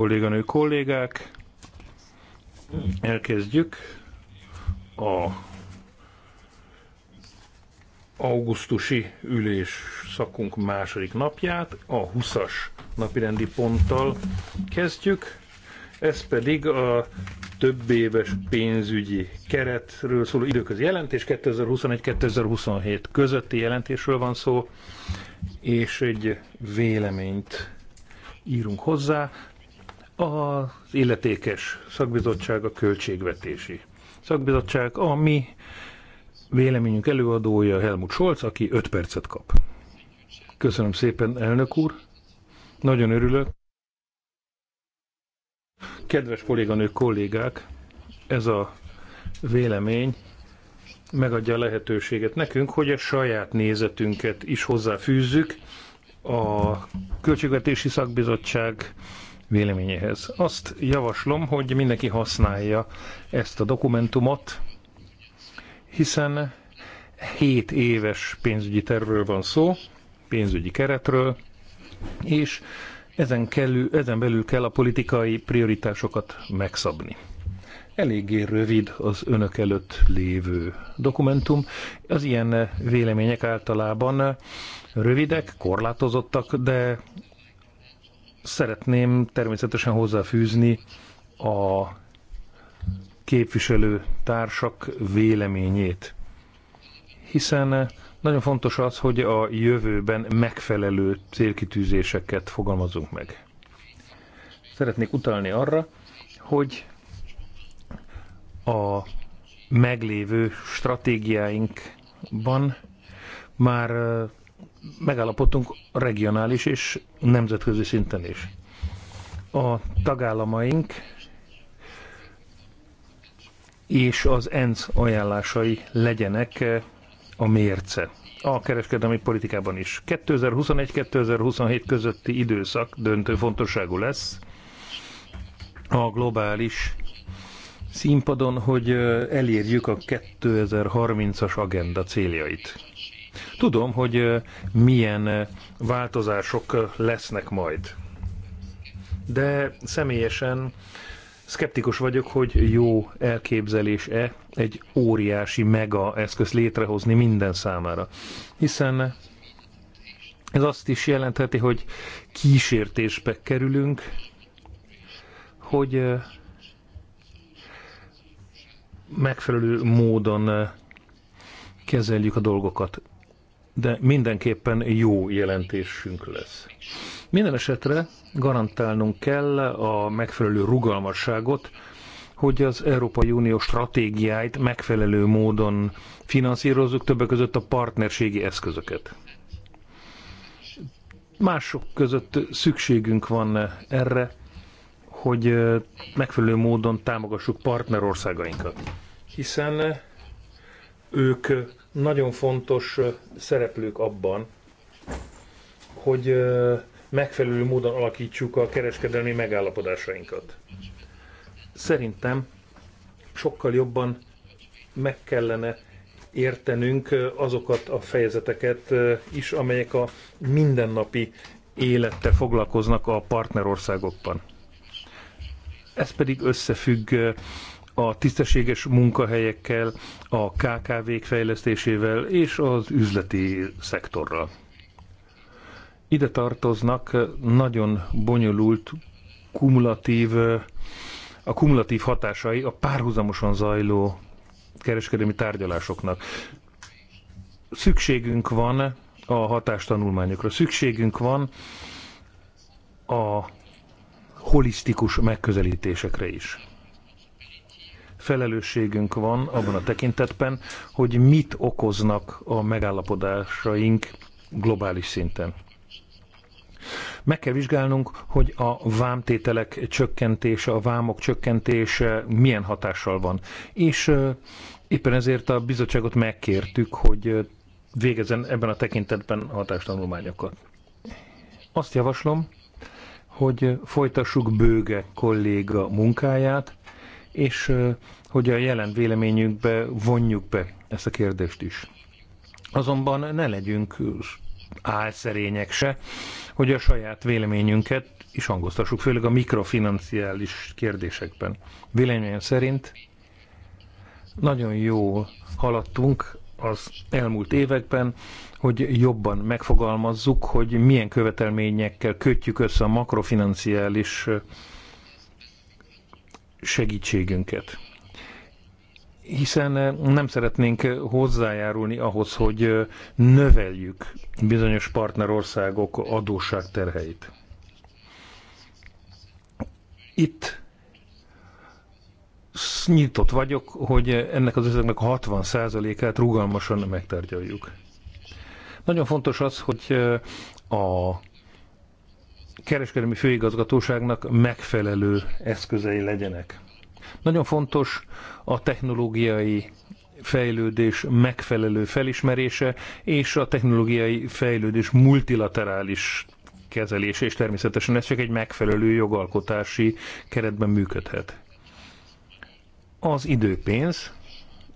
kolléganő kollégák, elkezdjük a augusztusi ülés szakunk második napját, a 20-as napirendi ponttal kezdjük, ez pedig a több éves pénzügyi keretről szóló időközi jelentés, 2021-2027 közötti jelentésről van szó, és egy véleményt írunk hozzá az illetékes szakbizottság a költségvetési szakbizottság, a mi véleményünk előadója Helmut Scholz, aki 5 percet kap. Köszönöm szépen, elnök úr. Nagyon örülök. Kedves kolléganők, kollégák, ez a vélemény megadja a lehetőséget nekünk, hogy a saját nézetünket is hozzáfűzzük a Költségvetési Szakbizottság véleményéhez. Azt javaslom, hogy mindenki használja ezt a dokumentumot, hiszen 7 éves pénzügyi tervről van szó, pénzügyi keretről, és ezen, kell, ezen belül kell a politikai prioritásokat megszabni. Eléggé rövid az önök előtt lévő dokumentum. Az ilyen vélemények általában rövidek, korlátozottak, de szeretném természetesen hozzáfűzni a képviselő társak véleményét, hiszen nagyon fontos az, hogy a jövőben megfelelő célkitűzéseket fogalmazunk meg. Szeretnék utalni arra, hogy a meglévő stratégiáinkban már megállapodtunk regionális és nemzetközi szinten is. A tagállamaink és az ENSZ ajánlásai legyenek eh, a mérce a kereskedelmi politikában is. 2021-2027 közötti időszak döntő fontosságú lesz a globális színpadon, hogy eh, elérjük a 2030-as agenda céljait. Tudom, hogy milyen változások lesznek majd. De személyesen szkeptikus vagyok, hogy jó elképzelés-e egy óriási mega eszköz létrehozni minden számára. Hiszen ez azt is jelentheti, hogy kísértésbe kerülünk, hogy megfelelő módon kezeljük a dolgokat de mindenképpen jó jelentésünk lesz. Minden esetre garantálnunk kell a megfelelő rugalmasságot, hogy az Európai Unió stratégiáit megfelelő módon finanszírozzuk, többek között a partnerségi eszközöket. Mások között szükségünk van erre, hogy megfelelő módon támogassuk partnerországainkat, hiszen ők nagyon fontos szereplők abban, hogy megfelelő módon alakítsuk a kereskedelmi megállapodásainkat. Szerintem sokkal jobban meg kellene értenünk azokat a fejezeteket is, amelyek a mindennapi élettel foglalkoznak a partnerországokban. Ez pedig összefügg a tisztességes munkahelyekkel, a KKV-k fejlesztésével és az üzleti szektorral. Ide tartoznak nagyon bonyolult kumulatív, a kumulatív hatásai a párhuzamosan zajló kereskedelmi tárgyalásoknak. Szükségünk van a hatástanulmányokra, szükségünk van a holisztikus megközelítésekre is felelősségünk van abban a tekintetben, hogy mit okoznak a megállapodásaink globális szinten. Meg kell vizsgálnunk, hogy a vámtételek csökkentése, a vámok csökkentése milyen hatással van. És éppen ezért a bizottságot megkértük, hogy végezzen ebben a tekintetben hatástanulmányokat. Azt javaslom, hogy folytassuk bőge kolléga munkáját, és hogy a jelen véleményünkbe vonjuk be ezt a kérdést is. Azonban ne legyünk álszerények se, hogy a saját véleményünket is hangoztassuk, főleg a mikrofinanciális kérdésekben. Véleményem szerint nagyon jól haladtunk az elmúlt években, hogy jobban megfogalmazzuk, hogy milyen követelményekkel kötjük össze a makrofinanciális segítségünket. Hiszen eh, nem szeretnénk eh, hozzájárulni ahhoz, hogy eh, növeljük bizonyos partnerországok adósságterheit. Itt nyitott vagyok, hogy ennek az összegnek a 60%-át rugalmasan megtárgyaljuk. Nagyon fontos az, hogy a kereskedelmi főigazgatóságnak megfelelő eszközei legyenek. Nagyon fontos a technológiai fejlődés megfelelő felismerése és a technológiai fejlődés multilaterális kezelése, és természetesen ez csak egy megfelelő jogalkotási keretben működhet. Az időpénz,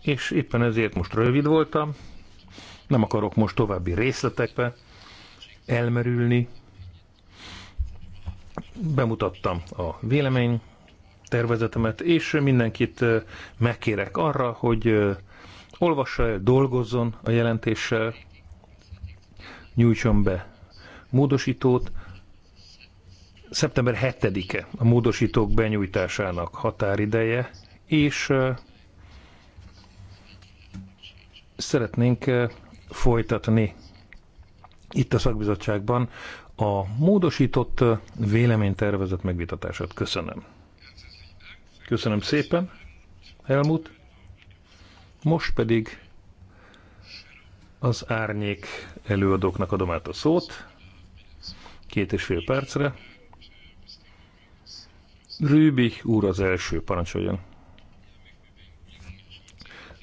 és éppen ezért most rövid voltam, nem akarok most további részletekbe elmerülni, bemutattam a vélemény tervezetemet, és mindenkit megkérek arra, hogy olvassa el, dolgozzon a jelentéssel, nyújtson be módosítót. Szeptember 7-e a módosítók benyújtásának határideje, és szeretnénk folytatni itt a szakbizottságban a módosított véleménytervezet megvitatását. Köszönöm. Köszönöm szépen, Helmut. Most pedig az árnyék előadóknak adom át a szót. Két és fél percre. Rübi úr az első, parancsoljon.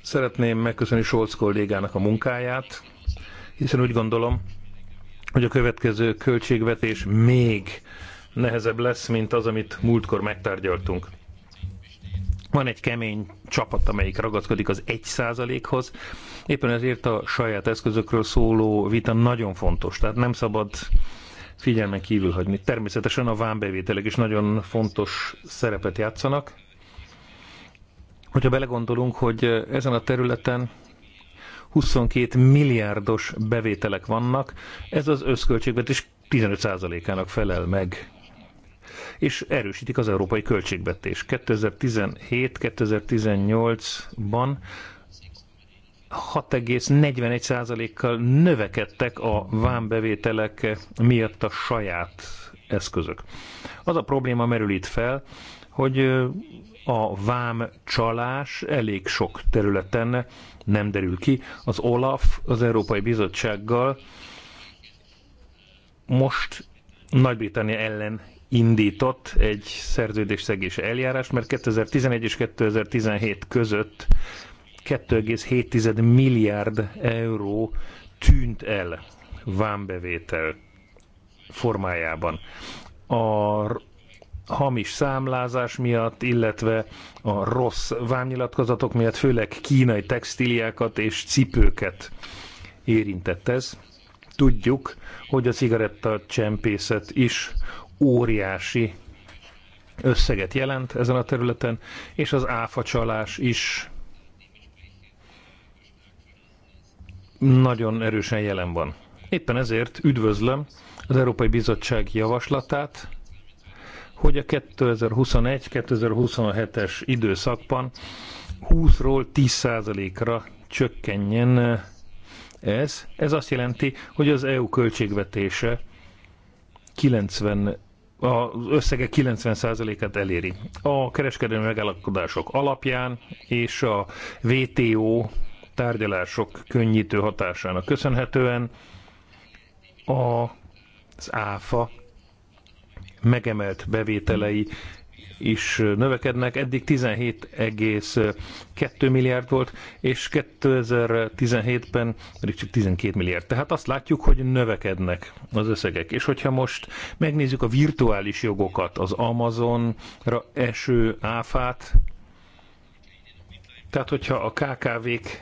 Szeretném megköszönni Scholz kollégának a munkáját, hiszen úgy gondolom, hogy a következő költségvetés még nehezebb lesz, mint az, amit múltkor megtárgyaltunk. Van egy kemény csapat, amelyik ragaszkodik az 1%-hoz. Éppen ezért a saját eszközökről szóló vita nagyon fontos. Tehát nem szabad figyelmen kívül hagyni. Természetesen a vámbevételek is nagyon fontos szerepet játszanak. Hogyha belegondolunk, hogy ezen a területen 22 milliárdos bevételek vannak, ez az összköltségvetés 15%-ának felel meg és erősítik az európai költségvetés. 2017-2018-ban 6,41%-kal növekedtek a vámbevételek miatt a saját eszközök. Az a probléma merül itt fel, hogy a vám csalás elég sok területen nem derül ki. Az OLAF az Európai Bizottsággal most Nagy-Britannia ellen indított egy szerződésszegés eljárást, mert 2011 és 2017 között 2,7 milliárd euró tűnt el vámbevétel formájában. A hamis számlázás miatt, illetve a rossz vámnyilatkozatok miatt, főleg kínai textíliákat és cipőket érintett ez. Tudjuk, hogy a cigaretta csempészet is óriási összeget jelent ezen a területen, és az áfacsalás is nagyon erősen jelen van. Éppen ezért üdvözlöm az Európai Bizottság javaslatát, hogy a 2021-2027-es időszakban 20-ról 10%-ra csökkenjen ez. Ez azt jelenti, hogy az EU költségvetése 90 az összege 90%-át eléri. A kereskedelmi megállapodások alapján és a WTO tárgyalások könnyítő hatásának köszönhetően a, az ÁFA megemelt bevételei is növekednek. Eddig 17,2 milliárd volt, és 2017-ben pedig csak 12 milliárd. Tehát azt látjuk, hogy növekednek az összegek. És hogyha most megnézzük a virtuális jogokat, az Amazonra eső áfát, tehát hogyha a KKV-k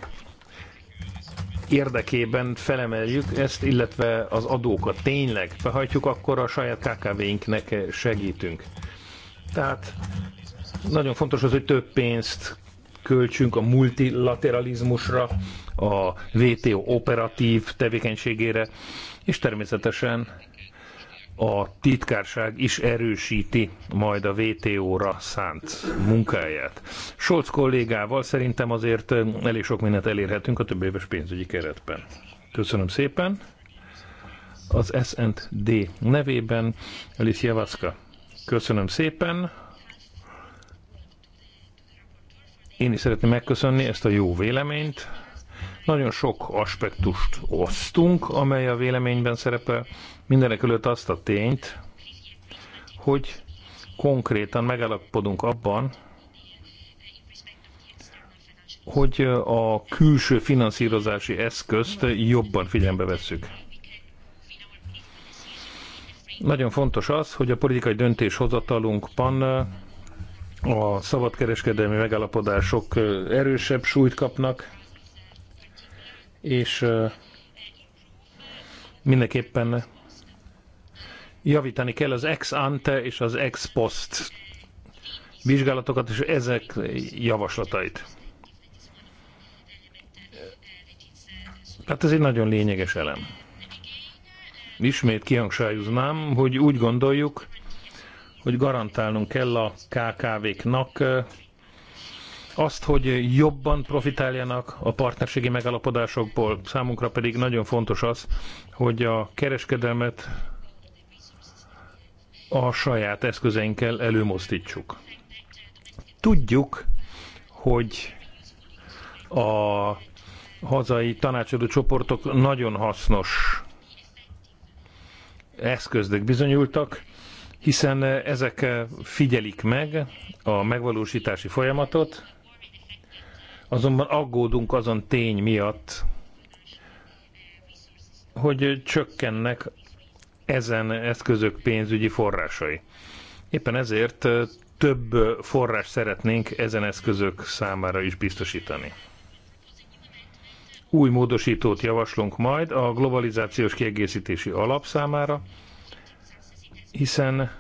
érdekében felemeljük ezt, illetve az adókat tényleg behajtjuk, akkor a saját KKV-inknek segítünk. Tehát nagyon fontos az, hogy több pénzt költsünk a multilateralizmusra, a WTO operatív tevékenységére, és természetesen a titkárság is erősíti majd a VTO-ra szánt munkáját. Scholz kollégával szerintem azért elég sok mindent elérhetünk a több éves pénzügyi keretben. Köszönöm szépen. Az S&D nevében Elis Javaszka. Köszönöm szépen. Én is szeretném megköszönni ezt a jó véleményt. Nagyon sok aspektust osztunk, amely a véleményben szerepel. Mindenek előtt azt a tényt, hogy konkrétan megállapodunk abban, hogy a külső finanszírozási eszközt jobban figyelembe vesszük. Nagyon fontos az, hogy a politikai döntéshozatalunkban a szabadkereskedelmi megállapodások erősebb súlyt kapnak, és mindenképpen javítani kell az ex ante és az ex post vizsgálatokat és ezek javaslatait. hát ez egy nagyon lényeges elem. Ismét kihangsúlyoznám, hogy úgy gondoljuk, hogy garantálnunk kell a KKV-knak azt, hogy jobban profitáljanak a partnerségi megalapodásokból. Számunkra pedig nagyon fontos az, hogy a kereskedelmet a saját eszközeinkkel előmozdítsuk. Tudjuk, hogy a hazai tanácsadó csoportok nagyon hasznos eszköznek bizonyultak, hiszen ezek figyelik meg a megvalósítási folyamatot, Azonban aggódunk azon tény miatt, hogy csökkennek ezen eszközök pénzügyi forrásai. Éppen ezért több forrás szeretnénk ezen eszközök számára is biztosítani. Új módosítót javaslunk majd a globalizációs kiegészítési alap számára, hiszen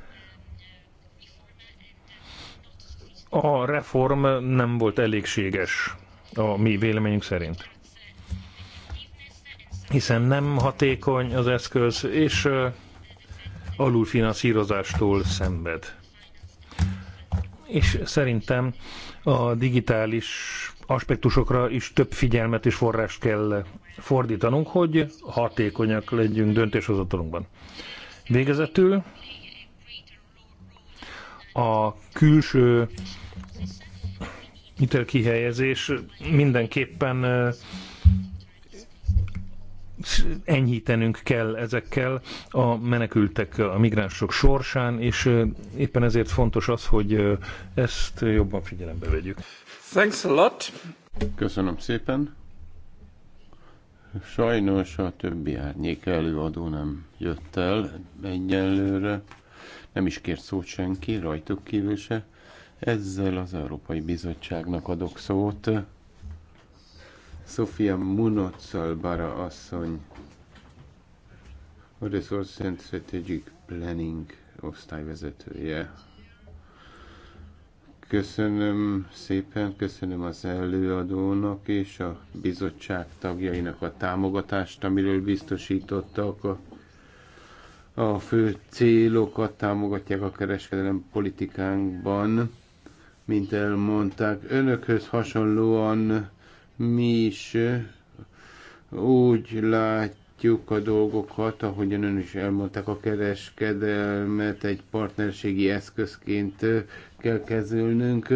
a reform nem volt elégséges a mi véleményünk szerint. Hiszen nem hatékony az eszköz, és alulfinanszírozástól szenved. És szerintem a digitális aspektusokra is több figyelmet és forrást kell fordítanunk, hogy hatékonyak legyünk döntéshozatalunkban. Végezetül a külső hitelkihelyezés mindenképpen enyhítenünk kell ezekkel a menekültek, a migránsok sorsán, és éppen ezért fontos az, hogy ezt jobban figyelembe vegyük. Thanks a lot. Köszönöm szépen. Sajnos a többi árnyék előadó nem jött el egyenlőre nem is kért szót senki, rajtuk kívül se. Ezzel az Európai Bizottságnak adok szót. Sofia Munoccal Bara asszony, Oroszország Strategic Planning osztályvezetője. Köszönöm szépen, köszönöm az előadónak és a bizottság tagjainak a támogatást, amiről biztosítottak a fő célokat támogatják a kereskedelem politikánkban, mint elmondták. Önökhöz hasonlóan mi is úgy látjuk a dolgokat, ahogyan ön is elmondták, a kereskedelmet egy partnerségi eszközként kell kezelnünk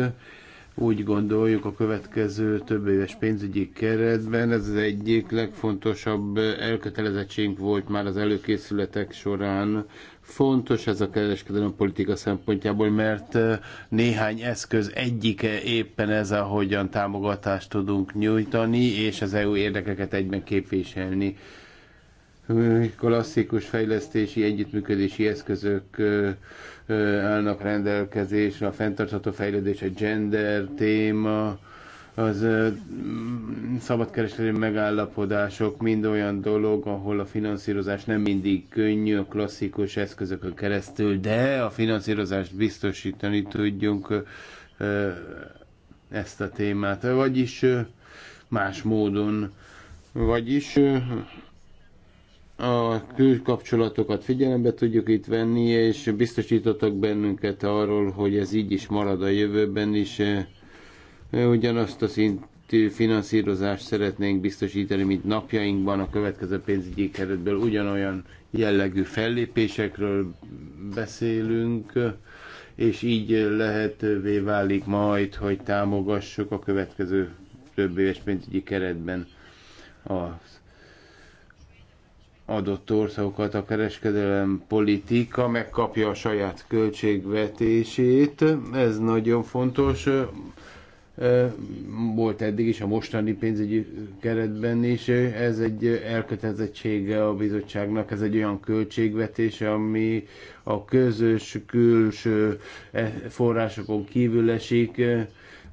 úgy gondoljuk a következő több éves pénzügyi keretben, ez az egyik legfontosabb elkötelezettségünk volt már az előkészületek során. Fontos ez a kereskedelmi politika szempontjából, mert eh, néhány eszköz egyike éppen ez, ahogyan támogatást tudunk nyújtani, és az EU érdekeket egyben képviselni. Klasszikus fejlesztési, együttműködési eszközök eh, állnak rendelkezésre, a fenntartható fejlődés, a gender téma, az szabadkereskedelmi megállapodások mind olyan dolog, ahol a finanszírozás nem mindig könnyű a klasszikus eszközökön keresztül, de a finanszírozást biztosítani tudjunk ezt a témát. Vagyis más módon, vagyis a külkapcsolatokat figyelembe tudjuk itt venni, és biztosítottak bennünket arról, hogy ez így is marad a jövőben is. E, e, ugyanazt a szintű finanszírozást szeretnénk biztosítani, mint napjainkban a következő pénzügyi keretből ugyanolyan jellegű fellépésekről beszélünk, és így lehetővé válik majd, hogy támogassuk a következő több éves pénzügyi keretben az adott országokat a kereskedelem politika megkapja a saját költségvetését. Ez nagyon fontos. Volt eddig is a mostani pénzügyi keretben is. Ez egy elkötelezettsége a bizottságnak, ez egy olyan költségvetés, ami a közös külső forrásokon kívül esik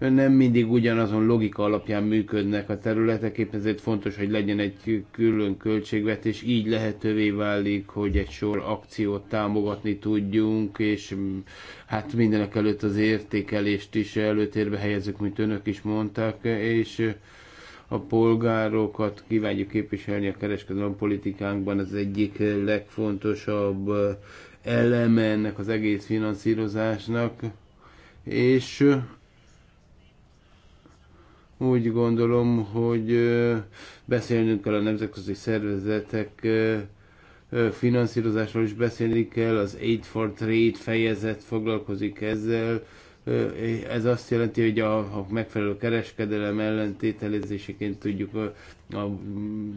nem mindig ugyanazon logika alapján működnek a területek, épp ezért fontos, hogy legyen egy külön költségvetés, így lehetővé válik, hogy egy sor akciót támogatni tudjunk, és mm, hát mindenek előtt az értékelést is előtérbe helyezzük, mint önök is mondták, és a polgárokat kívánjuk képviselni a kereskedelmi politikánkban, ez egyik legfontosabb eleme ennek az egész finanszírozásnak, és úgy gondolom, hogy beszélnünk kell a nemzetközi szervezetek finanszírozásról is beszélni kell, az Aid for Trade fejezet foglalkozik ezzel, ez azt jelenti, hogy a, a megfelelő kereskedelem ellentételezéseként tudjuk a, a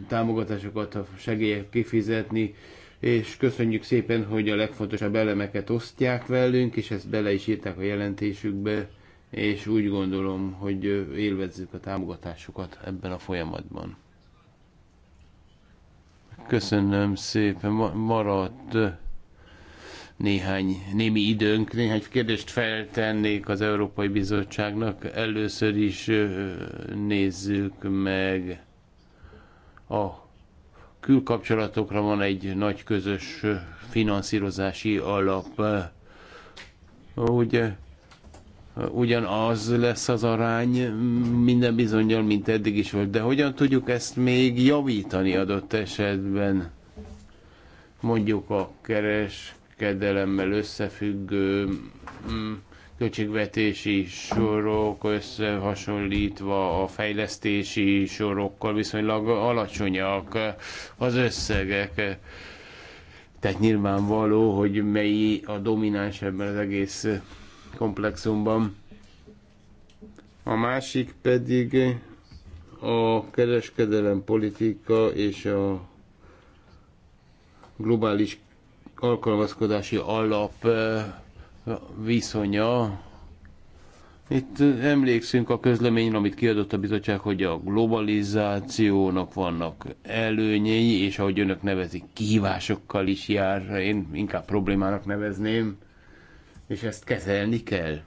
támogatásokat, a segélyek kifizetni, és köszönjük szépen, hogy a legfontosabb elemeket osztják velünk, és ezt bele is írták a jelentésükbe és úgy gondolom, hogy élvezzük a támogatásukat ebben a folyamatban. Köszönöm szépen, maradt néhány némi időnk, néhány kérdést feltennék az Európai Bizottságnak. Először is nézzük meg a külkapcsolatokra van egy nagy közös finanszírozási alap. Ugye ugyanaz lesz az arány minden bizonyal, mint eddig is volt. De hogyan tudjuk ezt még javítani adott esetben? Mondjuk a kereskedelemmel összefüggő mm, költségvetési sorok összehasonlítva a fejlesztési sorokkal viszonylag alacsonyak az összegek. Tehát nyilvánvaló, hogy mely a domináns ebben az egész komplexumban. A másik pedig a kereskedelem politika és a globális alkalmazkodási alap eh, viszonya. Itt emlékszünk a közleményre, amit kiadott a bizottság, hogy a globalizációnak vannak előnyei, és ahogy önök nevezik, kihívásokkal is jár, én inkább problémának nevezném és ezt kezelni kell.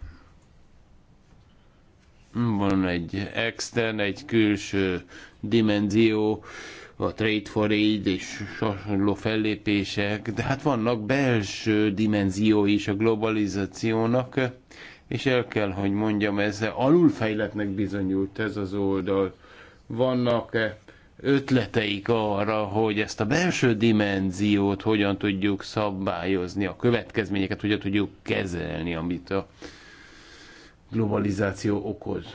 Van egy extern, egy külső dimenzió, a Trade for Aid és hasonló fellépések, de hát vannak belső dimenzió is a globalizációnak, és el kell, hogy mondjam, ez alulfejletnek bizonyult ez az oldal. Vannak ötleteik arra, hogy ezt a belső dimenziót hogyan tudjuk szabályozni, a következményeket hogyan tudjuk kezelni, amit a globalizáció okoz.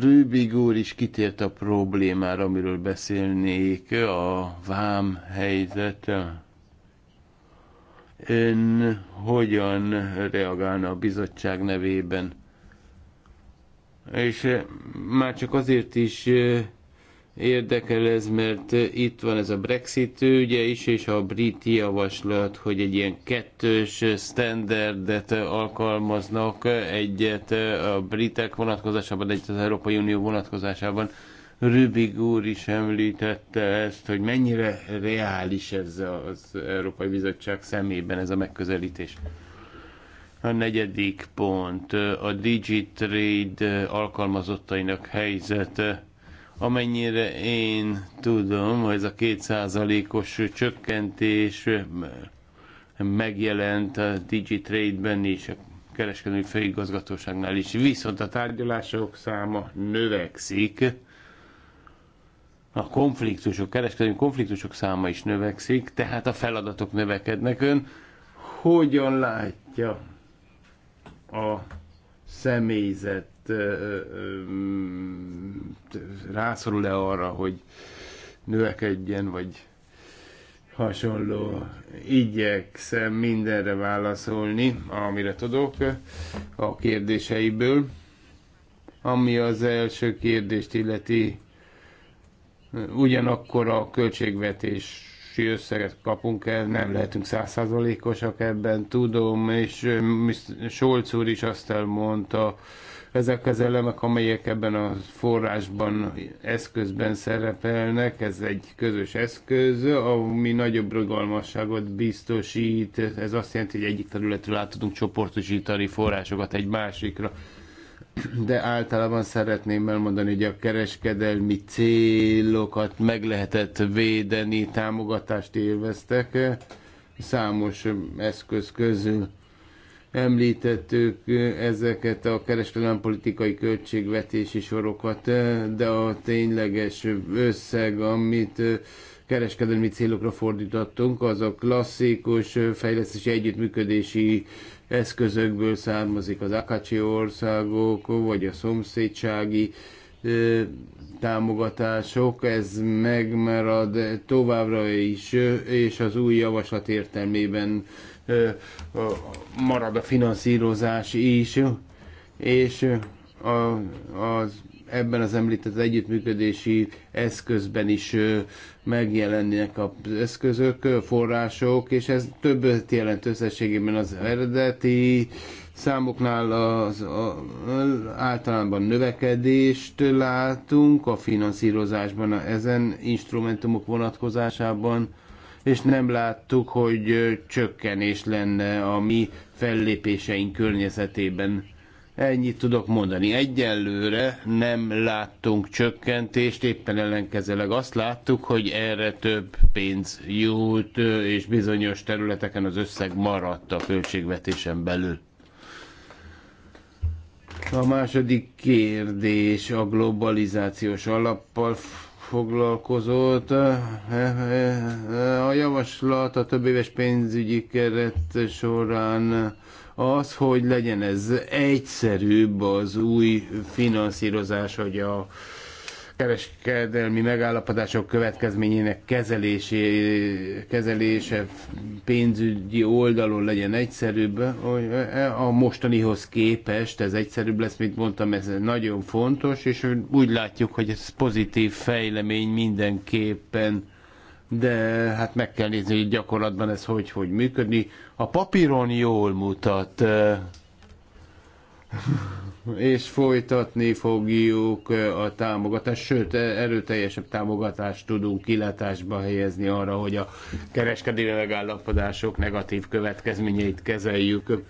Rübig úr is kitért a problémára, amiről beszélnék, a vám helyzete. Ön hogyan reagálna a bizottság nevében? és eh, már csak azért is eh, érdekel ez, mert eh, itt van ez a Brexit ügye is, és a brit javaslat, hogy egy ilyen kettős standardet alkalmaznak, egyet a britek vonatkozásában, egyet az Európai Unió vonatkozásában. Rübig úr is említette ezt, hogy mennyire reális ez az Európai Bizottság szemében ez a megközelítés. A negyedik pont a Digitrade alkalmazottainak helyzete. Amennyire én tudom, ez a kétszázalékos csökkentés megjelent a Digitrade-ben is, a kereskedői főigazgatóságnál is. Viszont a tárgyalások száma növekszik, a konfliktusok, kereskedelmi konfliktusok száma is növekszik, tehát a feladatok növekednek. Ön hogyan látja a személyzet rászorul-e arra, hogy növekedjen, vagy hasonló. Igyekszem mindenre válaszolni, amire tudok a kérdéseiből. Ami az első kérdést illeti, ugyanakkor a költségvetés óriási összeget kapunk el, nem lehetünk százszázalékosak ebben, tudom, és Solc úr is azt elmondta, ezek az elemek, amelyek ebben a forrásban, eszközben szerepelnek, ez egy közös eszköz, ami nagyobb rugalmasságot biztosít, ez azt jelenti, hogy egyik területről át tudunk csoportosítani forrásokat egy másikra de általában szeretném elmondani, hogy a kereskedelmi célokat meg lehetett védeni, támogatást élveztek számos eszköz közül. Említettük ezeket a kereskedelmi politikai költségvetési sorokat, de a tényleges összeg, amit kereskedelmi célokra fordítottunk, az a klasszikus fejlesztési együttműködési eszközökből származik az akacsi országok, vagy a szomszédsági ö, támogatások, ez megmarad továbbra is, és az új javaslat értelmében ö, ö, marad a finanszírozás is, és a, az ebben az említett együttműködési eszközben is megjelennének az eszközök, források, és ez többet jelent összességében az eredeti számoknál az a, általában növekedést látunk a finanszírozásban, a ezen instrumentumok vonatkozásában, és nem láttuk, hogy csökkenés lenne a mi fellépéseink környezetében Ennyit tudok mondani. Egyelőre nem láttunk csökkentést, éppen ellenkezőleg azt láttuk, hogy erre több pénz jut, és bizonyos területeken az összeg maradt a költségvetésen belül. A második kérdés a globalizációs alappal foglalkozott. A javaslat a több éves pénzügyi keret során az, hogy legyen ez egyszerűbb az új finanszírozás, hogy a kereskedelmi megállapodások következményének kezelésé, kezelése pénzügyi oldalon legyen egyszerűbb. E, a mostanihoz képest ez egyszerűbb lesz, mint mondtam, ez nagyon fontos, és úgy látjuk, hogy ez pozitív fejlemény mindenképpen de hát meg kell nézni, hogy gyakorlatban ez hogy, hogy működni. A papíron jól mutat, és folytatni fogjuk a támogatást, sőt, erőteljesebb támogatást tudunk kilátásba helyezni arra, hogy a kereskedelmi megállapodások negatív következményeit kezeljük.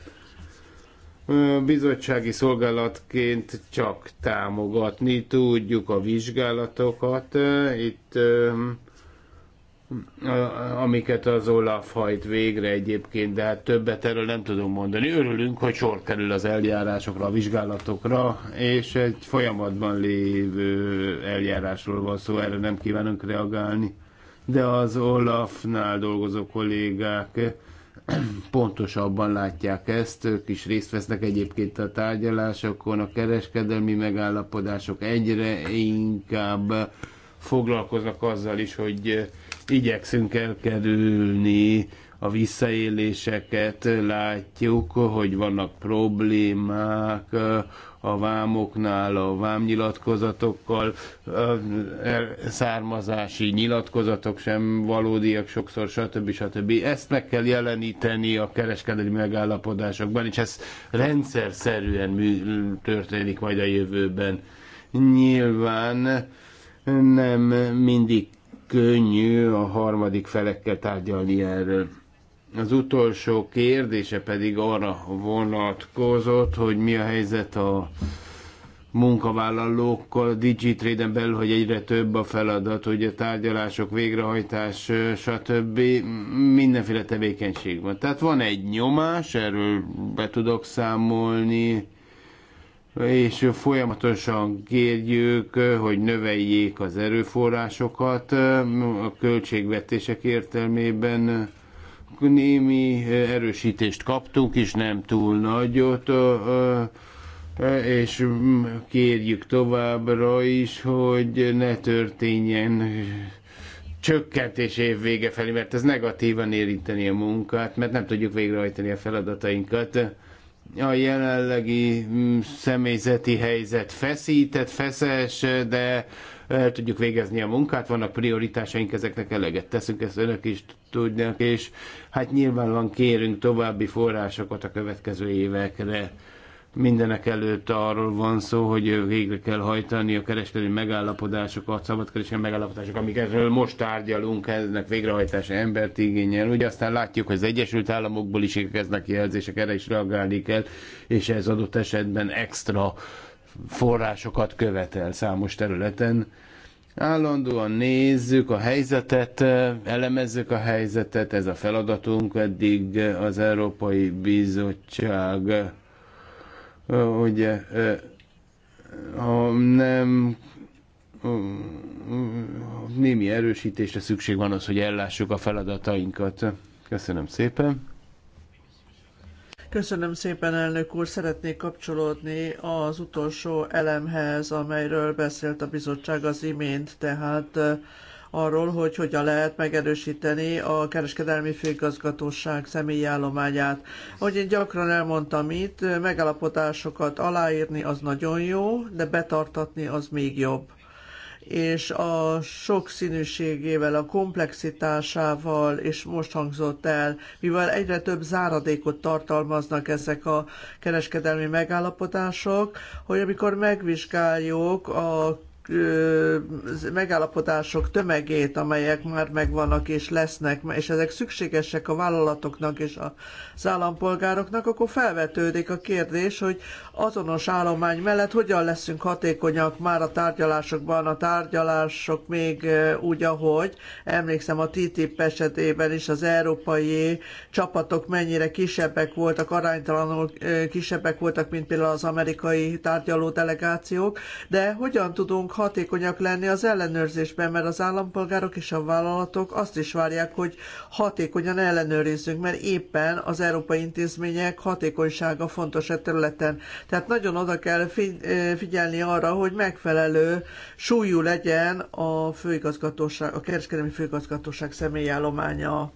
Bizottsági szolgálatként csak támogatni tudjuk a vizsgálatokat. Itt amiket az Olaf hajt végre egyébként, de hát többet erről nem tudom mondani. Örülünk, hogy sor kerül az eljárásokra, a vizsgálatokra, és egy folyamatban lévő eljárásról van szó, erre nem kívánunk reagálni. De az Olafnál dolgozó kollégák pontosabban látják ezt, ők is részt vesznek egyébként a tárgyalásokon, a kereskedelmi megállapodások egyre inkább foglalkoznak azzal is, hogy igyekszünk elkerülni a visszaéléseket, látjuk, hogy vannak problémák a vámoknál, a vámnyilatkozatokkal, származási nyilatkozatok sem valódiak sokszor, stb. stb. Ezt meg kell jeleníteni a kereskedelmi megállapodásokban, és ez rendszer szerűen történik majd a jövőben. Nyilván nem mindig könnyű a harmadik felekkel tárgyalni erről. Az utolsó kérdése pedig arra vonatkozott, hogy mi a helyzet a munkavállalókkal Digitrade-en belül, hogy egyre több a feladat, hogy a tárgyalások, végrehajtás, stb. mindenféle tevékenység van. Tehát van egy nyomás, erről be tudok számolni, és folyamatosan kérjük, hogy növeljék az erőforrásokat a költségvetések értelmében. Némi erősítést kaptunk, és nem túl nagyot, és kérjük továbbra is, hogy ne történjen csökkentés év vége felé, mert ez negatívan érinteni a munkát, mert nem tudjuk végrehajtani a feladatainkat a jelenlegi mm, személyzeti helyzet feszített, feszes, de el tudjuk végezni a munkát, vannak prioritásaink, ezeknek eleget teszünk, ezt önök is tudnak, és hát nyilvánvalóan kérünk további forrásokat a következő évekre. Mindenek előtt arról van szó, hogy végre kell hajtani a kereskedelmi megállapodásokat, szabadkereskedelmi megállapodások, amikről most tárgyalunk, ennek végrehajtása embert igényel. Ugye aztán látjuk, hogy az Egyesült Államokból is érkeznek jelzések, erre is reagálni kell, és ez adott esetben extra forrásokat követel számos területen. Állandóan nézzük a helyzetet, elemezzük a helyzetet, ez a feladatunk, eddig az Európai Bizottság hogy ha nem némi erősítésre szükség van az, hogy ellássuk a feladatainkat. Köszönöm szépen. Köszönöm szépen, elnök úr. Szeretnék kapcsolódni az utolsó elemhez, amelyről beszélt a bizottság az imént, tehát arról, hogy hogyan lehet megerősíteni a kereskedelmi főigazgatóság személyállományát. Ahogy én gyakran elmondtam itt, megállapodásokat aláírni az nagyon jó, de betartatni az még jobb és a sokszínűségével, a komplexitásával, és most hangzott el, mivel egyre több záradékot tartalmaznak ezek a kereskedelmi megállapodások, hogy amikor megvizsgáljuk a megállapodások tömegét, amelyek már megvannak és lesznek, és ezek szükségesek a vállalatoknak és az állampolgároknak, akkor felvetődik a kérdés, hogy azonos állomány mellett hogyan leszünk hatékonyak már a tárgyalásokban, a tárgyalások még úgy, ahogy emlékszem a TTIP esetében is az európai csapatok mennyire kisebbek voltak, aránytalanul kisebbek voltak, mint például az amerikai tárgyaló delegációk, de hogyan tudunk hatékonyak lenni az ellenőrzésben, mert az állampolgárok és a vállalatok azt is várják, hogy hatékonyan ellenőrizzünk, mert éppen az európai intézmények hatékonysága fontos a e területen. Tehát nagyon oda kell figyelni arra, hogy megfelelő súlyú legyen a főigazgatóság, a kereskedelmi főigazgatóság személyállománya.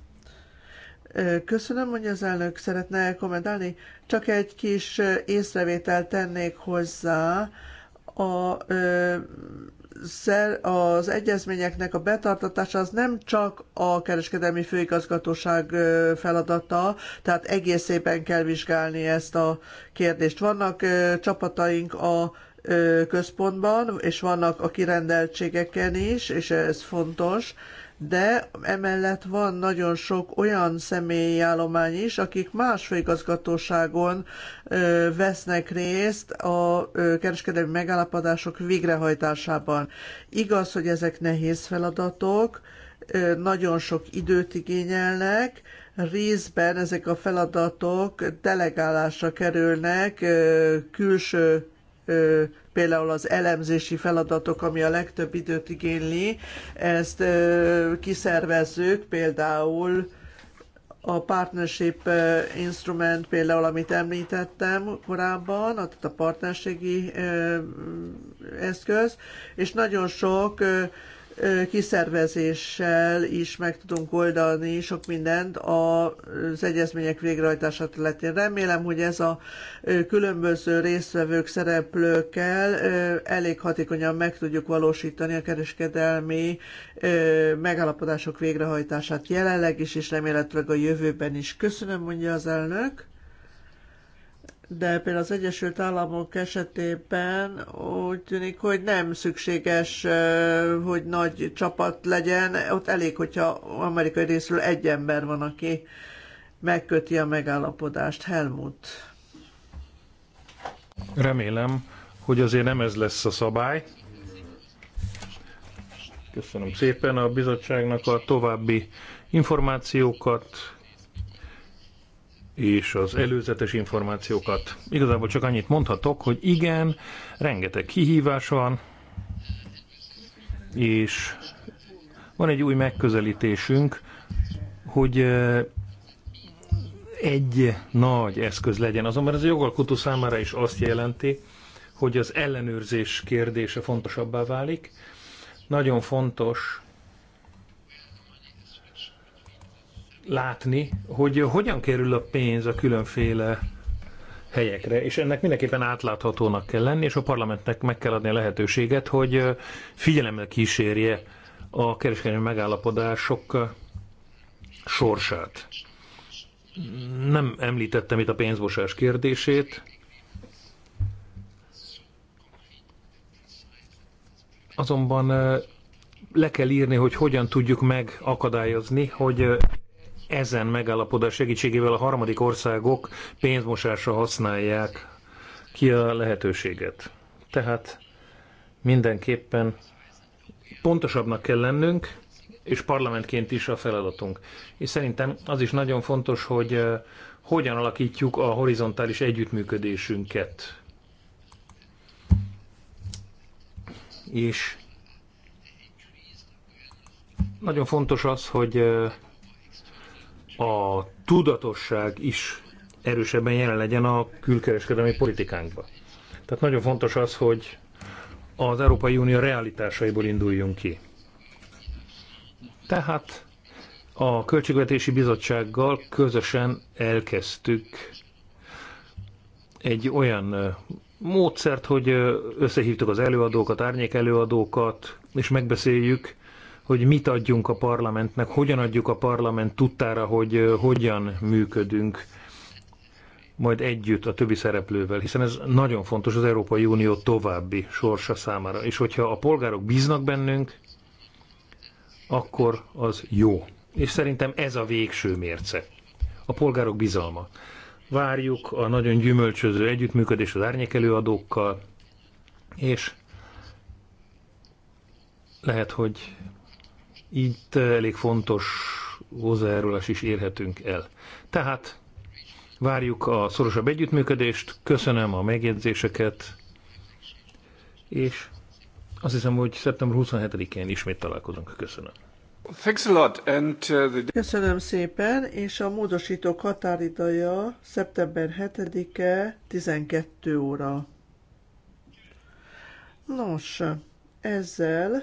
Köszönöm, hogy az elnök szeretne kommentálni. Csak egy kis észrevételt tennék hozzá. A, az egyezményeknek a betartatása az nem csak a kereskedelmi főigazgatóság feladata, tehát egészében kell vizsgálni ezt a kérdést. Vannak csapataink a központban, és vannak a kirendeltségeken is, és ez fontos, de emellett van nagyon sok olyan személyi állomány is, akik más főigazgatóságon vesznek részt a kereskedelmi megállapodások végrehajtásában. Igaz, hogy ezek nehéz feladatok, nagyon sok időt igényelnek, részben ezek a feladatok delegálásra kerülnek külső például az elemzési feladatok, ami a legtöbb időt igényli, ezt kiszervezzük, például a partnership instrument, például amit említettem korábban, tehát a partnerségi eszköz, és nagyon sok kiszervezéssel is meg tudunk oldani sok mindent az egyezmények végrehajtása területén. Remélem, hogy ez a különböző résztvevők, szereplőkkel elég hatékonyan meg tudjuk valósítani a kereskedelmi megállapodások végrehajtását jelenleg is, és remélhetőleg a jövőben is. Köszönöm, mondja az elnök de például az Egyesült Államok esetében úgy tűnik, hogy nem szükséges, hogy nagy csapat legyen, ott elég, hogyha amerikai részről egy ember van, aki megköti a megállapodást. Helmut. Remélem, hogy azért nem ez lesz a szabály. Köszönöm szépen a bizottságnak a további információkat és az előzetes információkat. Igazából csak annyit mondhatok, hogy igen, rengeteg kihívás van, és van egy új megközelítésünk, hogy egy nagy eszköz legyen. Azonban ez a jogalkotó számára is azt jelenti, hogy az ellenőrzés kérdése fontosabbá válik. Nagyon fontos látni, hogy hogyan kerül a pénz a különféle helyekre, és ennek mindenképpen átláthatónak kell lenni, és a parlamentnek meg kell adni a lehetőséget, hogy figyelemmel kísérje a kereskedelmi megállapodások sorsát. Nem említettem itt a pénzmosás kérdését. Azonban le kell írni, hogy hogyan tudjuk megakadályozni, hogy ezen megállapodás segítségével a harmadik országok pénzmosásra használják ki a lehetőséget. Tehát mindenképpen pontosabbnak kell lennünk, és parlamentként is a feladatunk. És szerintem az is nagyon fontos, hogy eh, hogyan alakítjuk a horizontális együttműködésünket. És nagyon fontos az, hogy eh, a tudatosság is erősebben jelen legyen a külkereskedelmi politikánkban. Tehát nagyon fontos az, hogy az Európai Unió realitásaiból induljunk ki. Tehát a Költségvetési Bizottsággal közösen elkezdtük egy olyan módszert, hogy összehívtuk az előadókat, árnyék előadókat, és megbeszéljük, hogy mit adjunk a parlamentnek, hogyan adjuk a parlament tudtára, hogy hogyan működünk majd együtt a többi szereplővel, hiszen ez nagyon fontos az Európai Unió további sorsa számára. És hogyha a polgárok bíznak bennünk, akkor az jó. És szerintem ez a végső mérce. A polgárok bizalma. Várjuk a nagyon gyümölcsöző együttműködés az árnyékelőadókkal, és lehet, hogy itt elég fontos hozzájárulás is érhetünk el. Tehát várjuk a szorosabb együttműködést, köszönöm a megjegyzéseket, és azt hiszem, hogy szeptember 27-én ismét találkozunk. Köszönöm. Thanks a lot. And, uh, the... Köszönöm szépen, és a módosító határidaja szeptember 7-e 12 óra. Nos, ezzel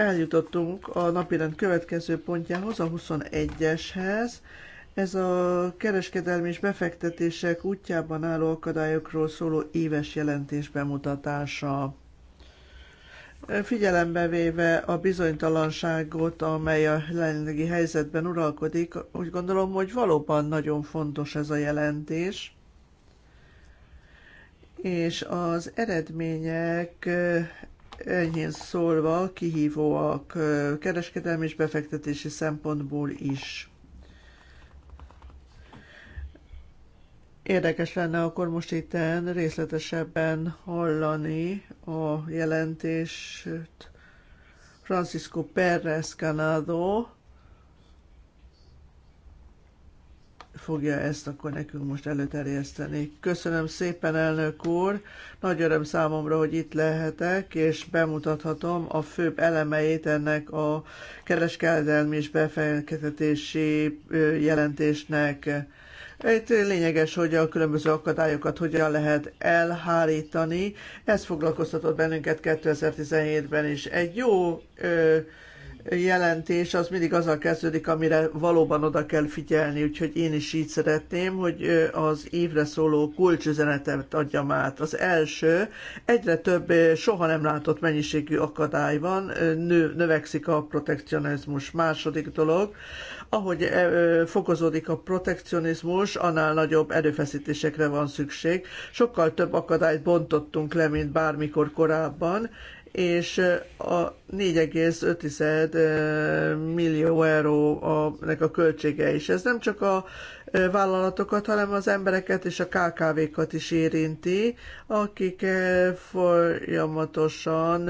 eljutottunk a napirend következő pontjához, a 21-eshez. Ez a kereskedelmi és befektetések útjában álló akadályokról szóló éves jelentés bemutatása. Figyelembe véve a bizonytalanságot, amely a jelenlegi helyzetben uralkodik, úgy gondolom, hogy valóban nagyon fontos ez a jelentés és az eredmények enyhén szólva kihívóak kereskedelmi és befektetési szempontból is. Érdekes lenne akkor most itt részletesebben hallani a jelentést Francisco Pérez Canado, fogja ezt akkor nekünk most előterjeszteni. Köszönöm szépen, elnök úr! Nagy öröm számomra, hogy itt lehetek, és bemutathatom a főbb elemeit ennek a kereskedelmi és befektetési jelentésnek. Itt lényeges, hogy a különböző akadályokat hogyan lehet elhárítani. Ez foglalkoztatott bennünket 2017-ben is. Egy jó ö, jelentés az mindig azzal kezdődik, amire valóban oda kell figyelni, úgyhogy én is így szeretném, hogy az évre szóló kulcsüzenetet adjam át. Az első, egyre több soha nem látott mennyiségű akadály van, nő, növekszik a protekcionizmus. Második dolog, ahogy fokozódik a protekcionizmus, annál nagyobb erőfeszítésekre van szükség. Sokkal több akadályt bontottunk le, mint bármikor korábban, és a 4,5 millió euró a, nek a költsége is. Ez nem csak a vállalatokat, hanem az embereket és a KKV-kat is érinti, akik folyamatosan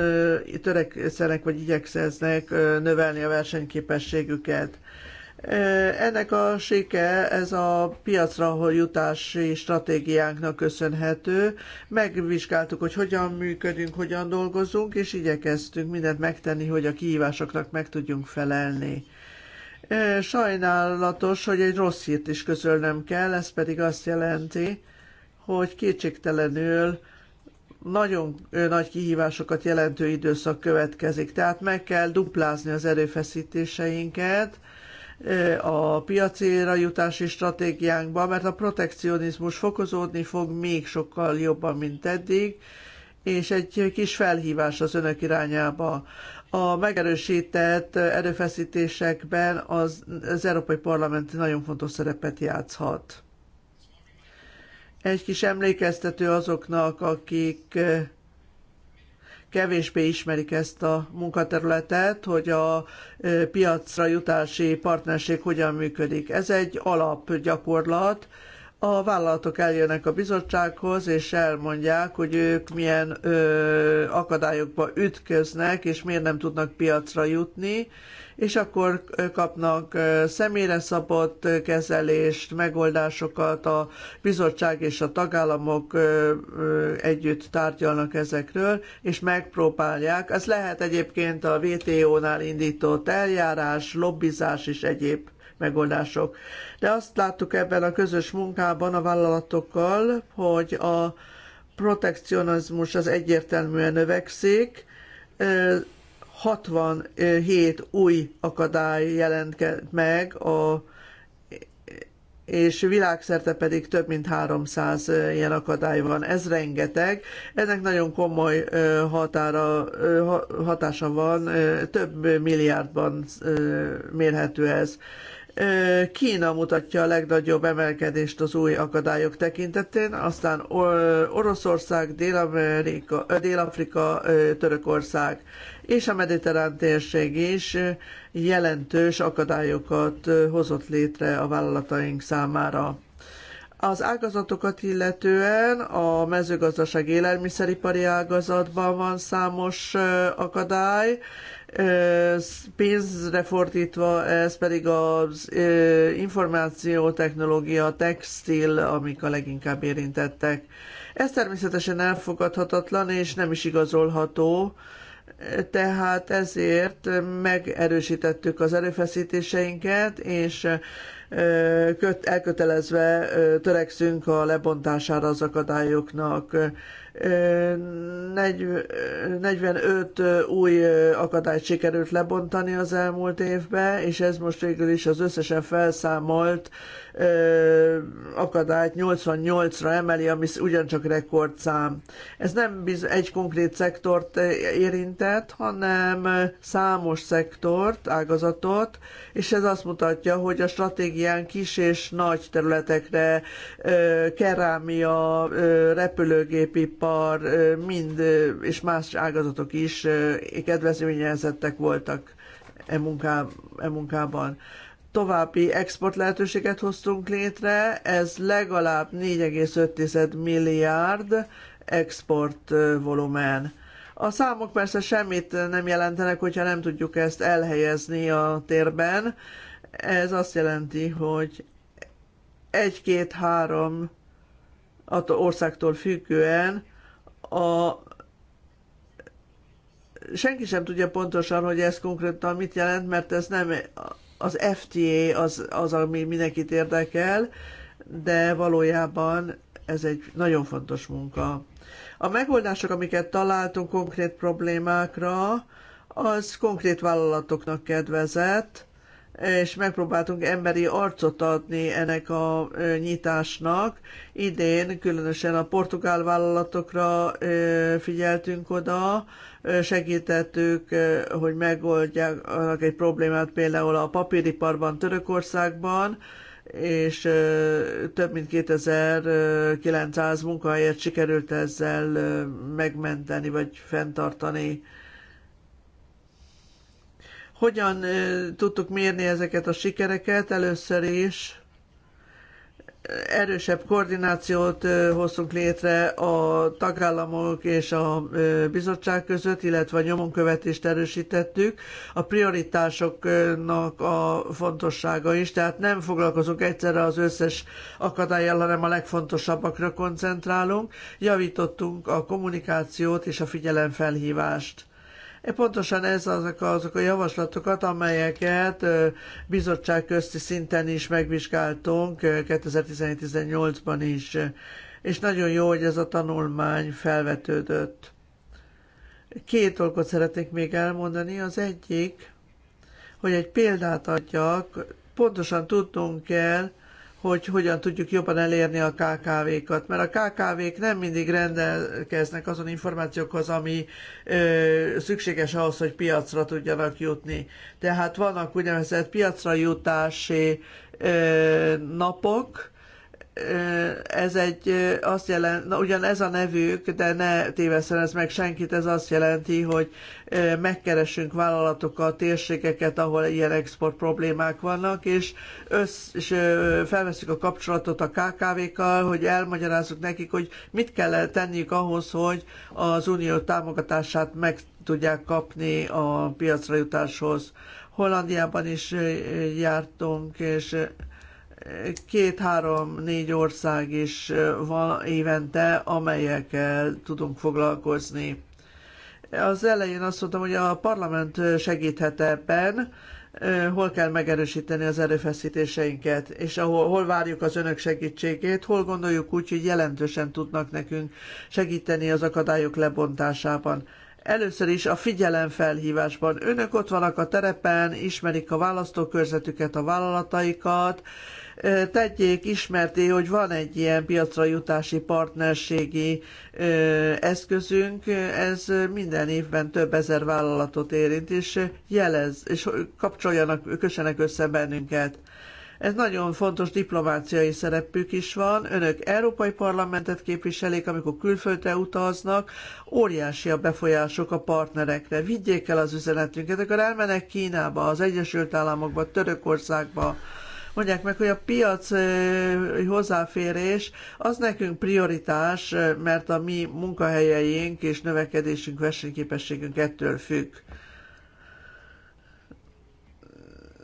törekszenek vagy igyekszeznek növelni a versenyképességüket. Ennek a sike, ez a piacra jutási stratégiánknak köszönhető. Megvizsgáltuk, hogy hogyan működünk, hogyan dolgozunk, és igyekeztünk mindent megtenni, hogy a kihívásoknak meg tudjunk felelni. Sajnálatos, hogy egy rossz hírt is közölnem kell, ez pedig azt jelenti, hogy kétségtelenül nagyon nagy kihívásokat jelentő időszak következik. Tehát meg kell duplázni az erőfeszítéseinket, a piacéra jutási stratégiánkba, mert a protekcionizmus fokozódni fog még sokkal jobban, mint eddig, és egy kis felhívás az önök irányába. A megerősített erőfeszítésekben az, az Európai Parlament nagyon fontos szerepet játszhat. Egy kis emlékeztető azoknak, akik kevésbé ismerik ezt a munkaterületet, hogy a piacra jutási partnerség hogyan működik. Ez egy alapgyakorlat, a vállalatok eljönnek a bizottsághoz, és elmondják, hogy ők milyen ö, akadályokba ütköznek, és miért nem tudnak piacra jutni, és akkor kapnak személyre szabott kezelést, megoldásokat, a bizottság és a tagállamok együtt tárgyalnak ezekről, és megpróbálják. Ez lehet egyébként a WTO-nál indított eljárás, lobbizás és egyéb megoldások. De azt láttuk ebben a közös munkában a vállalatokkal, hogy a protekcionizmus az egyértelműen növekszik, 67 új akadály jelentkezett meg, a, és világszerte pedig több mint 300 ilyen akadály van. Ez rengeteg. Ennek nagyon komoly határa, hatása van, több milliárdban mérhető ez. Kína mutatja a legnagyobb emelkedést az új akadályok tekintetén, aztán Oroszország, Dél-Amerika, Dél-Afrika, Törökország és a mediterrán térség is jelentős akadályokat hozott létre a vállalataink számára. Az ágazatokat illetően a mezőgazdaság élelmiszeripari ágazatban van számos akadály, pénzre fordítva, ez pedig az információtechnológia, textil, amik a leginkább érintettek. Ez természetesen elfogadhatatlan és nem is igazolható, tehát ezért megerősítettük az erőfeszítéseinket, és elkötelezve törekszünk a lebontására az akadályoknak. 45 új akadályt sikerült lebontani az elmúlt évben, és ez most végül is az összesen felszámolt akadályt 88-ra emeli, ami ugyancsak rekordszám. Ez nem egy konkrét szektort érintett, hanem számos szektort, ágazatot, és ez azt mutatja, hogy a stratégián kis és nagy területekre kerámia, repülőgépipar, mind és más ágazatok is kedvezményezettek voltak e, munká, e munkában további export lehetőséget hoztunk létre, ez legalább 4,5 milliárd export volumen. A számok persze semmit nem jelentenek, hogyha nem tudjuk ezt elhelyezni a térben. Ez azt jelenti, hogy egy-két-három országtól függően a senki sem tudja pontosan, hogy ez konkrétan mit jelent, mert ez nem az FTA az, az, ami mindenkit érdekel, de valójában ez egy nagyon fontos munka. A megoldások, amiket találtunk konkrét problémákra, az konkrét vállalatoknak kedvezett, és megpróbáltunk emberi arcot adni ennek a nyitásnak. Idén különösen a portugál vállalatokra figyeltünk oda, segítettük, hogy megoldják egy problémát például a papíriparban Törökországban, és több mint 2900 munkahelyet sikerült ezzel megmenteni vagy fenntartani. Hogyan tudtuk mérni ezeket a sikereket? Először is erősebb koordinációt hoztunk létre a tagállamok és a bizottság között, illetve a nyomonkövetést erősítettük, a prioritásoknak a fontossága is, tehát nem foglalkozunk egyszerre az összes akadályjal, hanem a legfontosabbakra koncentrálunk, javítottunk a kommunikációt és a figyelemfelhívást E, pontosan ez azok, azok a javaslatokat, amelyeket bizottság közti szinten is megvizsgáltunk 2017-18-ban is, és nagyon jó, hogy ez a tanulmány felvetődött. Két dolgot szeretnék még elmondani. Az egyik, hogy egy példát adjak, pontosan tudnunk kell, hogy hogyan tudjuk jobban elérni a KKV-kat, mert a KKV-k nem mindig rendelkeznek azon információkhoz, ami ö, szükséges ahhoz, hogy piacra tudjanak jutni. Tehát vannak úgynevezett piacra jutási ö, napok, ez egy, azt jelent, na ugyan ez a nevük, de ne téveszen ez meg senkit, ez azt jelenti, hogy megkeresünk vállalatokat, térségeket, ahol ilyen export problémák vannak, és, össz, és felveszünk a kapcsolatot a KKV-kkal, hogy elmagyarázzuk nekik, hogy mit kell tenniük ahhoz, hogy az unió támogatását meg tudják kapni a piacra jutáshoz. Hollandiában is jártunk, és két-három-négy ország is van évente, amelyekkel tudunk foglalkozni. Az elején azt mondtam, hogy a parlament segíthet ebben, hol kell megerősíteni az erőfeszítéseinket, és ahol, hol várjuk az önök segítségét, hol gondoljuk úgy, hogy jelentősen tudnak nekünk segíteni az akadályok lebontásában. Először is a figyelemfelhívásban. Önök ott vannak a terepen, ismerik a választókörzetüket, a vállalataikat, tegyék ismerté, hogy van egy ilyen piacra jutási partnerségi eszközünk, ez minden évben több ezer vállalatot érint, és jelez, és kapcsoljanak, kössenek össze bennünket. Ez nagyon fontos diplomáciai szerepük is van. Önök Európai Parlamentet képviselik, amikor külföldre utaznak, óriási a befolyások a partnerekre. Vigyék el az üzenetünket, akkor elmennek Kínába, az Egyesült Államokba, Törökországba, mondják meg, hogy a piac hozzáférés az nekünk prioritás, mert a mi munkahelyeink és növekedésünk, versenyképességünk ettől függ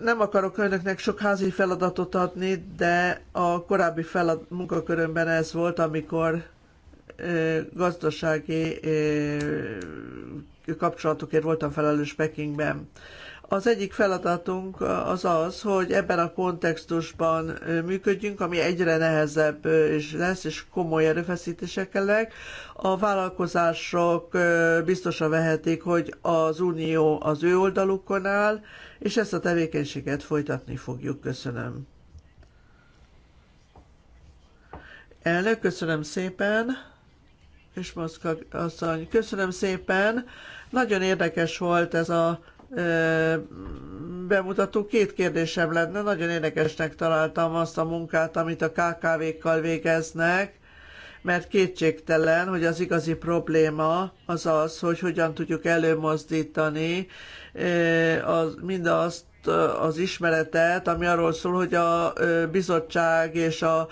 nem akarok önöknek sok házi feladatot adni, de a korábbi felad, munkakörömben ez volt, amikor gazdasági kapcsolatokért voltam felelős Pekingben. Az egyik feladatunk az az, hogy ebben a kontextusban működjünk, ami egyre nehezebb és lesz, és komoly erőfeszítésekkel. A vállalkozások biztosan vehetik, hogy az Unió az ő oldalukon áll, és ezt a tevékenységet folytatni fogjuk. Köszönöm. Elnök, köszönöm szépen. És Moszka asszony, köszönöm szépen. Nagyon érdekes volt ez a bemutató. Két kérdésem lenne. Nagyon érdekesnek találtam azt a munkát, amit a KKV-kkal végeznek, mert kétségtelen, hogy az igazi probléma az az, hogy hogyan tudjuk előmozdítani az, mindazt az ismeretet, ami arról szól, hogy a bizottság és a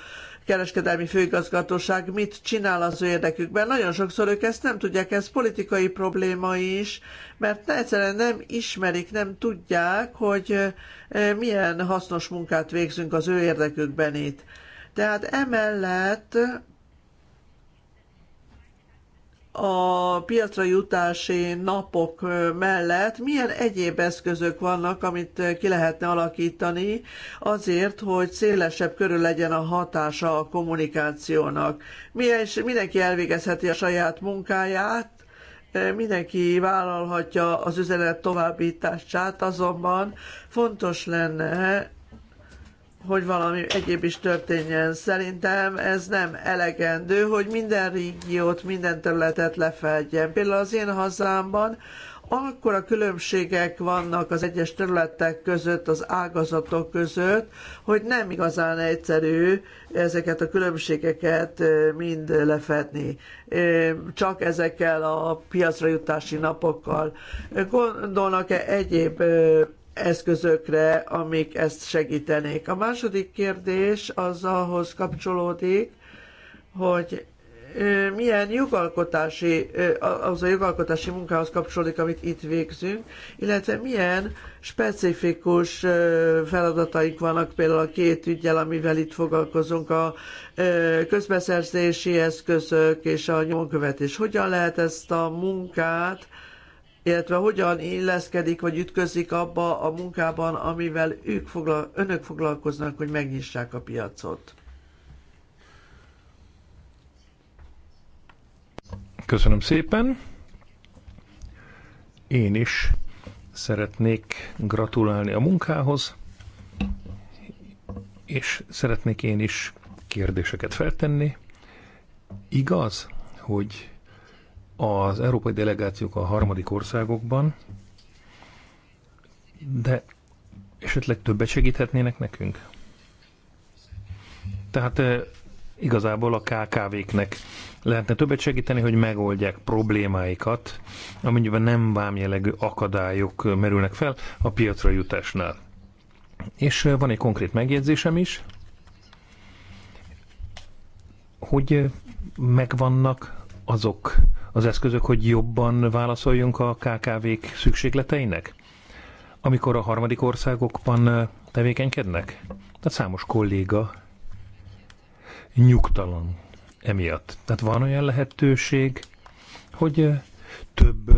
kereskedelmi főigazgatóság mit csinál az ő érdekükben. Nagyon sokszor ők ezt nem tudják, ez politikai probléma is, mert egyszerűen nem ismerik, nem tudják, hogy e, milyen hasznos munkát végzünk az ő érdekükben itt. Tehát emellett a piacra jutási napok mellett milyen egyéb eszközök vannak, amit ki lehetne alakítani azért, hogy szélesebb körül legyen a hatása a kommunikációnak. Mindenki elvégezheti a saját munkáját, mindenki vállalhatja az üzenet továbbítását, azonban fontos lenne hogy valami egyéb is történjen. Szerintem ez nem elegendő, hogy minden régiót, minden területet lefedjen. Például az én hazámban akkor a különbségek vannak az egyes területek között, az ágazatok között, hogy nem igazán egyszerű ezeket a különbségeket mind lefedni. Csak ezekkel a piacra jutási napokkal. Gondolnak-e egyéb eszközökre, amik ezt segítenék. A második kérdés az ahhoz kapcsolódik, hogy milyen jogalkotási, az a jogalkotási munkához kapcsolódik, amit itt végzünk, illetve milyen specifikus feladataik vannak például a két ügyel, amivel itt foglalkozunk, a közbeszerzési eszközök és a nyomonkövetés. Hogyan lehet ezt a munkát illetve hogyan illeszkedik vagy ütközik abba a munkában, amivel ők foglal, önök foglalkoznak, hogy megnyissák a piacot. Köszönöm szépen. Én is szeretnék gratulálni a munkához, és szeretnék én is kérdéseket feltenni. Igaz, hogy az európai delegációk a harmadik országokban, de esetleg többet segíthetnének nekünk? Tehát eh, igazából a KKV-knek lehetne többet segíteni, hogy megoldják problémáikat, amennyiben nem vámjellegű akadályok merülnek fel a piacra jutásnál. És eh, van egy konkrét megjegyzésem is, hogy eh, megvannak azok az eszközök, hogy jobban válaszoljunk a KKV-k szükségleteinek? Amikor a harmadik országokban tevékenykednek? Tehát számos kolléga nyugtalan emiatt. Tehát van olyan lehetőség, hogy több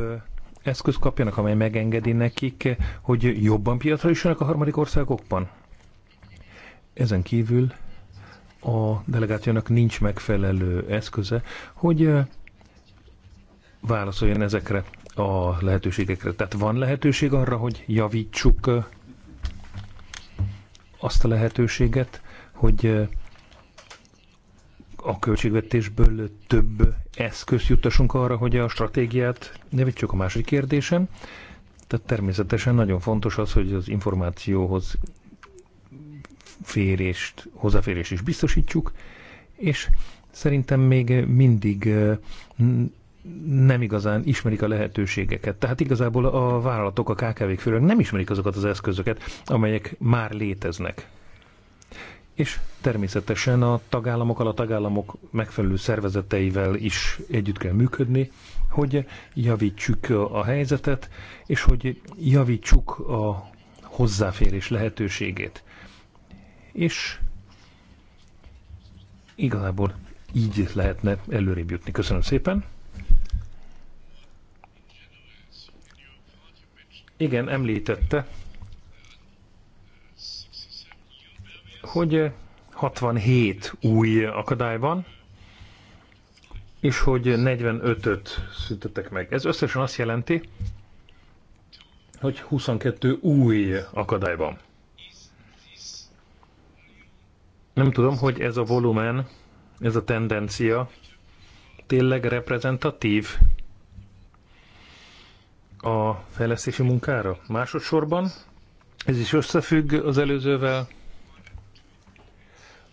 eszköz kapjanak, amely megengedi nekik, hogy jobban piacra jussanak a harmadik országokban? Ezen kívül a delegációnak nincs megfelelő eszköze, hogy válaszoljon ezekre a lehetőségekre. Tehát van lehetőség arra, hogy javítsuk azt a lehetőséget, hogy a költségvetésből több eszköz juttassunk arra, hogy a stratégiát nevítsük a másik kérdésem. Tehát természetesen nagyon fontos az, hogy az információhoz hozzáférést, hozzáférést is biztosítjuk, és szerintem még mindig nem igazán ismerik a lehetőségeket. Tehát igazából a vállalatok, a KKV-k főleg nem ismerik azokat az eszközöket, amelyek már léteznek. És természetesen a tagállamokkal, a tagállamok megfelelő szervezeteivel is együtt kell működni, hogy javítsuk a helyzetet, és hogy javítsuk a hozzáférés lehetőségét és igazából így lehetne előrébb jutni. Köszönöm szépen! Igen, említette, hogy 67 új akadály van, és hogy 45-öt szüntetek meg. Ez összesen azt jelenti, hogy 22 új akadály van. Nem tudom, hogy ez a volumen, ez a tendencia tényleg reprezentatív a fejlesztési munkára. Másodszorban ez is összefügg az előzővel.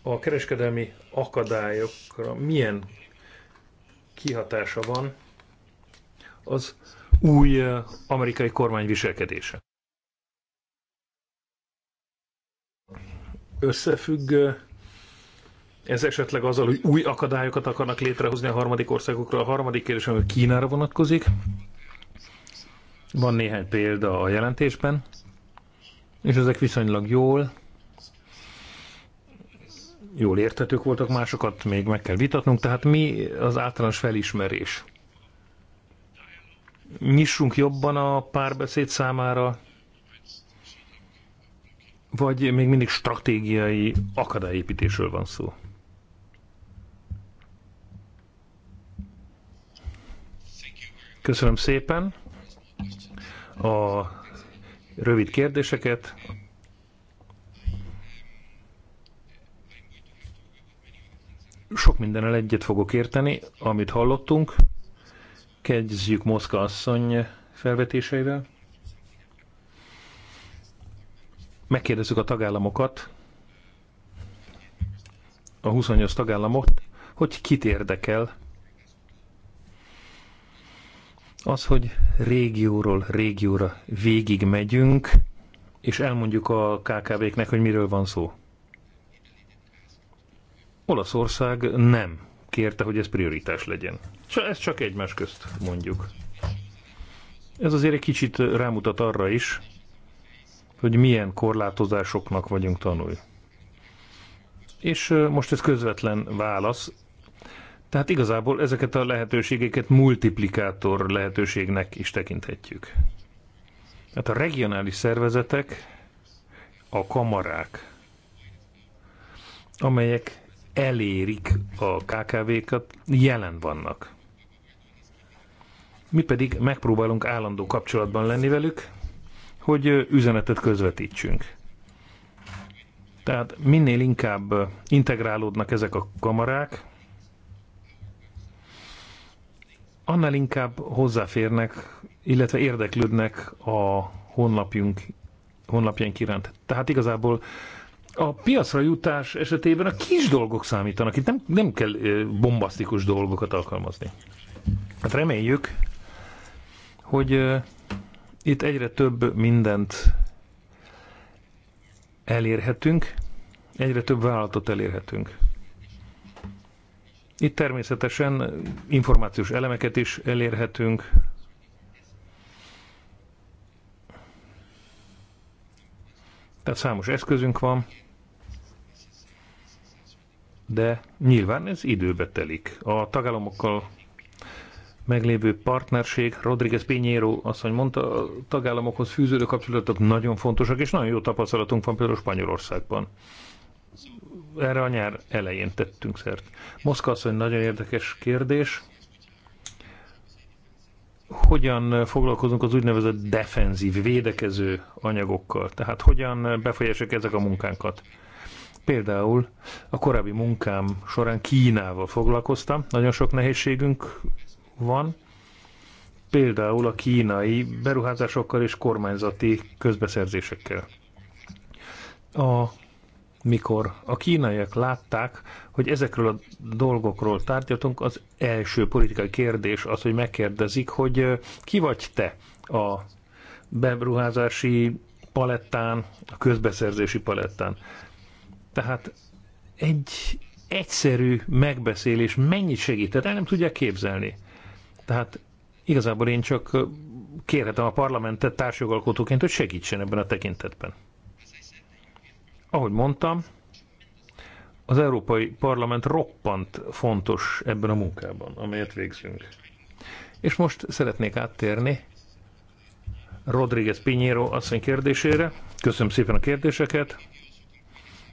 A kereskedelmi akadályokra milyen kihatása van az új eh, amerikai kormány viselkedése? Összefügg eh, ez esetleg azzal, hogy új akadályokat akarnak létrehozni a harmadik országokra. A harmadik kérdés, ami Kínára vonatkozik. Van néhány példa a jelentésben, és ezek viszonylag jól, jól értetők voltak, másokat még meg kell vitatnunk. Tehát mi az általános felismerés? Nyissunk jobban a párbeszéd számára, vagy még mindig stratégiai akadályépítésről van szó? Köszönöm szépen a rövid kérdéseket. Sok mindennel egyet fogok érteni, amit hallottunk. Kezdjük Moszka asszony felvetéseivel. Megkérdezzük a tagállamokat, a 28 tagállamot, hogy kit érdekel az, hogy régióról régióra végig megyünk, és elmondjuk a KKV-knek, hogy miről van szó. Olaszország nem kérte, hogy ez prioritás legyen. Ez csak egymás közt mondjuk. Ez azért egy kicsit rámutat arra is, hogy milyen korlátozásoknak vagyunk tanulni. És most ez közvetlen válasz tehát igazából ezeket a lehetőségeket multiplikátor lehetőségnek is tekinthetjük. Tehát a regionális szervezetek, a kamarák, amelyek elérik a KKV-kat, jelen vannak. Mi pedig megpróbálunk állandó kapcsolatban lenni velük, hogy üzenetet közvetítsünk. Tehát minél inkább integrálódnak ezek a kamarák, annál inkább hozzáférnek, illetve érdeklődnek a honlapjunk, honlapjánk iránt. Tehát igazából a piacra jutás esetében a kis dolgok számítanak, itt nem, nem kell bombasztikus dolgokat alkalmazni. Hát reméljük, hogy itt egyre több mindent elérhetünk, egyre több vállalatot elérhetünk. Itt természetesen információs elemeket is elérhetünk. Tehát számos eszközünk van, de nyilván ez időbe telik. A tagállamokkal meglévő partnerség, Rodriguez Pinheiro asszony mondta, a tagállamokhoz fűződő kapcsolatok nagyon fontosak, és nagyon jó tapasztalatunk van például Spanyolországban erre a nyár elején tettünk szert. Moszkva asszony nagyon érdekes kérdés. Hogyan foglalkozunk az úgynevezett defenzív, védekező anyagokkal? Tehát hogyan befolyásolják ezek a munkánkat? Például a korábbi munkám során Kínával foglalkoztam, nagyon sok nehézségünk van, például a kínai beruházásokkal és kormányzati közbeszerzésekkel. A mikor a kínaiak látták, hogy ezekről a dolgokról tárgyaltunk, az első politikai kérdés az, hogy megkérdezik, hogy ki vagy te a beruházási palettán, a közbeszerzési palettán. Tehát egy egyszerű megbeszélés mennyit segített, el nem tudják képzelni. Tehát igazából én csak kérhetem a parlamentet társjogalkotóként, hogy segítsen ebben a tekintetben. Ahogy mondtam, az Európai Parlament roppant fontos ebben a munkában, amelyet végzünk. És most szeretnék áttérni Rodríguez Pinheiro asszony kérdésére. Köszönöm szépen a kérdéseket,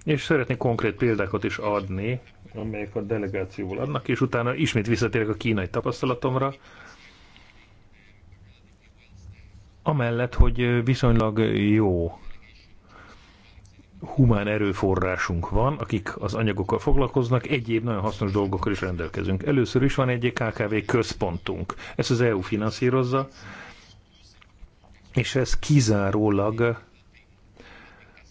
és szeretnék konkrét példákat is adni, amelyek a delegációval adnak, és utána ismét visszatérek a kínai tapasztalatomra, amellett, hogy viszonylag jó humán erőforrásunk van, akik az anyagokkal foglalkoznak, egyéb nagyon hasznos dolgokkal is rendelkezünk. Először is van egy KKV központunk, ezt az EU finanszírozza, és ez kizárólag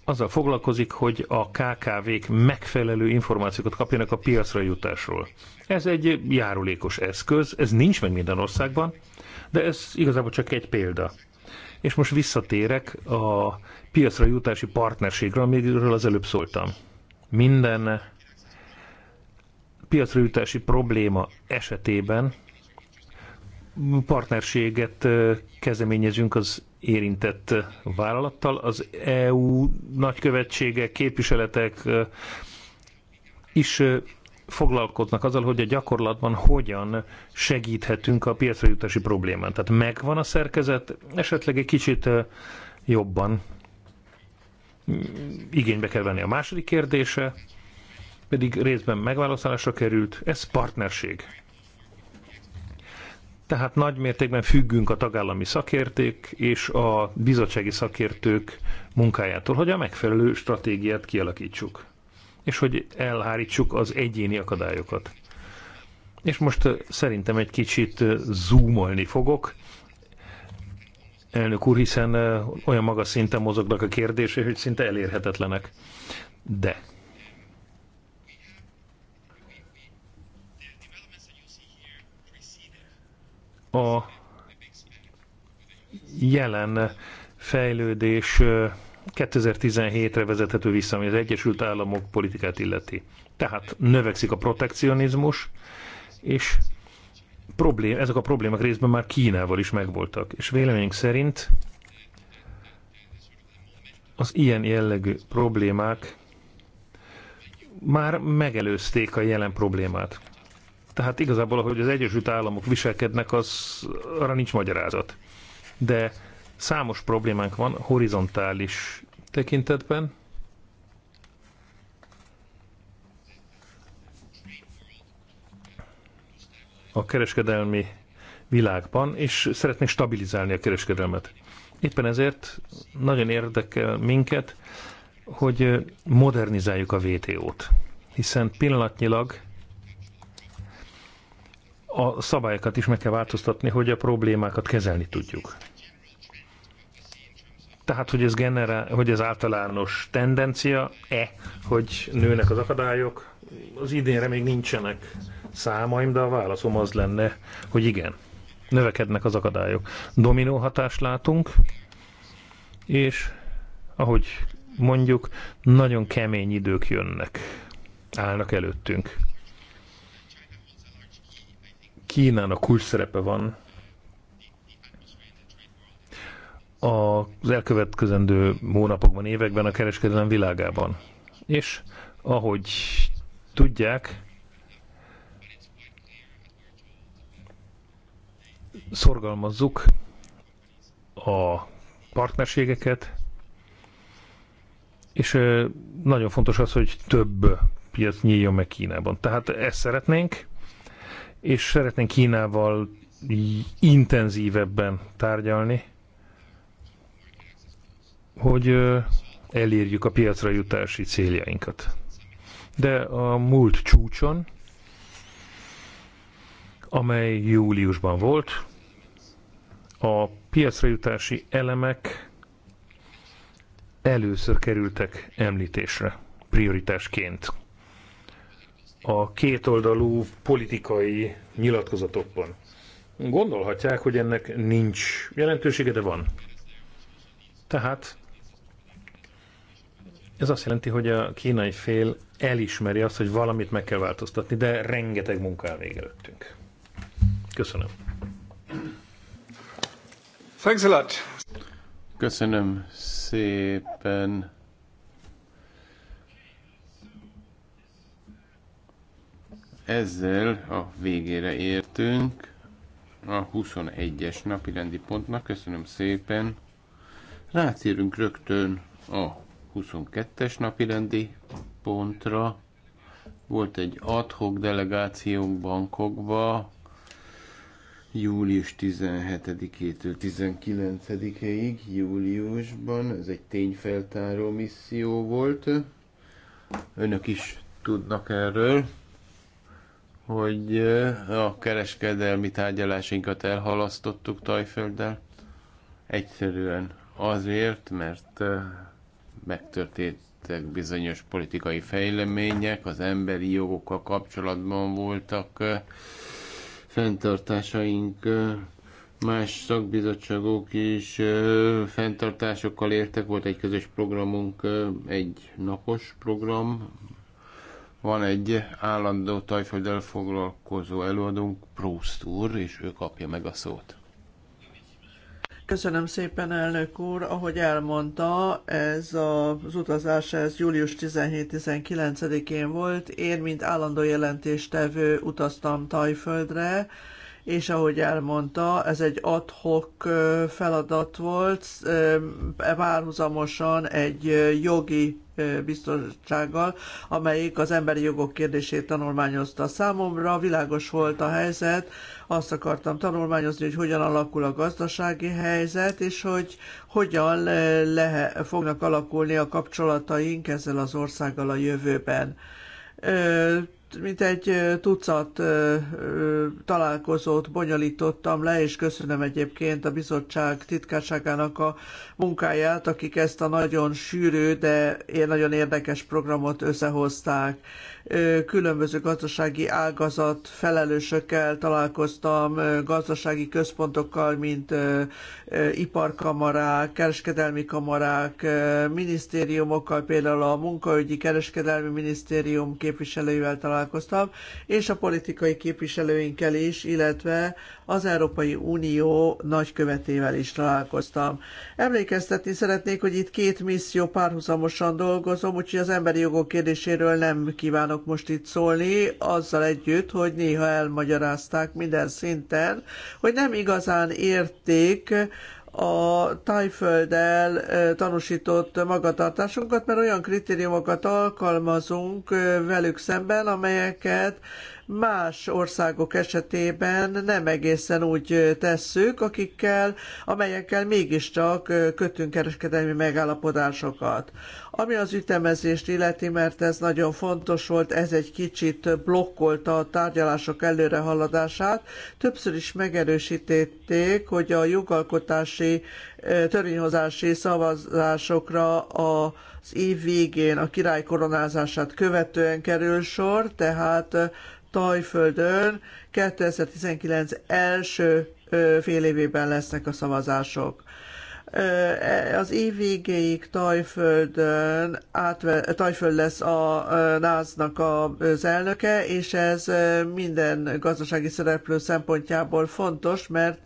azzal foglalkozik, hogy a KKV-k megfelelő információkat kapjanak a piacra jutásról. Ez egy járulékos eszköz, ez nincs meg minden országban, de ez igazából csak egy példa. És most visszatérek a piacra jutási partnerségre, amiről az előbb szóltam. Minden piacra jutási probléma esetében partnerséget kezdeményezünk az érintett vállalattal. Az EU nagykövetsége, képviseletek is foglalkoznak azzal, hogy a gyakorlatban hogyan segíthetünk a piacra jutási problémán. Tehát megvan a szerkezet, esetleg egy kicsit jobban igénybe kell venni a második kérdése, pedig részben megválaszolásra került, ez partnerség. Tehát nagy mértékben függünk a tagállami szakérték és a bizottsági szakértők munkájától, hogy a megfelelő stratégiát kialakítsuk és hogy elhárítsuk az egyéni akadályokat. És most szerintem egy kicsit zoomolni fogok, elnök úr, hiszen olyan magas szinten mozognak a kérdések, hogy szinte elérhetetlenek. De a jelen fejlődés 2017-re vezethető vissza, ami az Egyesült Államok politikát illeti. Tehát növekszik a protekcionizmus, és problém, ezek a problémák részben már Kínával is megvoltak. És véleményünk szerint az ilyen jellegű problémák már megelőzték a jelen problémát. Tehát igazából, ahogy az Egyesült Államok viselkednek, az arra nincs magyarázat. De Számos problémánk van horizontális tekintetben. A kereskedelmi világban, és szeretnék stabilizálni a kereskedelmet. Éppen ezért nagyon érdekel minket, hogy modernizáljuk a VTO-t, hiszen pillanatnyilag a szabályokat is meg kell változtatni, hogy a problémákat kezelni tudjuk. Tehát, hogy ez, generál, hogy ez általános tendencia-e, hogy nőnek az akadályok, az idénre még nincsenek számaim, de a válaszom az lenne, hogy igen, növekednek az akadályok. Dominó hatást látunk, és ahogy mondjuk, nagyon kemény idők jönnek, állnak előttünk. Kínának kulcs szerepe van az elkövetkezendő hónapokban, években a kereskedelem világában. És ahogy tudják, szorgalmazzuk a partnerségeket, és nagyon fontos az, hogy több piac nyíljon meg Kínában. Tehát ezt szeretnénk, és szeretnénk Kínával intenzívebben tárgyalni, hogy elérjük a piacra jutási céljainkat. De a múlt csúcson, amely júliusban volt, a piacra jutási elemek először kerültek említésre prioritásként a kétoldalú politikai nyilatkozatokban. Gondolhatják, hogy ennek nincs jelentősége, de van. Tehát ez azt jelenti, hogy a kínai fél elismeri azt, hogy valamit meg kell változtatni, de rengeteg munka áll még előttünk. Köszönöm. Thanks a lot. Köszönöm szépen. Ezzel a végére értünk a 21-es napi rendi pontnak. Köszönöm szépen. Rátérünk rögtön a 22-es napirendi pontra. Volt egy adhok delegációnk bankokba július 17-től 19-ig, júliusban. Ez egy tényfeltáró misszió volt. Önök is tudnak erről, hogy eh, a kereskedelmi tárgyalásinkat elhalasztottuk Tajfölddel. Egyszerűen azért, mert eh, megtörténtek bizonyos politikai fejlemények, az emberi jogokkal kapcsolatban voltak fenntartásaink, más szakbizottságok is fenntartásokkal értek, volt egy közös programunk, egy napos program, van egy állandó tajföldel foglalkozó előadónk, Proust úr, és ő kapja meg a szót. Köszönöm szépen, elnök úr. Ahogy elmondta, ez az utazás ez július 17-19-én volt. Én, mint állandó jelentéstevő utaztam Tajföldre, és ahogy elmondta, ez egy adhok feladat volt, párhuzamosan egy jogi biztonsággal, amelyik az emberi jogok kérdését tanulmányozta. Számomra világos volt a helyzet, azt akartam tanulmányozni, hogy hogyan alakul a gazdasági helyzet, és hogy hogyan lehe, fognak alakulni a kapcsolataink ezzel az országgal a jövőben mint egy tucat találkozót bonyolítottam le, és köszönöm egyébként a bizottság titkárságának a munkáját, akik ezt a nagyon sűrű, de nagyon érdekes programot összehozták különböző gazdasági ágazat felelősökkel találkoztam, gazdasági központokkal, mint iparkamarák, kereskedelmi kamarák, minisztériumokkal, például a munkaügyi kereskedelmi minisztérium képviselőivel találkoztam, és a politikai képviselőinkkel is, illetve az Európai Unió nagykövetével is találkoztam. Emlékeztetni szeretnék, hogy itt két misszió párhuzamosan dolgozom, úgyhogy az emberi jogok kérdéséről nem kívánok most itt szólni, azzal együtt, hogy néha elmagyarázták minden szinten, hogy nem igazán érték, a tájfölddel tanúsított magatartásunkat, mert olyan kritériumokat alkalmazunk velük szemben, amelyeket Más országok esetében nem egészen úgy tesszük, akikkel, amelyekkel mégiscsak kötünk kereskedelmi megállapodásokat. Ami az ütemezést illeti, mert ez nagyon fontos volt, ez egy kicsit blokkolta a tárgyalások előrehaladását. Többször is megerősítették, hogy a jogalkotási törvényhozási szavazásokra az év végén a király koronázását követően kerül sor, tehát Tajföldön 2019 első fél évében lesznek a szavazások. E, az év végéig Tajföldön átve, Tajföld lesz a naz nak az elnöke, és ez minden gazdasági szereplő szempontjából fontos, mert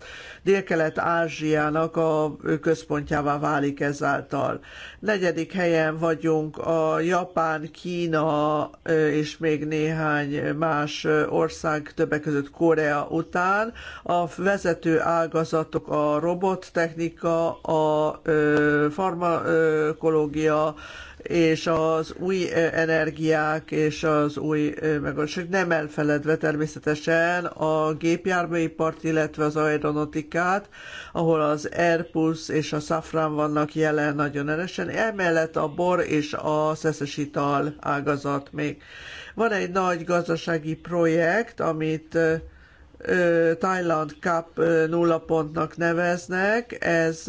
Dél-Kelet-Ázsiának a központjává válik ezáltal. Negyedik helyen vagyunk a Japán, Kína és még néhány más ország, többek között Korea után. A vezető ágazatok a robottechnika, a farmakológia, és az új energiák és az új megoldások nem elfeledve természetesen a gépjárműipart, illetve az aeronautikát, ahol az Airbus és a Safran vannak jelen nagyon erősen, emellett a bor és a szeszes ital ágazat még. Van egy nagy gazdasági projekt, amit Thailand Cup nulla pontnak neveznek. Ez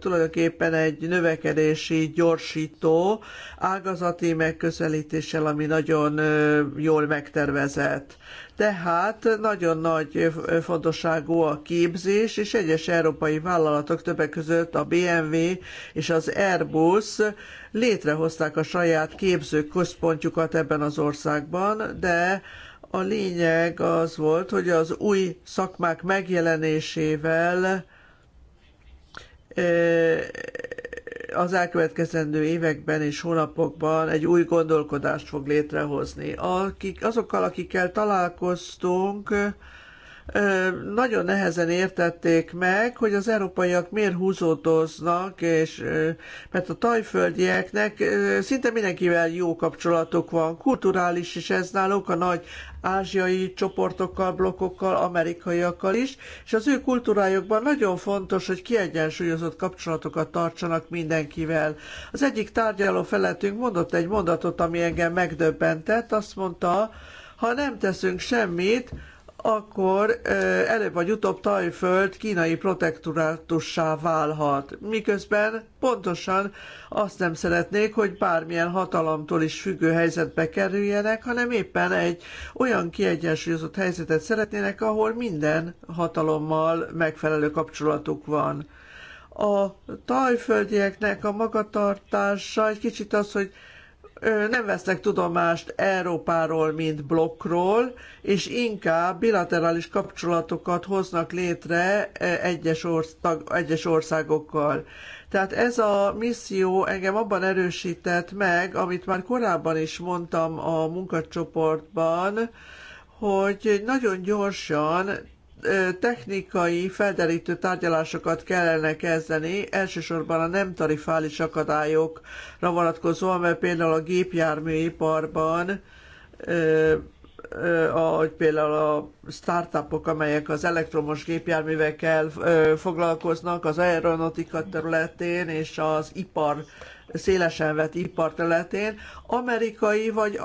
tulajdonképpen egy növekedési gyorsító ágazati megközelítéssel, ami nagyon jól megtervezett. Tehát nagyon nagy fontosságú a képzés, és egyes európai vállalatok többek között a BMW és az Airbus létrehozták a saját képzőközpontjukat ebben az országban, de a lényeg az volt, hogy az új szakmák megjelenésével eh, az elkövetkezendő években és hónapokban egy új gondolkodást fog létrehozni. Akik, azokkal, akikkel találkoztunk, eh, nagyon nehezen értették meg, hogy az európaiak miért húzódoznak, és, eh, mert a tajföldieknek szinte mindenkivel jó kapcsolatok van, kulturális is ez náluk, a nagy ázsiai csoportokkal, blokkokkal, amerikaiakkal is, és az ő kultúrájukban nagyon fontos, hogy kiegyensúlyozott kapcsolatokat tartsanak mindenkivel. Az egyik tárgyaló felettünk mondott egy mondatot, ami engem megdöbbentett, azt mondta, ha nem teszünk semmit, akkor előbb vagy utóbb Tajföld kínai protektorátussá válhat. Miközben pontosan azt nem szeretnék, hogy bármilyen hatalomtól is függő helyzetbe kerüljenek, hanem éppen egy olyan kiegyensúlyozott helyzetet szeretnének, ahol minden hatalommal megfelelő kapcsolatuk van. A tajföldieknek a magatartása egy kicsit az, hogy nem vesznek tudomást Európáról, mint blokkról, és inkább bilaterális kapcsolatokat hoznak létre egyes, egyes országokkal. Tehát ez a misszió engem abban erősített meg, amit már korábban is mondtam a munkacsoportban, hogy nagyon gyorsan technikai felderítő tárgyalásokat kellene kezdeni, elsősorban a nem tarifális akadályokra vonatkozóan, mert például a gépjárműiparban ahogy például a startupok, amelyek az elektromos gépjárművekkel foglalkoznak, az aeronautika területén és az ipar szélesen vett iparterületén, amerikai vagy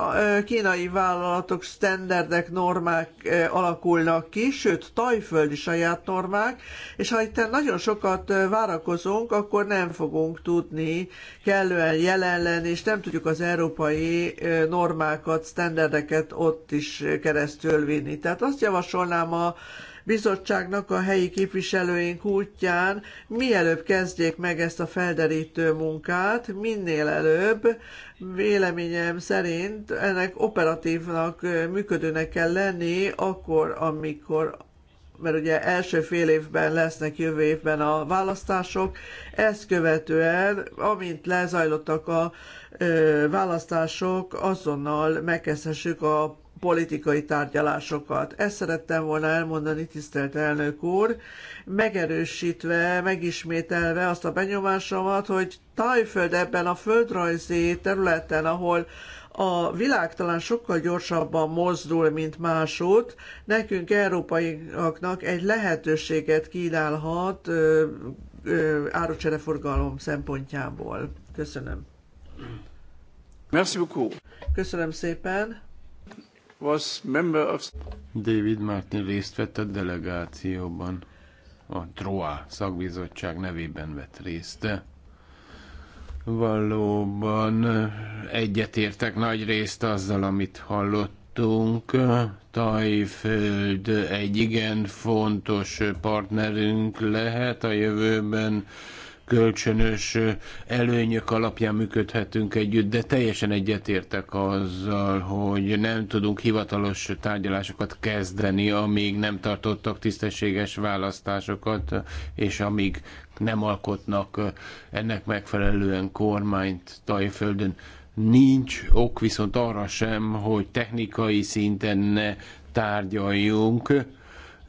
kínai vállalatok sztenderdek, normák alakulnak ki, sőt, tajföldi saját normák, és ha itt nagyon sokat várakozunk, akkor nem fogunk tudni kellően jelen lenni, és nem tudjuk az európai normákat, sztenderdeket ott is keresztül vinni. Tehát azt javasolnám a bizottságnak a helyi képviselőink útján mielőbb kezdjék meg ezt a felderítő munkát, minél előbb, véleményem szerint ennek operatívnak, működőnek kell lenni akkor, amikor mert ugye első fél évben lesznek jövő évben a választások, ezt követően, amint lezajlottak a ö, választások, azonnal megkezdhessük a politikai tárgyalásokat. Ezt szerettem volna elmondani, tisztelt elnök úr, megerősítve, megismételve azt a benyomásomat, hogy Tájföld ebben a földrajzi területen, ahol a világ talán sokkal gyorsabban mozdul, mint másút, nekünk európaiaknak egy lehetőséget kínálhat árucsereforgalom szempontjából. Köszönöm. Merci beaucoup. Köszönöm szépen. David Martin részt vett a delegációban. A TROA szakbizottság nevében vett részt. Valóban egyetértek nagy részt azzal, amit hallottunk. Tajföld egy igen fontos partnerünk lehet a jövőben kölcsönös előnyök alapján működhetünk együtt, de teljesen egyetértek azzal, hogy nem tudunk hivatalos tárgyalásokat kezdeni, amíg nem tartottak tisztességes választásokat, és amíg nem alkotnak ennek megfelelően kormányt Tajföldön. Nincs ok viszont arra sem, hogy technikai szinten ne tárgyaljunk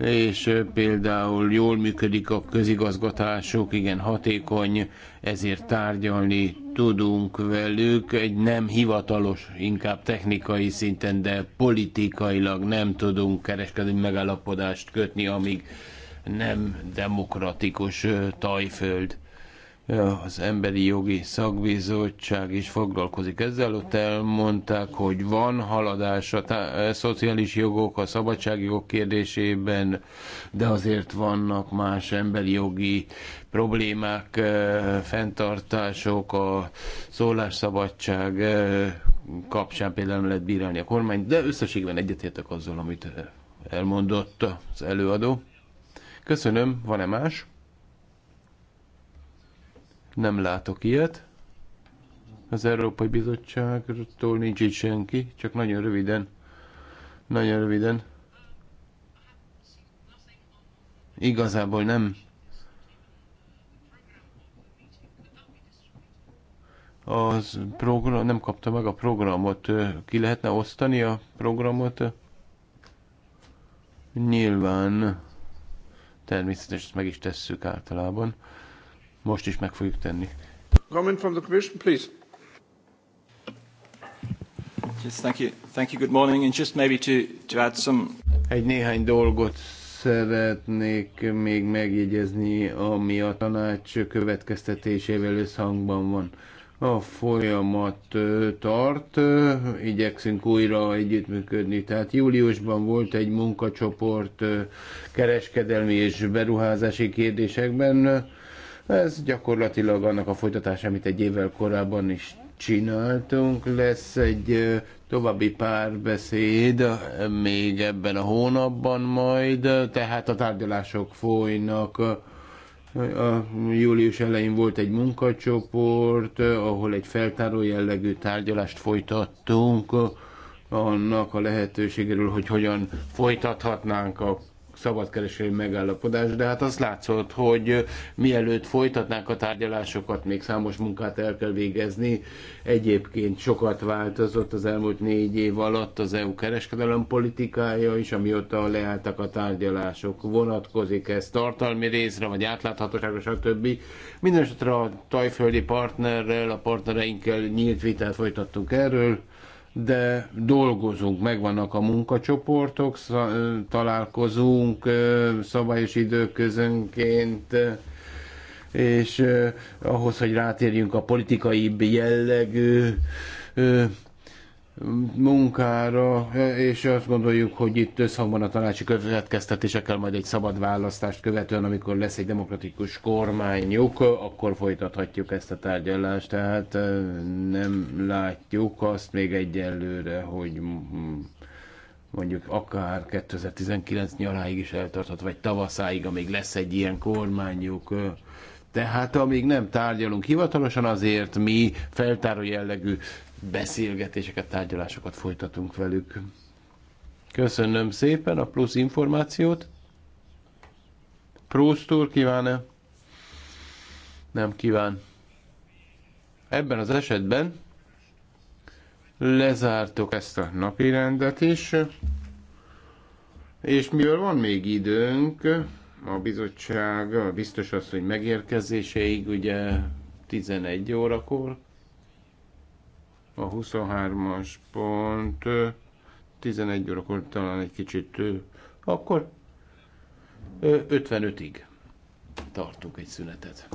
és például jól működik a közigazgatások igen hatékony, ezért tárgyalni tudunk velük, egy nem hivatalos, inkább technikai szinten, de politikailag nem tudunk kereskedelmi megállapodást kötni, amíg nem demokratikus tajföld az Emberi Jogi Szakbizottság is foglalkozik ezzel. Ott elmondták, hogy van haladás a, szociális jogok, a szabadságjogok kérdésében, de azért vannak más emberi jogi problémák, eh, fenntartások, a szólásszabadság eh, kapcsán például nem lehet bírálni a kormányt, de összességben egyetértek azzal, amit eh, elmondott az előadó. Köszönöm, van-e más? Nem látok ilyet. Az Európai Bizottságtól nincs itt senki, csak nagyon röviden. Nagyon röviden. Igazából nem az program, nem kapta meg a programot. Ki lehetne osztani a programot? Nyilván, természetesen meg is tesszük általában most is meg fogjuk tenni. Comment from the commission, please. Yes, thank you. Thank you. Good morning. And just maybe to, to add some... Egy néhány dolgot szeretnék még megjegyezni, ami a tanács következtetésével összhangban van. A folyamat tart, igyekszünk újra együttműködni. Tehát júliusban volt egy munkacsoport kereskedelmi és beruházási kérdésekben, ez gyakorlatilag annak a folytatás, amit egy évvel korábban is csináltunk. Lesz egy további párbeszéd még ebben a hónapban majd, tehát a tárgyalások folynak. A július elején volt egy munkacsoport, ahol egy feltáró jellegű tárgyalást folytattunk annak a lehetőségéről, hogy hogyan folytathatnánk a szabadkereskedelmi megállapodás, de hát az látszott, hogy mielőtt folytatnák a tárgyalásokat, még számos munkát el kell végezni. Egyébként sokat változott az elmúlt négy év alatt az EU kereskedelem politikája is, amióta leálltak a tárgyalások. Vonatkozik ez tartalmi részre, vagy átláthatóságra, stb. Mindenesetre a tajföldi partnerrel, a partnereinkkel nyílt vitát folytattunk erről de dolgozunk, megvannak a munkacsoportok, találkozunk szabályos időközönként, és ahhoz, hogy rátérjünk a politikai jellegű munkára, és azt gondoljuk, hogy itt összhangban a tanácsi következtetésekkel majd egy szabad választást követően, amikor lesz egy demokratikus kormányuk, akkor folytathatjuk ezt a tárgyalást. Tehát nem látjuk azt még egyelőre, hogy mondjuk akár 2019 nyaráig is eltarthat, vagy tavaszáig, amíg lesz egy ilyen kormányuk. Tehát amíg nem tárgyalunk hivatalosan, azért mi feltáró jellegű beszélgetéseket, tárgyalásokat folytatunk velük. Köszönöm szépen a plusz információt. Proust úr kíván-e? Nem kíván. Ebben az esetben lezártok ezt a napi rendet is. És mivel van még időnk, a bizottság biztos az, hogy megérkezéseig, ugye 11 órakor a 23-as pont 11 órakor talán egy kicsit, akkor 55-ig tartunk egy szünetet.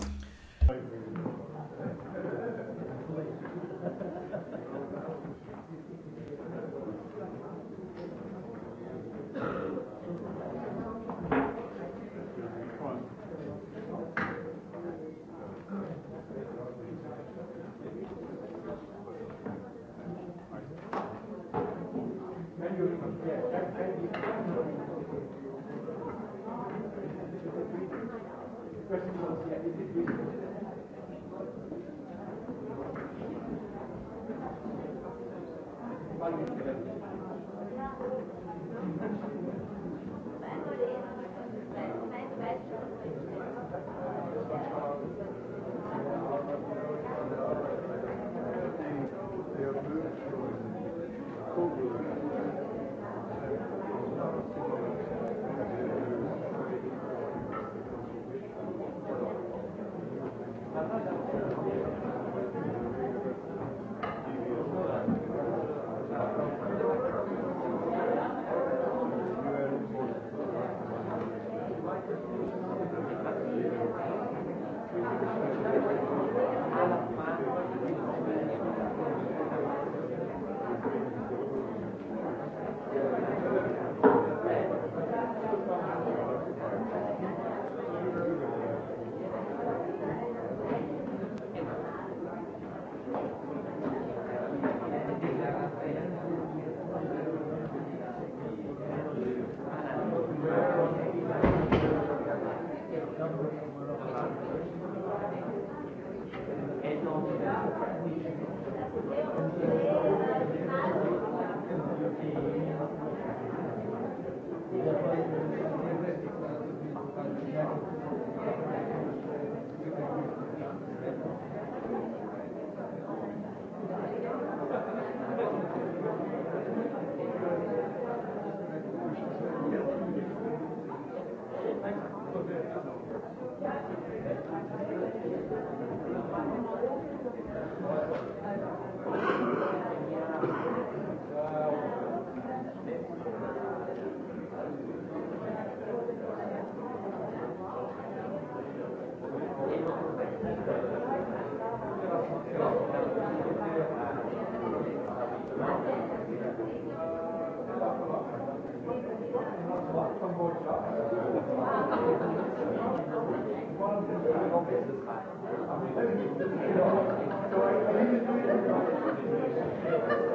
Thank you.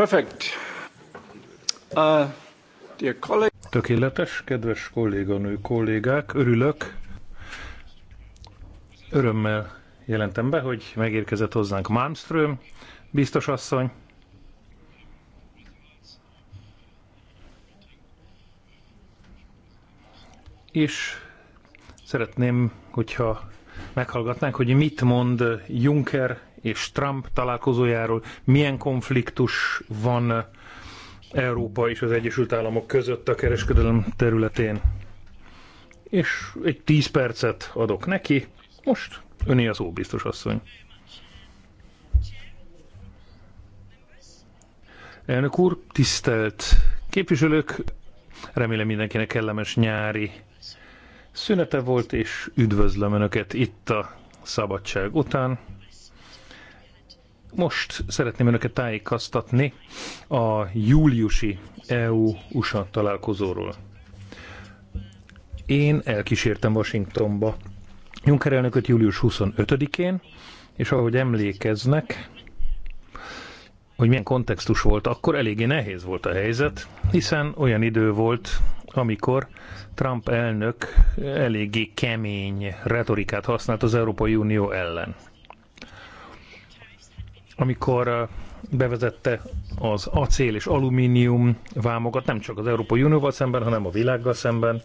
Perfect. Uh, dear colleague... Tökéletes, kedves kolléganő, kollégák, örülök. Örömmel jelentem be, hogy megérkezett hozzánk Malmström, biztos asszony. És szeretném, hogyha meghallgatnánk, hogy mit mond Juncker és Trump találkozójáról, milyen konfliktus van Európa és az Egyesült Államok között a kereskedelem területén. És egy tíz percet adok neki. Most öné az óbiztos asszony. Elnök úr, tisztelt képviselők, remélem mindenkinek kellemes nyári szünete volt, és üdvözlöm Önöket itt a szabadság után. Most szeretném önöket tájékoztatni a júliusi EU-USA találkozóról. Én elkísértem Washingtonba Juncker elnököt július 25-én, és ahogy emlékeznek, hogy milyen kontextus volt, akkor eléggé nehéz volt a helyzet, hiszen olyan idő volt, amikor Trump elnök eléggé kemény retorikát használt az Európai Unió ellen amikor bevezette az acél és alumínium vámokat, nem csak az Európai Unióval szemben, hanem a világgal szemben,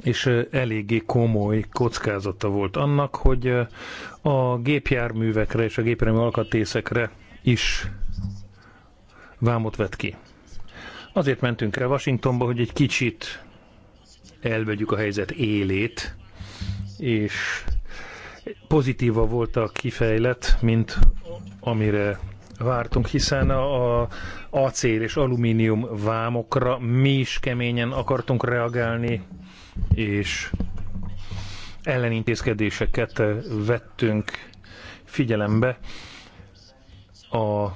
és eléggé komoly kockázata volt annak, hogy a gépjárművekre és a gépjármű alkatrészekre is vámot vett ki. Azért mentünk el Washingtonba, hogy egy kicsit elvegyük a helyzet élét, és pozitíva volt a kifejlet, mint amire vártunk, hiszen a acél és alumínium vámokra mi is keményen akartunk reagálni, és ellenintézkedéseket vettünk figyelembe a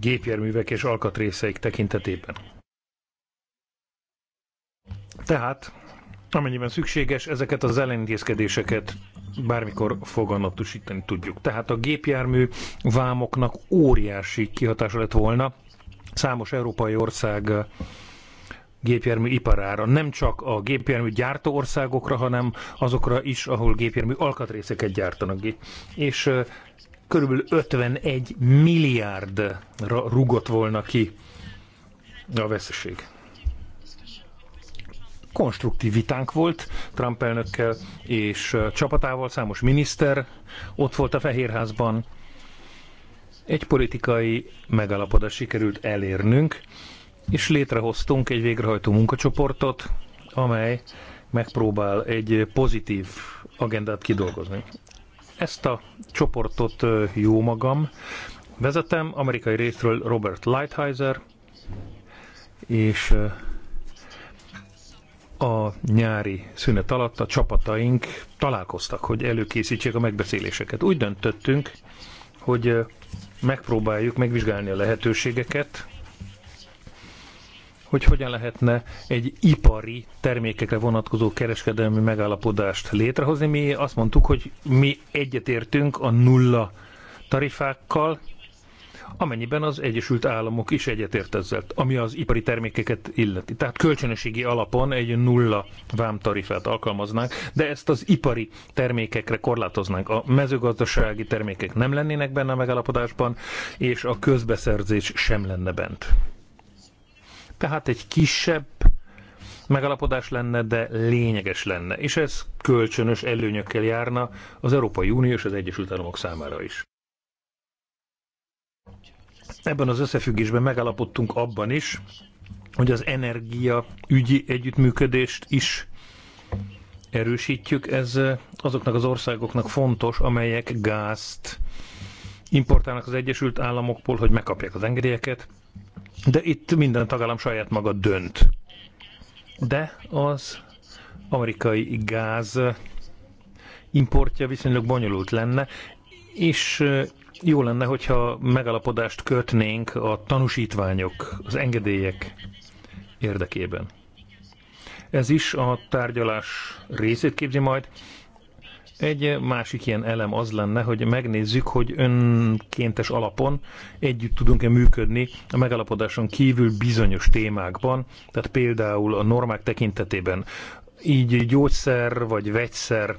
gépjárművek és alkatrészeik tekintetében. Tehát amennyiben szükséges, ezeket az ellenintézkedéseket bármikor foganatosítani tudjuk. Tehát a gépjármű vámoknak óriási kihatása lett volna számos európai ország gépjármű iparára. Nem csak a gépjármű gyártó országokra, hanem azokra is, ahol gépjármű alkatrészeket gyártanak. És körülbelül 51 milliárdra rugott volna ki a veszeség konstruktív vitánk volt Trump elnökkel és csapatával, számos miniszter ott volt a Fehérházban. Egy politikai megalapodás sikerült elérnünk, és létrehoztunk egy végrehajtó munkacsoportot, amely megpróbál egy pozitív agendát kidolgozni. Ezt a csoportot jó magam vezetem, amerikai részről Robert Lighthizer, és a nyári szünet alatt a csapataink találkoztak, hogy előkészítsék a megbeszéléseket. Úgy döntöttünk, hogy megpróbáljuk megvizsgálni a lehetőségeket, hogy hogyan lehetne egy ipari termékekre vonatkozó kereskedelmi megállapodást létrehozni. Mi azt mondtuk, hogy mi egyetértünk a nulla tarifákkal, amennyiben az Egyesült Államok is egyetért ezzel, ami az ipari termékeket illeti. Tehát kölcsönösségi alapon egy nulla vámtarifát alkalmaznánk, de ezt az ipari termékekre korlátoznánk. A mezőgazdasági termékek nem lennének benne a megállapodásban, és a közbeszerzés sem lenne bent. Tehát egy kisebb megalapodás lenne, de lényeges lenne, és ez kölcsönös előnyökkel járna az Európai Unió és az Egyesült Államok számára is. Ebben az összefüggésben megállapodtunk abban is, hogy az energia ügyi együttműködést is erősítjük. Ez azoknak az országoknak fontos, amelyek gázt importálnak az Egyesült Államokból, hogy megkapják az engedélyeket, de itt minden tagállam saját maga dönt. De az amerikai gáz importja viszonylag bonyolult lenne, és jó lenne, hogyha megalapodást kötnénk a tanúsítványok, az engedélyek érdekében. Ez is a tárgyalás részét képzi majd. Egy másik ilyen elem az lenne, hogy megnézzük, hogy önkéntes alapon együtt tudunk-e működni a megalapodáson kívül bizonyos témákban, tehát például a normák tekintetében, így gyógyszer vagy vegyszer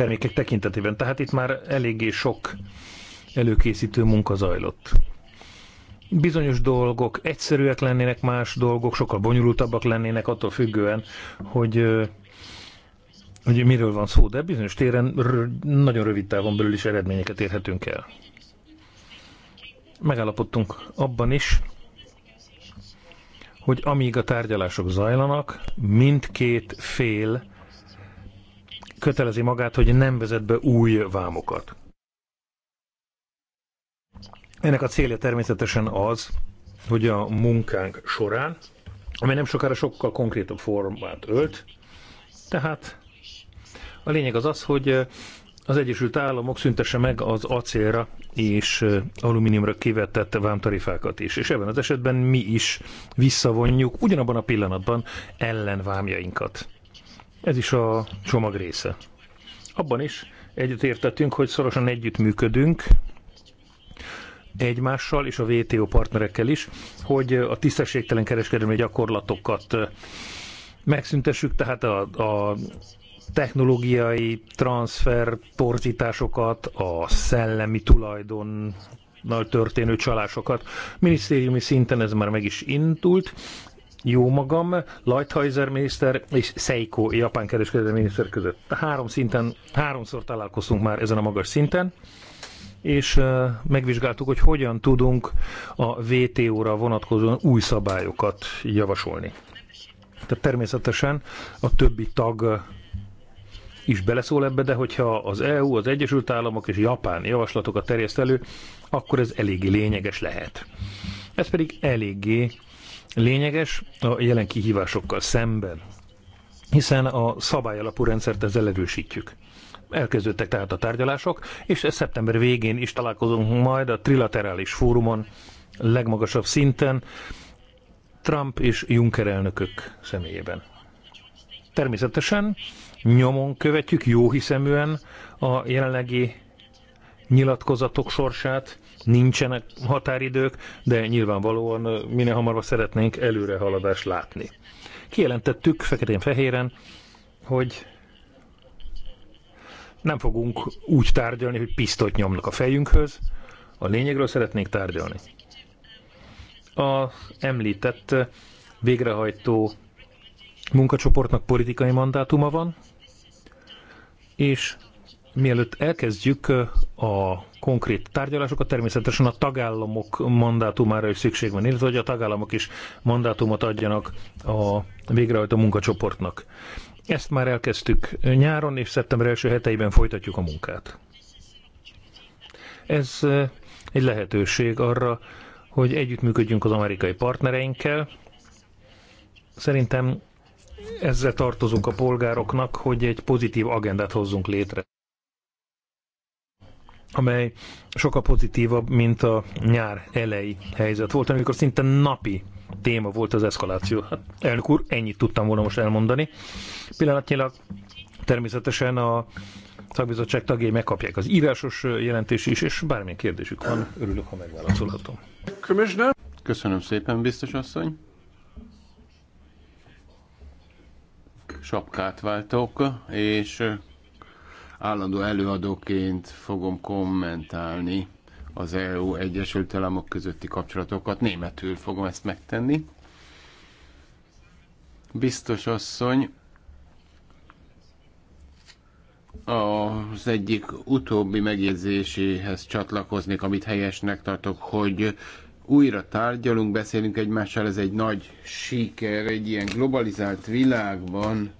termékek tekintetében. Tehát itt már eléggé sok előkészítő munka zajlott. Bizonyos dolgok egyszerűek lennének, más dolgok sokkal bonyolultabbak lennének, attól függően, hogy, hogy miről van szó, de bizonyos téren nagyon rövid távon belül is eredményeket érhetünk el. Megállapodtunk abban is, hogy amíg a tárgyalások zajlanak, mindkét fél kötelezi magát, hogy nem vezet be új vámokat. Ennek a célja természetesen az, hogy a munkánk során, amely nem sokára sokkal konkrétabb formát ölt, tehát a lényeg az az, hogy az Egyesült Államok szüntesse meg az acélra és alumíniumra kivetett vámtarifákat is, és ebben az esetben mi is visszavonjuk ugyanabban a pillanatban ellenvámjainkat. Ez is a csomag része. Abban is egyetértettünk, hogy szorosan együttműködünk egymással és a WTO partnerekkel is, hogy a tisztességtelen kereskedelmi gyakorlatokat megszüntessük, tehát a, a technológiai transfer torzításokat, a szellemi tulajdon történő csalásokat. Minisztériumi szinten ez már meg is indult, jó magam, Lighthizer miniszter és Seiko japán kereskedelmi miniszter között. Három szinten, háromszor találkoztunk már ezen a magas szinten, és megvizsgáltuk, hogy hogyan tudunk a VTO-ra vonatkozóan új szabályokat javasolni. Tehát természetesen a többi tag is beleszól ebbe, de hogyha az EU, az Egyesült Államok és Japán javaslatokat terjeszt elő, akkor ez eléggé lényeges lehet. Ez pedig eléggé lényeges a jelen kihívásokkal szemben, hiszen a szabályalapú rendszert ezzel erősítjük. Elkezdődtek tehát a tárgyalások, és szeptember végén is találkozunk majd a trilaterális fórumon, legmagasabb szinten, Trump és Juncker elnökök személyében. Természetesen nyomon követjük jóhiszeműen a jelenlegi nyilatkozatok sorsát, nincsenek határidők, de nyilvánvalóan minél hamarabb szeretnénk előrehaladást látni. Kijelentettük feketén-fehéren, hogy nem fogunk úgy tárgyalni, hogy pisztolyt nyomnak a fejünkhöz, a lényegről szeretnénk tárgyalni. A említett végrehajtó munkacsoportnak politikai mandátuma van, és Mielőtt elkezdjük a konkrét tárgyalásokat, természetesen a tagállamok mandátumára is szükség van, illetve hogy a tagállamok is mandátumot adjanak a végrehajtó munkacsoportnak. Ezt már elkezdtük nyáron, és szeptember első heteiben folytatjuk a munkát. Ez egy lehetőség arra, hogy együttműködjünk az amerikai partnereinkkel. Szerintem ezzel tartozunk a polgároknak, hogy egy pozitív agendát hozzunk létre amely sokkal pozitívabb, mint a nyár elejé helyzet volt, amikor szinte napi téma volt az eszkaláció. Hát, elnök úr, ennyit tudtam volna most elmondani. Pillanatnyilag természetesen a szakbizottság tagjai megkapják az írásos jelentés is, és bármilyen kérdésük van, örülök, ha megválaszolhatom. Köszönöm szépen, biztos asszony. Sapkát váltok, és állandó előadóként fogom kommentálni az EU Egyesült Államok közötti kapcsolatokat. Németül fogom ezt megtenni. Biztos asszony, az egyik utóbbi megjegyzéséhez csatlakoznék, amit helyesnek tartok, hogy újra tárgyalunk, beszélünk egymással, ez egy nagy siker, egy ilyen globalizált világban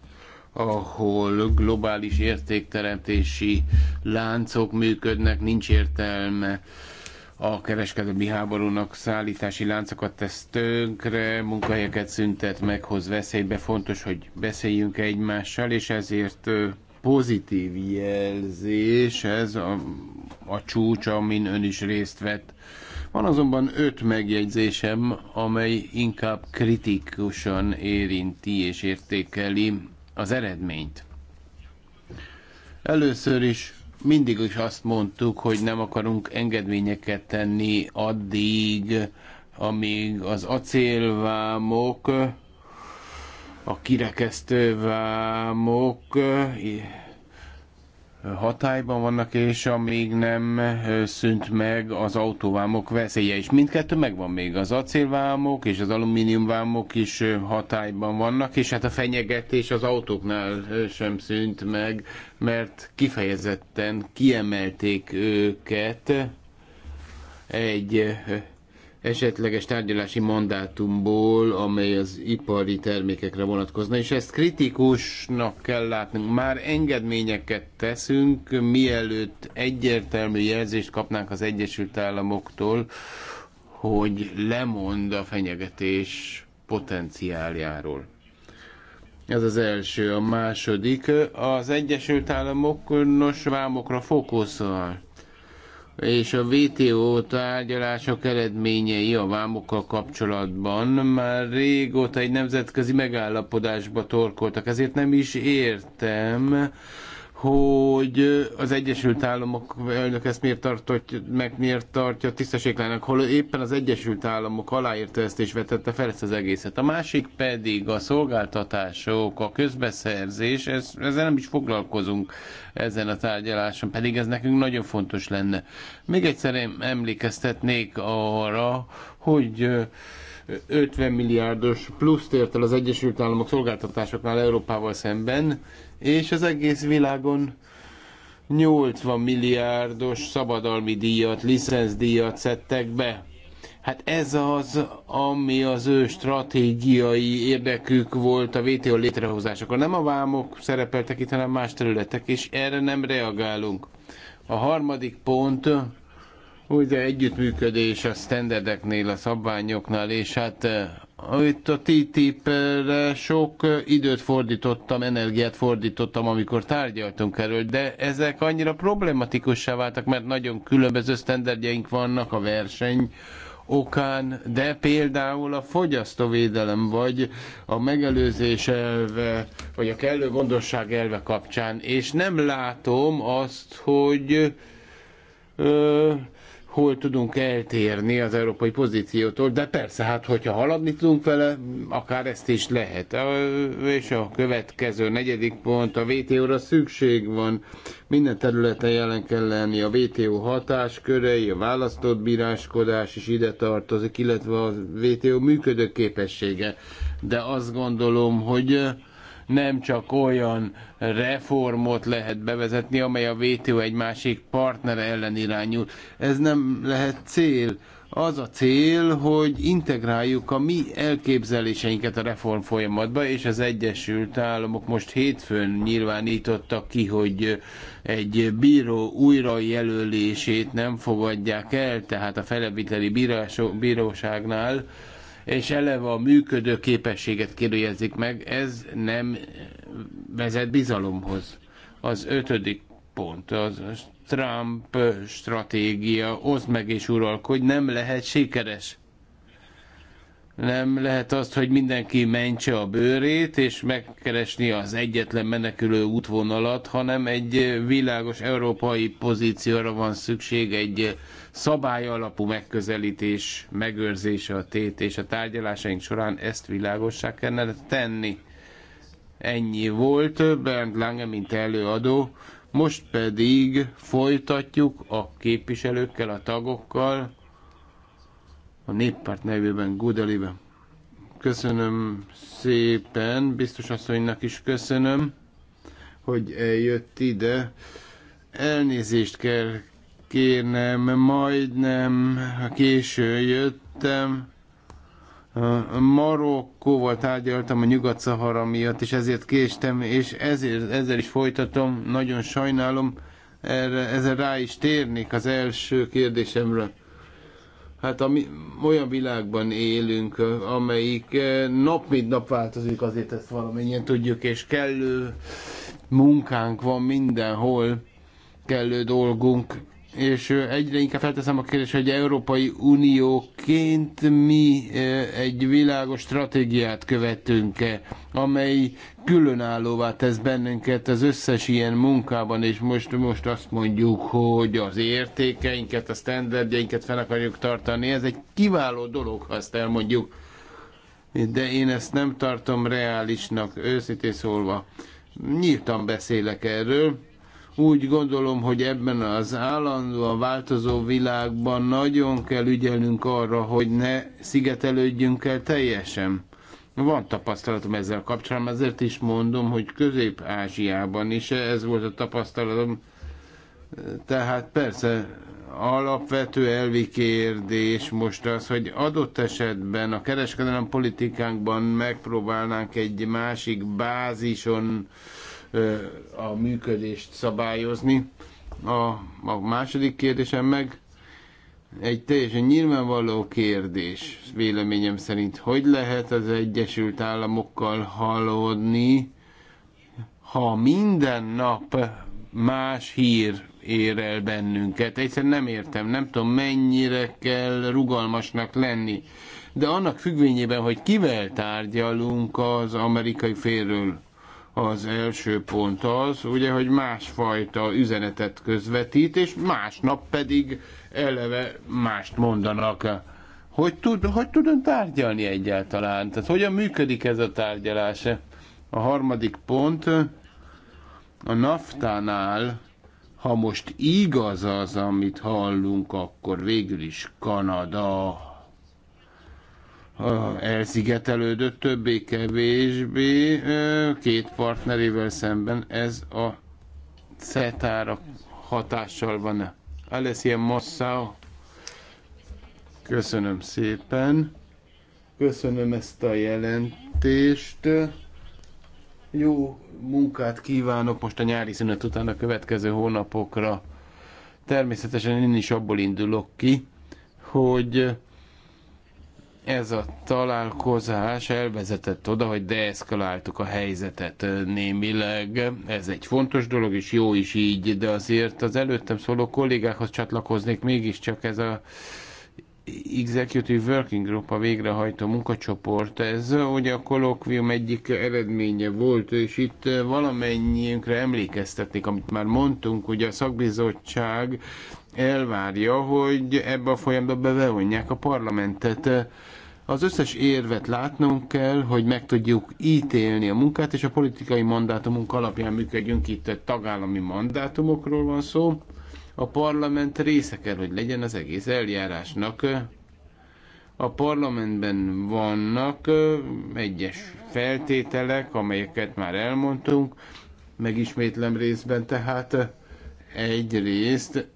ahol globális értékteremtési láncok működnek, nincs értelme a kereskedelmi háborúnak szállítási láncokat tesz tönkre, munkahelyeket szüntet meg, veszélybe. Fontos, hogy beszéljünk egymással, és ezért pozitív jelzés ez a, a csúcs, amin ön is részt vett. Van azonban öt megjegyzésem, amely inkább kritikusan érinti és értékeli az eredményt. Először is mindig is azt mondtuk, hogy nem akarunk engedményeket tenni addig, amíg az acélvámok, a kirekesztővámok hatályban vannak, és amíg nem szűnt meg az autóvámok veszélye is. Mindkettő megvan még, az acélvámok és az alumíniumvámok is hatályban vannak, és hát a fenyegetés az autóknál sem szűnt meg, mert kifejezetten kiemelték őket egy esetleges tárgyalási mandátumból, amely az ipari termékekre vonatkozna, és ezt kritikusnak kell látnunk. Már engedményeket teszünk, mielőtt egyértelmű jelzést kapnánk az Egyesült Államoktól, hogy lemond a fenyegetés potenciáljáról. Ez az első. A második, az Egyesült Államok nos vámokra fókuszol és a VTO tárgyalások eredményei a vámokkal kapcsolatban már régóta egy nemzetközi megállapodásba torkoltak, ezért nem is értem, hogy az Egyesült Államok elnök ezt miért tartott, meg miért tartja tisztességlenek, hol éppen az Egyesült Államok aláírta ezt és vetette fel ezt az egészet. A másik pedig a szolgáltatások, a közbeszerzés, ez, ezzel nem is foglalkozunk ezen a tárgyaláson, pedig ez nekünk nagyon fontos lenne. Még egyszer emlékeztetnék arra, hogy 50 milliárdos pluszt ért el az Egyesült Államok szolgáltatásoknál Európával szemben, és az egész világon 80 milliárdos szabadalmi díjat, licenszdíjat szedtek be. Hát ez az, ami az ő stratégiai érdekük volt a VTO létrehozásakor. Nem a vámok szerepeltek itt, hanem más területek, és erre nem reagálunk. A harmadik pont, ugye együttműködés a standardeknél, a szabványoknál, és hát itt a TTIP-re sok időt fordítottam, energiát fordítottam, amikor tárgyaltunk erről, de ezek annyira problematikussá váltak, mert nagyon különböző sztenderdjeink vannak a verseny okán, de például a fogyasztóvédelem, vagy a megelőzés elve, vagy a kellő gondosság elve kapcsán, és nem látom azt, hogy ö, hol tudunk eltérni az európai pozíciótól, de persze, hát hogyha haladni tudunk vele, akár ezt is lehet. És a következő negyedik pont, a WTO-ra szükség van. Minden területen jelen kell lenni a WTO hatáskörei, a választott bíráskodás is ide tartozik, illetve a WTO működőképessége. De azt gondolom, hogy nem csak olyan reformot lehet bevezetni, amely a WTO egy másik partnere ellen irányul. Ez nem lehet cél. Az a cél, hogy integráljuk a mi elképzeléseinket a reform folyamatba, és az Egyesült Államok most hétfőn nyilvánította ki, hogy egy bíró újrajelölését nem fogadják el, tehát a felebbiteli bíróságnál és eleve a működő képességet kérdőjezik meg, ez nem vezet bizalomhoz. Az ötödik pont, az Trump stratégia, oszd meg és uralkodj, nem lehet sikeres. Nem lehet azt, hogy mindenki mentse a bőrét, és megkeresni az egyetlen menekülő útvonalat, hanem egy világos európai pozícióra van szükség, egy szabály alapú megközelítés megőrzése a tét, és a tárgyalásaink során ezt világossá kellene tenni. Ennyi volt Bernd Lange, mint előadó, most pedig folytatjuk a képviselőkkel, a tagokkal, a néppárt nevében, Gudeliben. Köszönöm szépen, biztos asszonynak is köszönöm, hogy eljött ide. Elnézést kell kérnem, majdnem késő jöttem. Marokkóval tárgyaltam a Nyugat-Szahara miatt, és ezért késtem, és ezért, ezzel is folytatom, nagyon sajnálom, erre, ezzel rá is térnék az első kérdésemre. Hát ami, olyan világban élünk, amelyik eh, nap mint nap változik, azért ezt valamennyien tudjuk, és kellő munkánk van mindenhol, kellő dolgunk, és egyre inkább felteszem a kérdést, hogy Európai Unióként mi egy világos stratégiát követünk-e, amely különállóvá tesz bennünket az összes ilyen munkában, és most, most azt mondjuk, hogy az értékeinket, a standardjeinket fel akarjuk tartani. Ez egy kiváló dolog, ha ezt elmondjuk. De én ezt nem tartom reálisnak, őszintén szólva. Nyíltan beszélek erről úgy gondolom, hogy ebben az állandóan változó világban nagyon kell ügyelnünk arra, hogy ne szigetelődjünk el teljesen. Van tapasztalatom ezzel kapcsolatban, ezért is mondom, hogy Közép-Ázsiában is ez volt a tapasztalatom. Tehát persze alapvető elvi kérdés most az, hogy adott esetben a kereskedelem politikánkban megpróbálnánk egy másik bázison a működést szabályozni. A, a második kérdésem meg egy teljesen nyilvánvaló kérdés, véleményem szerint, hogy lehet az Egyesült Államokkal halódni, ha minden nap más hír ér el bennünket. Egyszerűen nem értem, nem tudom mennyire kell rugalmasnak lenni. De annak függvényében, hogy kivel tárgyalunk az amerikai félről, az első pont az, ugye, hogy másfajta üzenetet közvetít, és másnap pedig eleve mást mondanak. Hogy tud, hogy tud ön tárgyalni egyáltalán? Tehát hogyan működik ez a tárgyalás? A harmadik pont a naftánál, ha most igaz az, amit hallunk, akkor végül is Kanada elszigetelődött többé-kevésbé két partnerével szemben. Ez a ceta hatással van. Alessia Mossau, köszönöm szépen. Köszönöm ezt a jelentést. Jó munkát kívánok most a nyári szünet után a következő hónapokra. Természetesen én is abból indulok ki, hogy ez a találkozás elvezetett oda, hogy deeszkaláltuk a helyzetet némileg. Ez egy fontos dolog, és jó is így, de azért az előttem szóló kollégákhoz csatlakoznék mégiscsak ez a Executive Working Group, a végrehajtó munkacsoport, ez ugye a kolokvium egyik eredménye volt, és itt valamennyiünkre emlékeztetnék, amit már mondtunk, ugye a szakbizottság elvárja, hogy ebbe a folyamba bevonják a parlamentet. Az összes érvet látnunk kell, hogy meg tudjuk ítélni a munkát, és a politikai mandátumunk alapján működjünk itt egy tagállami mandátumokról van szó. A parlament része kell, hogy legyen az egész eljárásnak. A parlamentben vannak egyes feltételek, amelyeket már elmondtunk, megismétlem részben, tehát egyrészt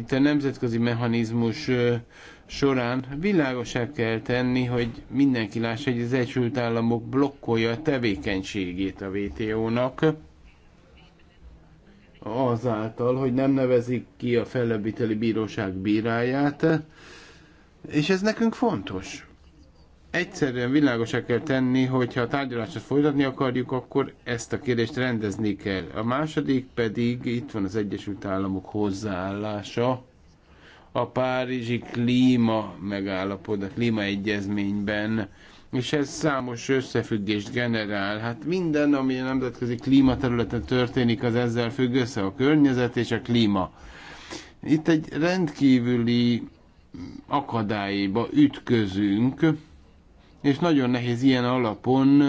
itt a nemzetközi mechanizmus során világosá kell tenni, hogy mindenki lássa, hogy az Egyesült Államok blokkolja a tevékenységét a WTO-nak, azáltal, hogy nem nevezik ki a fellebbíteli bíróság bíráját, és ez nekünk fontos. Egyszerűen világosá kell tenni, hogy ha a tárgyalást folytatni akarjuk, akkor ezt a kérdést rendezni kell. A második pedig itt van az Egyesült Államok hozzáállása a Párizsi klíma megállapod, a klímaegyezményben, és ez számos összefüggést generál. Hát minden, ami a nemzetközi klímaterületen történik, az ezzel függ össze a környezet és a klíma. Itt egy rendkívüli akadályba ütközünk, és nagyon nehéz ilyen alapon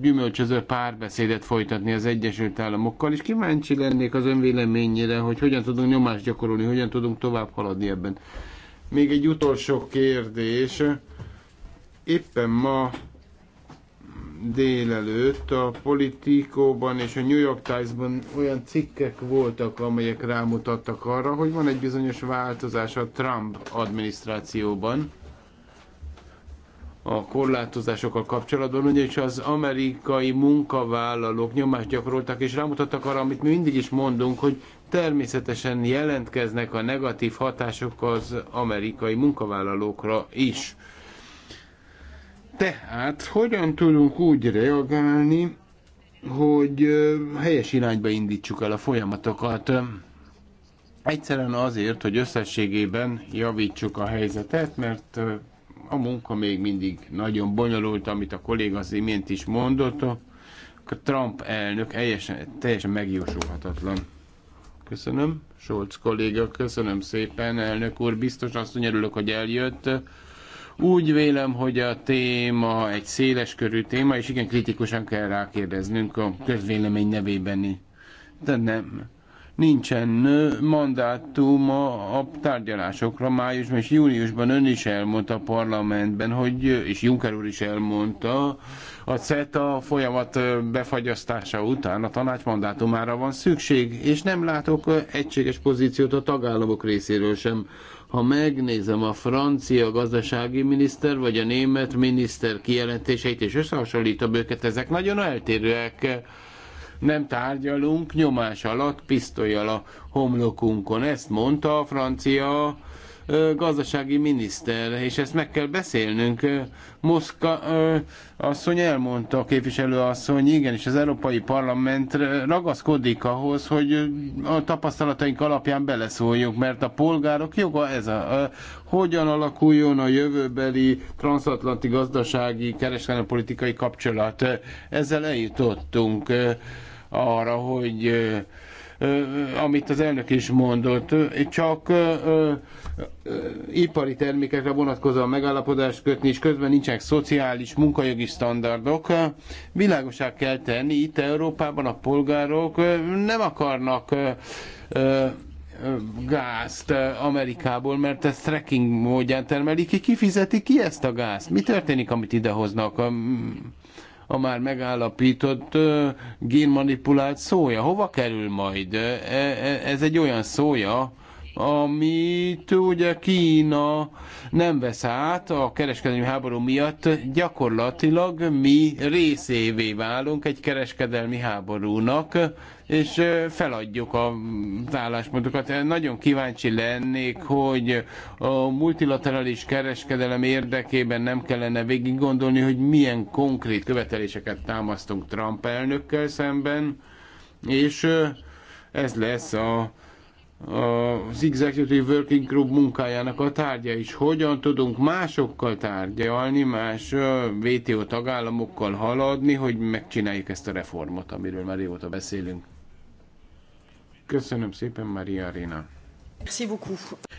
gyümölcsöző párbeszédet folytatni az Egyesült Államokkal, és kíváncsi lennék az önvéleményére, hogy hogyan tudunk nyomást gyakorolni, hogyan tudunk tovább haladni ebben. Még egy utolsó kérdés. Éppen ma délelőtt a Politikóban és a New York Times-ban olyan cikkek voltak, amelyek rámutattak arra, hogy van egy bizonyos változás a Trump adminisztrációban a korlátozásokkal kapcsolatban, ugyanis az amerikai munkavállalók nyomást gyakoroltak, és rámutattak arra, amit mi mindig is mondunk, hogy természetesen jelentkeznek a negatív hatások az amerikai munkavállalókra is. Tehát hogyan tudunk úgy reagálni, hogy helyes irányba indítsuk el a folyamatokat? Egyszerűen azért, hogy összességében javítsuk a helyzetet, mert a munka még mindig nagyon bonyolult, amit a kolléga az imént is mondott. A Trump elnök teljesen, teljesen megjósolhatatlan. Köszönöm. Solc kolléga, köszönöm szépen, elnök úr. Biztos azt mondja, örülök, hogy eljött. Úgy vélem, hogy a téma egy széles körű téma, és igen kritikusan kell rákérdeznünk a közvélemény nevében. De nem nincsen mandátum a tárgyalásokra májusban és júniusban ön is elmondta a parlamentben, hogy, és Juncker úr is elmondta, a CETA folyamat befagyasztása után a tanács mandátumára van szükség, és nem látok egységes pozíciót a tagállamok részéről sem. Ha megnézem a francia gazdasági miniszter vagy a német miniszter kijelentéseit, és összehasonlítom őket, ezek nagyon eltérőek nem tárgyalunk, nyomás alatt, pisztolyjal a homlokunkon. Ezt mondta a francia gazdasági miniszter, és ezt meg kell beszélnünk. Moszka asszony elmondta, a képviselő asszony, igen, és az Európai Parlament ragaszkodik ahhoz, hogy a tapasztalataink alapján beleszóljunk, mert a polgárok joga ez a, a hogyan alakuljon a jövőbeli transatlanti gazdasági kereskedelmi politikai kapcsolat. Ezzel eljutottunk arra, hogy amit az elnök is mondott, csak ipari termékekre vonatkozóan megállapodást kötni, és közben nincsenek szociális, munkajogi standardok. Világosá kell tenni, itt Európában a polgárok nem akarnak gázt Amerikából, mert ezt trekking módján termelik ki, kifizeti ki ezt a gázt? Mi történik, amit idehoznak? a már megállapított génmanipulált szója. Hova kerül majd? E, e, ez egy olyan szója, amit ugye Kína nem vesz át a kereskedelmi háború miatt, gyakorlatilag mi részévé válunk egy kereskedelmi háborúnak, és feladjuk a álláspontokat. Nagyon kíváncsi lennék, hogy a multilaterális kereskedelem érdekében nem kellene végig gondolni, hogy milyen konkrét követeléseket támasztunk Trump elnökkel szemben, és ez lesz a az Executive Working Group munkájának a tárgya is. Hogyan tudunk másokkal tárgyalni, más WTO tagállamokkal haladni, hogy megcsináljuk ezt a reformot, amiről már régóta beszélünk. Köszönöm szépen, Maria Arena.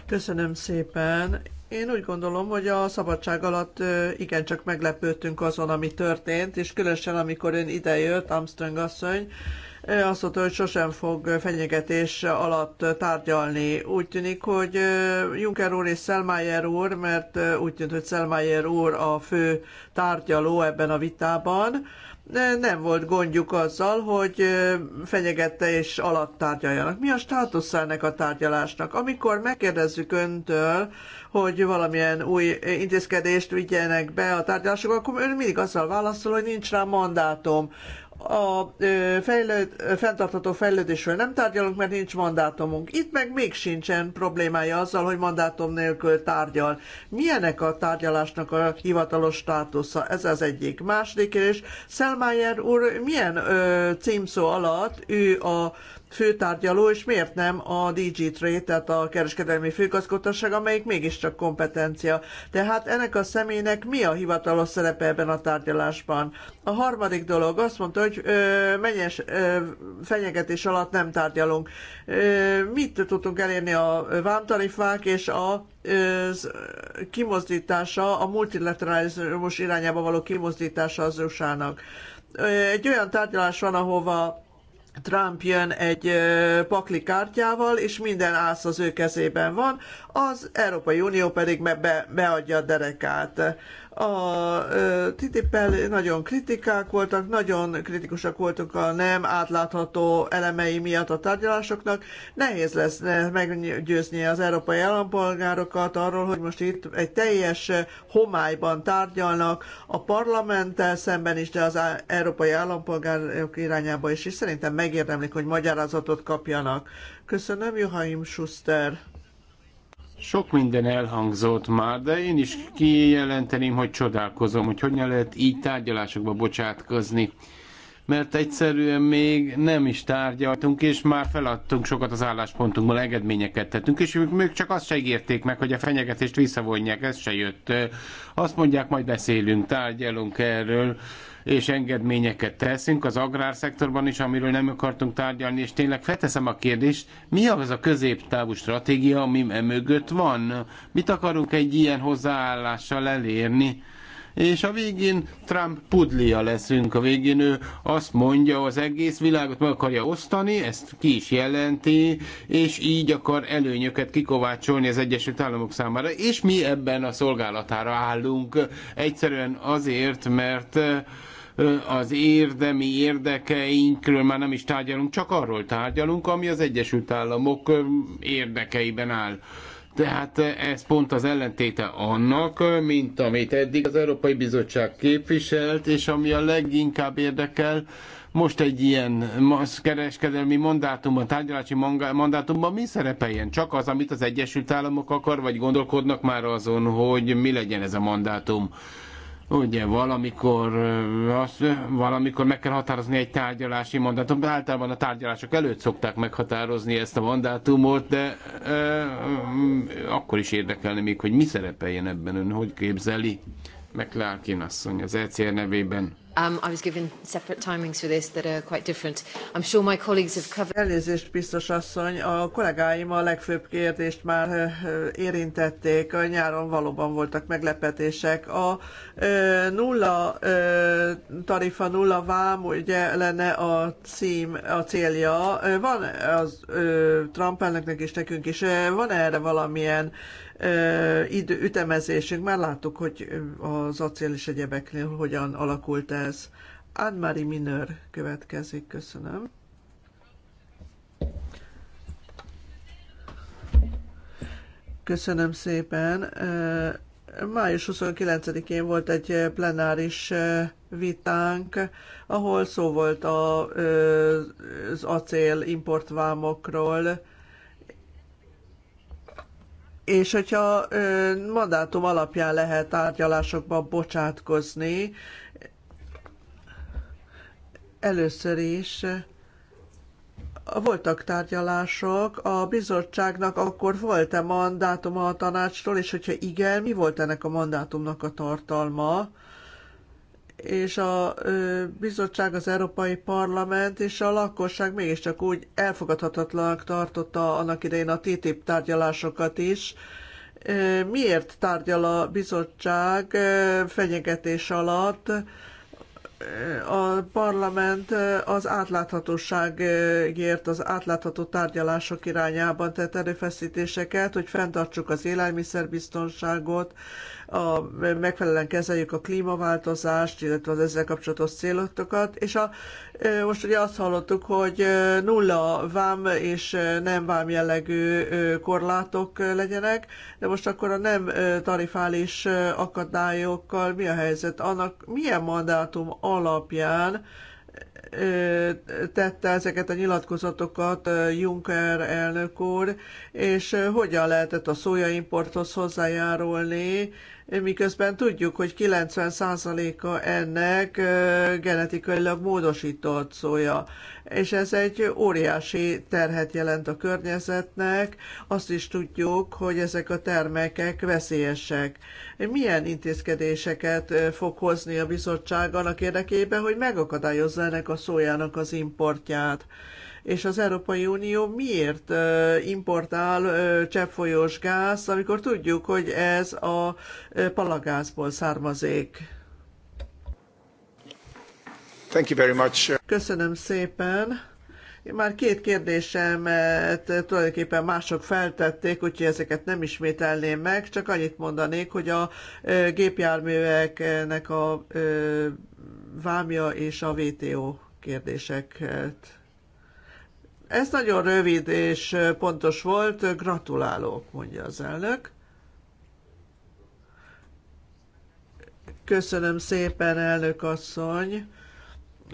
Köszönöm szépen. Én úgy gondolom, hogy a szabadság alatt igencsak meglepődtünk azon, ami történt, és különösen amikor ön idejött, Armstrong asszony, azt mondta, hogy sosem fog fenyegetés alatt tárgyalni. Úgy tűnik, hogy Juncker úr és Selmayr úr, mert úgy tűnt, hogy Selmayer úr a fő tárgyaló ebben a vitában, nem volt gondjuk azzal, hogy fenyegette és alatt tárgyaljanak. Mi a státusz ennek a tárgyalásnak? Amikor megkérdezzük öntől, hogy valamilyen új intézkedést vigyenek be a tárgyalásokba, akkor ön mindig azzal válaszol, hogy nincs rá mandátum a fejlőd, fenntartható fejlődésről nem tárgyalunk, mert nincs mandátumunk. Itt meg még sincsen problémája azzal, hogy mandátum nélkül tárgyal. Milyenek a tárgyalásnak a hivatalos státusza? Ez az egyik. Második kérdés, Szelmájer úr milyen ö, címszó alatt ő a főtárgyaló, és miért nem a DG Trade, tehát a kereskedelmi főigazgatóság, amelyik mégiscsak kompetencia. Tehát ennek a személynek mi a hivatalos szerepe ebben a tárgyalásban? A harmadik dolog azt mondta, hogy ö, menyes ö, fenyegetés alatt nem tárgyalunk. Ö, mit tudtunk elérni a vámtarifák és a az kimozdítása, a multilateralizmus irányába való kimozdítása az USA-nak. Egy olyan tárgyalás van, ahova Trump jön egy pakli kártyával, és minden ász az ő kezében van, az Európai Unió pedig be, beadja a derekát. A ttip nagyon kritikák voltak, nagyon kritikusak voltunk a nem átlátható elemei miatt a tárgyalásoknak. Nehéz lesz meggyőzni az európai állampolgárokat arról, hogy most itt egy teljes homályban tárgyalnak a parlamenttel szemben is, de az európai állampolgárok irányába is, és szerintem megérdemlik, hogy magyarázatot kapjanak. Köszönöm, Juhaim Schuster. Sok minden elhangzott már, de én is kijelenteném, hogy csodálkozom, hogy hogyan lehet így tárgyalásokba bocsátkozni. Mert egyszerűen még nem is tárgyaltunk, és már feladtunk sokat az álláspontunkból, engedményeket tettünk, és ők még csak azt se ígérték meg, hogy a fenyegetést visszavonják, ez se jött. Azt mondják, majd beszélünk, tárgyalunk erről és engedményeket teszünk az agrárszektorban is, amiről nem akartunk tárgyalni, és tényleg felteszem a kérdést, mi az a középtávú stratégia, ami e mögött van? Mit akarunk egy ilyen hozzáállással elérni? és a végén Trump pudlia leszünk. A végén ő azt mondja, az egész világot meg akarja osztani, ezt ki is jelenti, és így akar előnyöket kikovácsolni az Egyesült Államok számára. És mi ebben a szolgálatára állunk egyszerűen azért, mert az érdemi érdekeinkről már nem is tárgyalunk, csak arról tárgyalunk, ami az Egyesült Államok érdekeiben áll. Tehát ez pont az ellentéte annak, mint amit eddig az Európai Bizottság képviselt, és ami a leginkább érdekel, most egy ilyen kereskedelmi mandátumban, tárgyalási mandátumban mi szerepeljen? Csak az, amit az Egyesült Államok akar, vagy gondolkodnak már azon, hogy mi legyen ez a mandátum? Ugye valamikor, azt, valamikor meg kell határozni egy tárgyalási mandátumot, általában a tárgyalások előtt szokták meghatározni ezt a mandátumot, de e, akkor is érdekelne még, hogy mi szerepeljen ebben ön, hogy képzeli. McLarkin asszony az ECR nevében. Um, I was given separate timings for this that are quite different. I'm sure my colleagues have covered... Elnézést, biztos asszony, a kollégáim a legfőbb kérdést már érintették. A nyáron valóban voltak meglepetések. A ö, nulla ö, tarifa, nulla vám, ugye lenne a cím, a célja. Van az ö, Trump elnöknek és nekünk is, van erre valamilyen idő, ütemezésünk. Már láttuk, hogy az acél és egyebeknél hogyan alakult ez. Anne-Marie Minör következik, köszönöm. Köszönöm szépen. Május 29-én volt egy plenáris vitánk, ahol szó volt az acél importvámokról, és hogyha mandátum alapján lehet tárgyalásokba bocsátkozni, először is voltak tárgyalások, a bizottságnak akkor volt-e mandátuma a tanácstól, és hogyha igen, mi volt ennek a mandátumnak a tartalma, és a bizottság, az Európai Parlament és a lakosság mégiscsak úgy elfogadhatatlanak tartotta annak idején a TTIP tárgyalásokat is. Miért tárgyal a bizottság fenyegetés alatt? a parlament az átláthatóságért, az átlátható tárgyalások irányában tett erőfeszítéseket, hogy fenntartsuk az élelmiszerbiztonságot, a, megfelelően kezeljük a klímaváltozást, illetve az ezzel kapcsolatos célokat, és a, most ugye azt hallottuk, hogy nulla vám és nem vám jellegű korlátok legyenek, de most akkor a nem tarifális akadályokkal mi a helyzet? Annak milyen mandátum alapján tette ezeket a nyilatkozatokat Juncker elnök úr, és hogyan lehetett a szójaimporthoz hozzájárulni, miközben tudjuk, hogy 90%-a ennek genetikailag módosított szója. És ez egy óriási terhet jelent a környezetnek. Azt is tudjuk, hogy ezek a termékek veszélyesek. Milyen intézkedéseket fog hozni a bizottság annak érdekében, hogy megakadályozza ennek a szójának az importját? és az Európai Unió miért importál cseppfolyós gáz, amikor tudjuk, hogy ez a palagázból származik. Thank you very much. Köszönöm szépen. Én már két kérdésemet tulajdonképpen mások feltették, úgyhogy ezeket nem ismételném meg, csak annyit mondanék, hogy a gépjárműveknek a vámja és a VTO kérdéseket ez nagyon rövid és pontos volt, gratulálok, mondja az elnök. Köszönöm szépen, elnök asszony,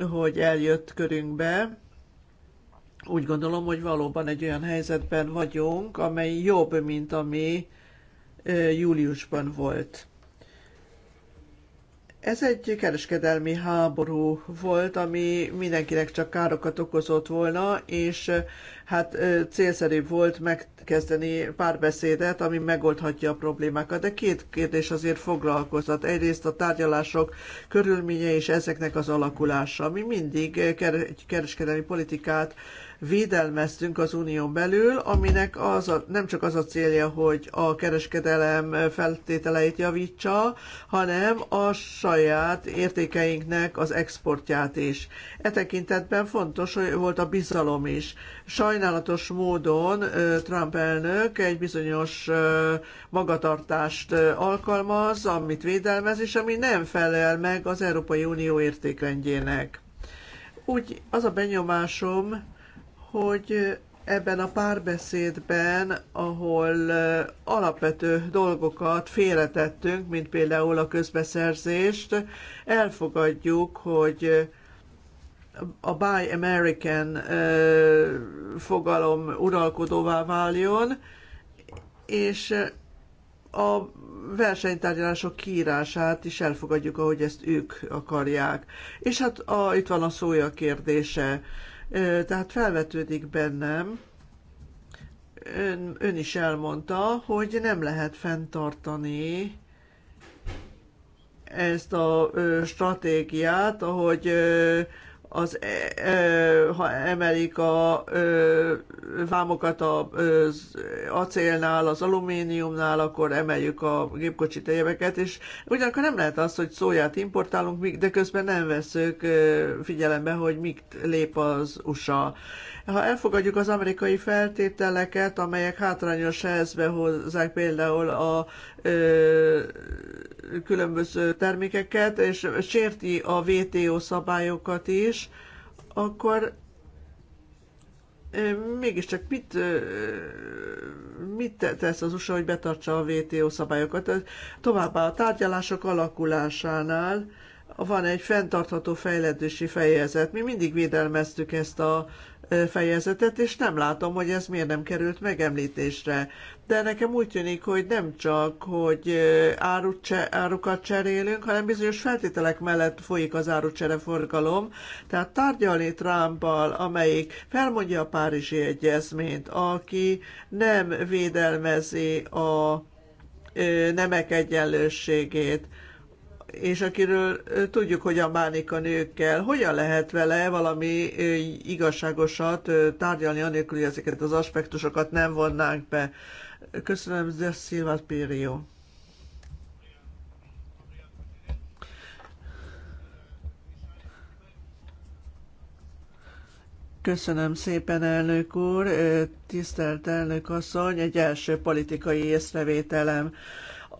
hogy eljött körünkbe. Úgy gondolom, hogy valóban egy olyan helyzetben vagyunk, amely jobb, mint ami júliusban volt. Ez egy kereskedelmi háború volt, ami mindenkinek csak károkat okozott volna, és hát célszerűbb volt megkezdeni párbeszédet, ami megoldhatja a problémákat. De két kérdés azért foglalkoztat. Egyrészt a tárgyalások körülménye és ezeknek az alakulása, ami mindig egy kereskedelmi politikát védelmeztünk az unión belül, aminek az a, nem csak az a célja, hogy a kereskedelem feltételeit javítsa, hanem a saját értékeinknek az exportját is. E tekintetben fontos hogy volt a bizalom is. Sajnálatos módon Trump elnök egy bizonyos magatartást alkalmaz, amit védelmez, és ami nem felel meg az Európai Unió értékrendjének. Úgy az a benyomásom, hogy ebben a párbeszédben, ahol eh, alapvető dolgokat félretettünk, mint például a közbeszerzést, elfogadjuk, hogy eh, a Buy American eh, fogalom uralkodóvá váljon, és a versenytárgyalások kiírását is elfogadjuk, ahogy ezt ők akarják. És hát a, itt van a szója kérdése tehát felvetődik bennem, ön, ön is elmondta, hogy nem lehet fenntartani ezt a stratégiát, ahogy az, e, e, ha emelik a e, vámokat az acélnál, az alumíniumnál, akkor emeljük a gépkocsi tejeveket, és ugyanakkor nem lehet az, hogy szóját importálunk, de közben nem veszük figyelembe, hogy mit lép az USA. Ha elfogadjuk az amerikai feltételeket, amelyek hátrányos helyzetbe hozzák például a ö, különböző termékeket, és sérti a WTO szabályokat is, akkor mégiscsak mit, mit tesz az USA, hogy betartsa a WTO szabályokat? Továbbá a tárgyalások alakulásánál van egy fenntartható fejlődési fejezet. Mi mindig védelmeztük ezt a fejezetet, és nem látom, hogy ez miért nem került megemlítésre. De nekem úgy tűnik, hogy nem csak, hogy árukat cserélünk, hanem bizonyos feltételek mellett folyik az árucsere forgalom. Tehát tárgyalni Trumpal, amelyik felmondja a Párizsi Egyezményt, aki nem védelmezi a nemek egyenlőségét, és akiről tudjuk, hogy a bánik a nőkkel, hogyan lehet vele valami igazságosat tárgyalni, anélkül, hogy ezeket az aspektusokat nem vonnánk be. Köszönöm, de Szilvát Köszönöm szépen, elnök úr. Tisztelt elnök asszony, egy első politikai észrevételem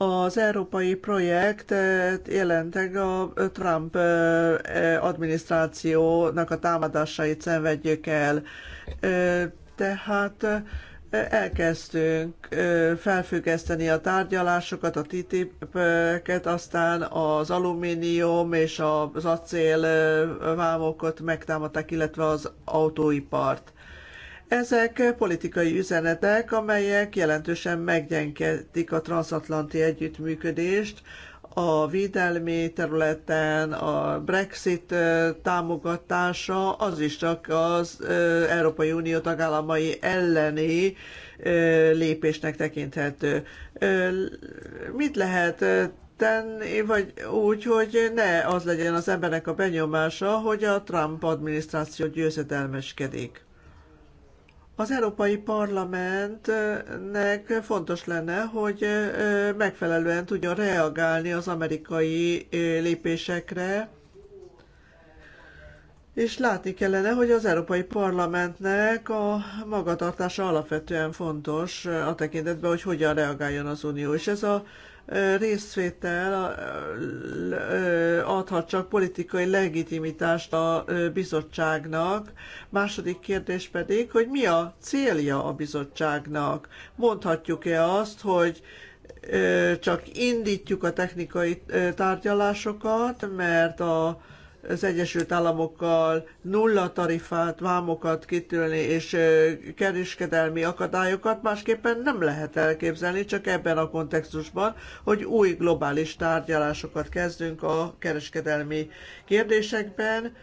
az európai projektet jelentek a Trump adminisztrációnak a támadásait szenvedjük el. Tehát elkezdtünk felfüggeszteni a tárgyalásokat, a ttip ket aztán az alumínium és az acél vámokat megtámadták, illetve az autóipart. Ezek politikai üzenetek, amelyek jelentősen meggyenkedik a transatlanti együttműködést, a védelmi területen a Brexit támogatása az is csak az Európai Unió tagállamai elleni lépésnek tekinthető. Mit lehet tenni, vagy úgy, hogy ne az legyen az embernek a benyomása, hogy a Trump adminisztráció győzedelmeskedik? Az Európai Parlamentnek fontos lenne, hogy megfelelően tudjon reagálni az amerikai lépésekre, és látni kellene, hogy az Európai Parlamentnek a magatartása alapvetően fontos a tekintetben, hogy hogyan reagáljon az Unió. És ez a részvétel adhat csak politikai legitimitást a bizottságnak. Második kérdés pedig, hogy mi a célja a bizottságnak? Mondhatjuk-e azt, hogy csak indítjuk a technikai tárgyalásokat, mert a az Egyesült Államokkal nulla tarifát, vámokat kitülni és kereskedelmi akadályokat másképpen nem lehet elképzelni, csak ebben a kontextusban, hogy új globális tárgyalásokat kezdünk a kereskedelmi kérdésekben,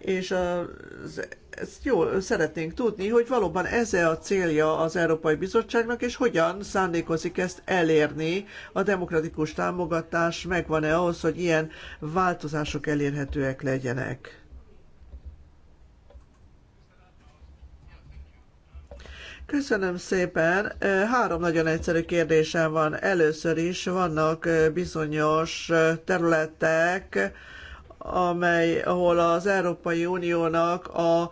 és az, ezt jól szeretnénk tudni, hogy valóban ez -e a célja az Európai Bizottságnak, és hogyan szándékozik ezt elérni, a demokratikus támogatás megvan-e ahhoz, hogy ilyen változások elérhetőek legyenek. Köszönöm szépen. Három nagyon egyszerű kérdésem van. Először is vannak bizonyos területek, amely, ahol az Európai Uniónak a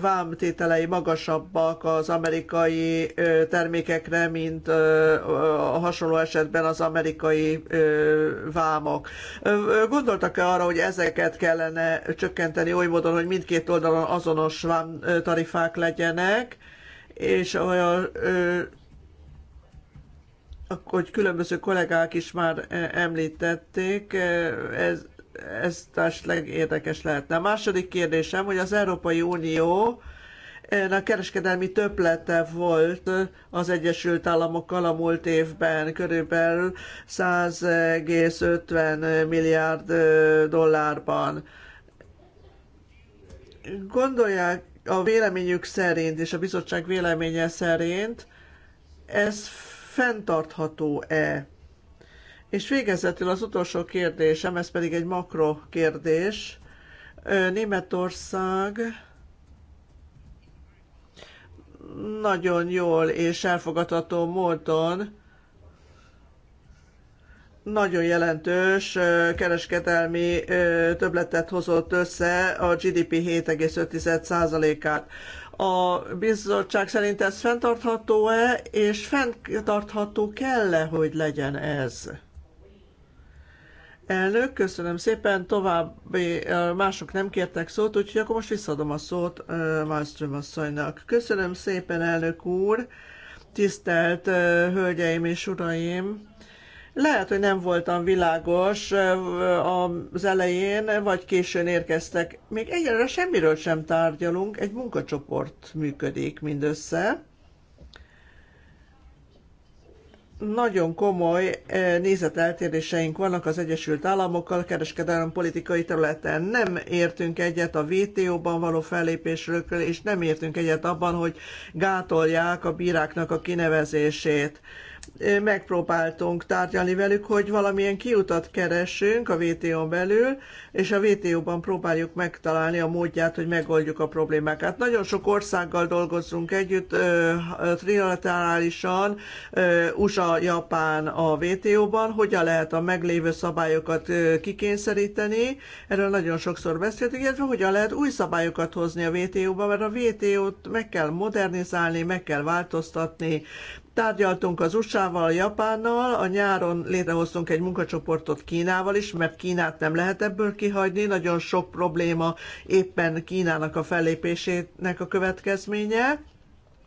vámtételei magasabbak az amerikai termékekre, mint a hasonló esetben az amerikai vámok. Gondoltak-e arra, hogy ezeket kellene csökkenteni oly módon, hogy mindkét oldalon azonos vámtarifák legyenek, és olyan hogy különböző kollégák is már említették, ez ez társadalmilag érdekes lehetne. A második kérdésem, hogy az Európai Unió a kereskedelmi töplete volt az Egyesült Államokkal a múlt évben körülbelül 100,50 milliárd dollárban. Gondolják a véleményük szerint és a bizottság véleménye szerint ez fenntartható-e? És végezetül az utolsó kérdésem, ez pedig egy makro kérdés. Németország nagyon jól és elfogadható módon nagyon jelentős kereskedelmi töbletet hozott össze a GDP 7,5%-át. A bizottság szerint ez fenntartható-e, és fenntartható kell-e, hogy legyen ez? Elnök, köszönöm szépen, további mások nem kértek szót, úgyhogy akkor most visszaadom a szót Malmström asszonynak. Köszönöm szépen, elnök úr, tisztelt hölgyeim és uraim! Lehet, hogy nem voltam világos az elején, vagy későn érkeztek. Még egyelőre semmiről sem tárgyalunk, egy munkacsoport működik mindössze. nagyon komoly eh, nézeteltéréseink vannak az Egyesült Államokkal kereskedelem politikai területen. Nem értünk egyet a vto ban való fellépésről, és nem értünk egyet abban, hogy gátolják a bíráknak a kinevezését megpróbáltunk tárgyalni velük, hogy valamilyen kiutat keressünk a WTO-n belül, és a WTO-ban próbáljuk megtalálni a módját, hogy megoldjuk a problémákat. Nagyon sok országgal dolgozunk együtt, trilaterálisan, USA, Japán a WTO-ban, hogyan lehet a meglévő szabályokat kikényszeríteni, erről nagyon sokszor beszéltünk, illetve hogyan lehet új szabályokat hozni a WTO-ba, mert a WTO-t meg kell modernizálni, meg kell változtatni, Tárgyaltunk az USA-val, Japánnal, a nyáron létrehoztunk egy munkacsoportot Kínával is, mert Kínát nem lehet ebből kihagyni, nagyon sok probléma éppen Kínának a fellépésének a következménye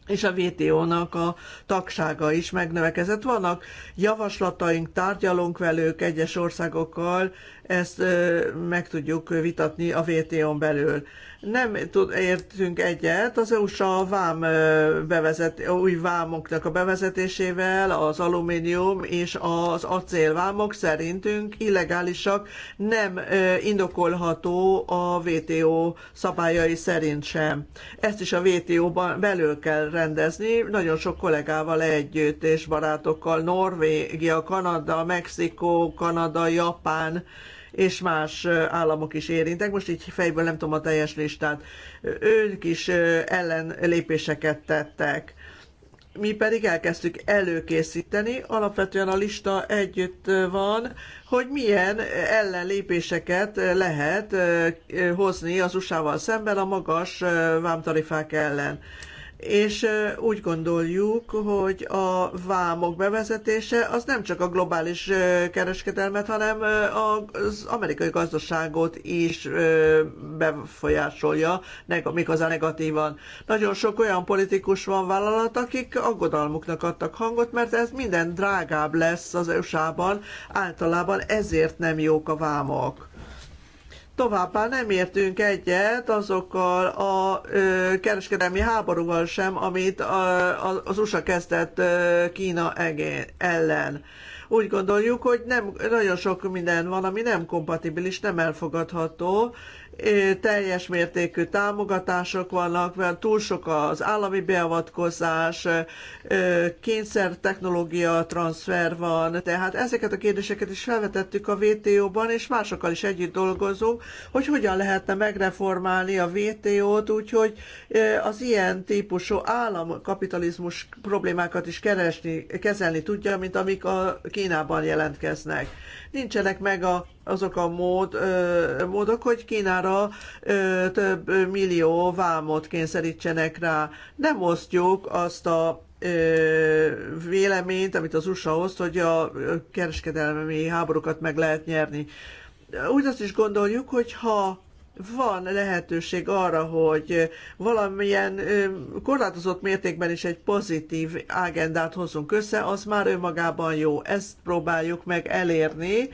és a VTO-nak a tagsága is megnövekedett. Vannak javaslataink, tárgyalunk velük egyes országokkal, ezt meg tudjuk vitatni a WTO-n belül. Nem tud, értünk egyet az e USA vám bevezet, új vámoknak a bevezetésével, az alumínium és az acélvámok szerintünk illegálisak, nem indokolható a WTO szabályai szerint sem. Ezt is a WTO-ban belül kell rendezni, nagyon sok kollégával együtt és barátokkal, Norvégia, Kanada, Mexikó, Kanada, Japán, és más államok is érintek. Most így fejből nem tudom a teljes listát. Ők is ellen lépéseket tettek. Mi pedig elkezdtük előkészíteni, alapvetően a lista együtt van, hogy milyen ellenlépéseket lehet hozni az USA-val szemben a magas vámtarifák ellen és úgy gondoljuk, hogy a vámok bevezetése az nem csak a globális kereskedelmet, hanem az amerikai gazdaságot is befolyásolja, méghozzá negatívan. Nagyon sok olyan politikus van vállalat, akik aggodalmuknak adtak hangot, mert ez minden drágább lesz az USA-ban, általában ezért nem jók a vámok Továbbá nem értünk egyet azokkal a kereskedelmi háborúval sem, amit az USA kezdett Kína ellen. Úgy gondoljuk, hogy nem, nagyon sok minden van, ami nem kompatibilis, nem elfogadható, teljes mértékű támogatások vannak, mert túl sok az állami beavatkozás, kényszer technológia transfer van, tehát ezeket a kérdéseket is felvetettük a WTO-ban, és másokkal is együtt dolgozunk, hogy hogyan lehetne megreformálni a WTO-t, úgyhogy az ilyen típusú államkapitalizmus problémákat is keresni, kezelni tudja, mint amik a Kínában jelentkeznek. Nincsenek meg a azok a mód, ö, módok, hogy Kínára ö, több millió vámot kényszerítsenek rá. Nem osztjuk azt a ö, véleményt, amit az USA oszt, hogy a kereskedelmi háborúkat meg lehet nyerni. Úgy azt is gondoljuk, hogy ha van lehetőség arra, hogy valamilyen korlátozott mértékben is egy pozitív ágendát hozzunk össze, az már önmagában jó. Ezt próbáljuk meg elérni,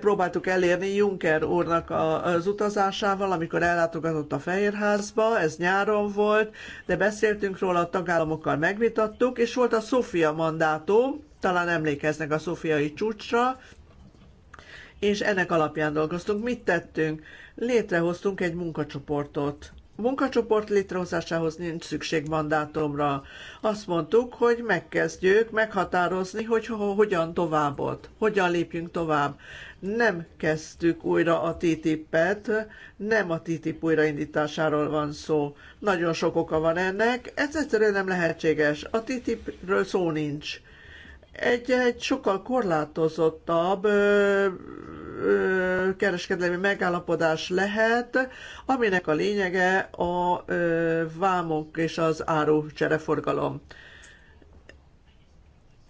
próbáltuk elérni Juncker úrnak az utazásával, amikor ellátogatott a Fehérházba, ez nyáron volt, de beszéltünk róla, a tagállamokkal megvitattuk, és volt a Sofia mandátum, talán emlékeznek a szofiai csúcsra, és ennek alapján dolgoztunk. Mit tettünk? Létrehoztunk egy munkacsoportot munkacsoport létrehozásához nincs szükség mandátumra. Azt mondtuk, hogy megkezdjük meghatározni, hogy hogyan továbbot, hogyan lépjünk tovább. Nem kezdtük újra a TTIP-et, nem a TTIP újraindításáról van szó. Nagyon sok oka van ennek, ez egyszerűen nem lehetséges. A TTIP-ről szó nincs egy, egy sokkal korlátozottabb kereskedelmi megállapodás lehet, aminek a lényege a vámok és az árucsereforgalom.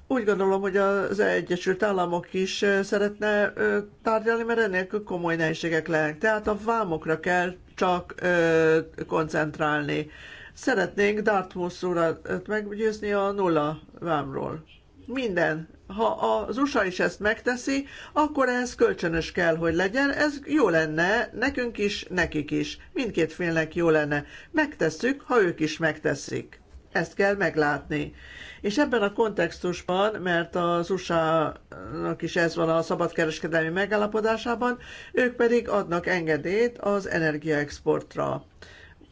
Úgy gondolom, hogy az Egyesült Államok is szeretne tárgyalni, mert enélkül komoly nehézségek lehetnek. Tehát a vámokra kell csak koncentrálni. Szeretnénk Dartmouth urat meggyőzni a nulla vámról. Minden ha az USA is ezt megteszi, akkor ez kölcsönös kell, hogy legyen. Ez jó lenne nekünk is, nekik is. Mindkét félnek jó lenne. Megtesszük, ha ők is megteszik. Ezt kell meglátni. És ebben a kontextusban, mert az USA-nak is ez van a szabadkereskedelmi megállapodásában, ők pedig adnak engedélyt az energiaexportra.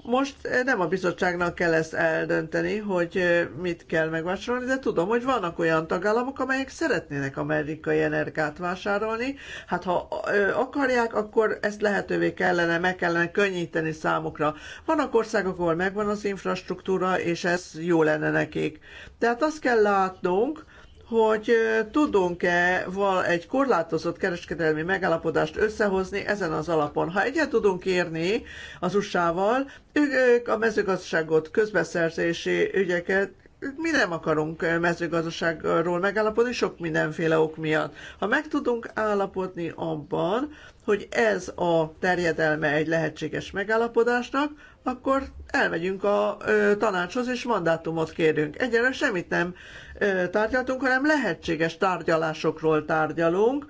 Most eh, nem a bizottságnak kell ezt eldönteni, hogy eh, mit kell megvásárolni, de tudom, hogy vannak olyan tagállamok, amelyek szeretnének amerikai energiát vásárolni. Hát ha eh, akarják, akkor ezt lehetővé kellene, meg kellene könnyíteni számukra. Vannak országok, ahol megvan az infrastruktúra, és ez jó lenne nekik. Tehát azt kell látnunk, hogy tudunk-e val egy korlátozott kereskedelmi megállapodást összehozni ezen az alapon. Ha egyet tudunk érni az USA-val, ők a mezőgazdaságot, közbeszerzési ügyeket mi nem akarunk mezőgazdaságról megállapodni sok mindenféle ok miatt. Ha meg tudunk állapodni abban, hogy ez a terjedelme egy lehetséges megállapodásnak, akkor elmegyünk a ö, tanácshoz és mandátumot kérünk. Egyelőre semmit nem tárgyaltunk, hanem lehetséges tárgyalásokról tárgyalunk,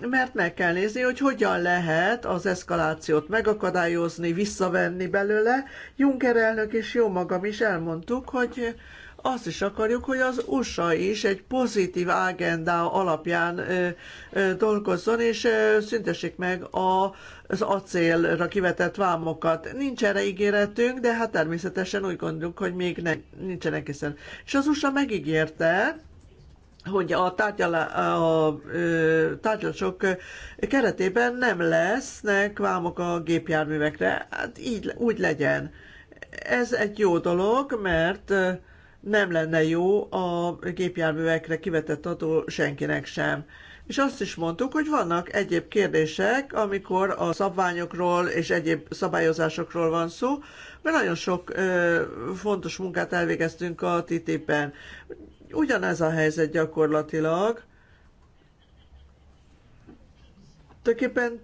mert meg kell nézni, hogy hogyan lehet az eszkalációt megakadályozni, visszavenni belőle. Juncker elnök és jó magam is elmondtuk, hogy azt is akarjuk, hogy az USA is egy pozitív agenda alapján ö, ö, dolgozzon, és ö, szüntessék meg a az acélra kivetett vámokat. Nincs erre ígéretünk, de hát természetesen úgy gondoljuk, hogy még ne, nincsenek hiszen. És az USA megígérte, hogy a, tárgyala, a tárgyalások keretében nem lesznek vámok a gépjárművekre. Hát így, úgy legyen. Ez egy jó dolog, mert nem lenne jó a gépjárművekre kivetett adó senkinek sem és azt is mondtuk, hogy vannak egyéb kérdések, amikor a szabványokról és egyéb szabályozásokról van szó, mert nagyon sok ö, fontos munkát elvégeztünk a TTIP-ben. Ugyanez a helyzet gyakorlatilag. Tulajdonképpen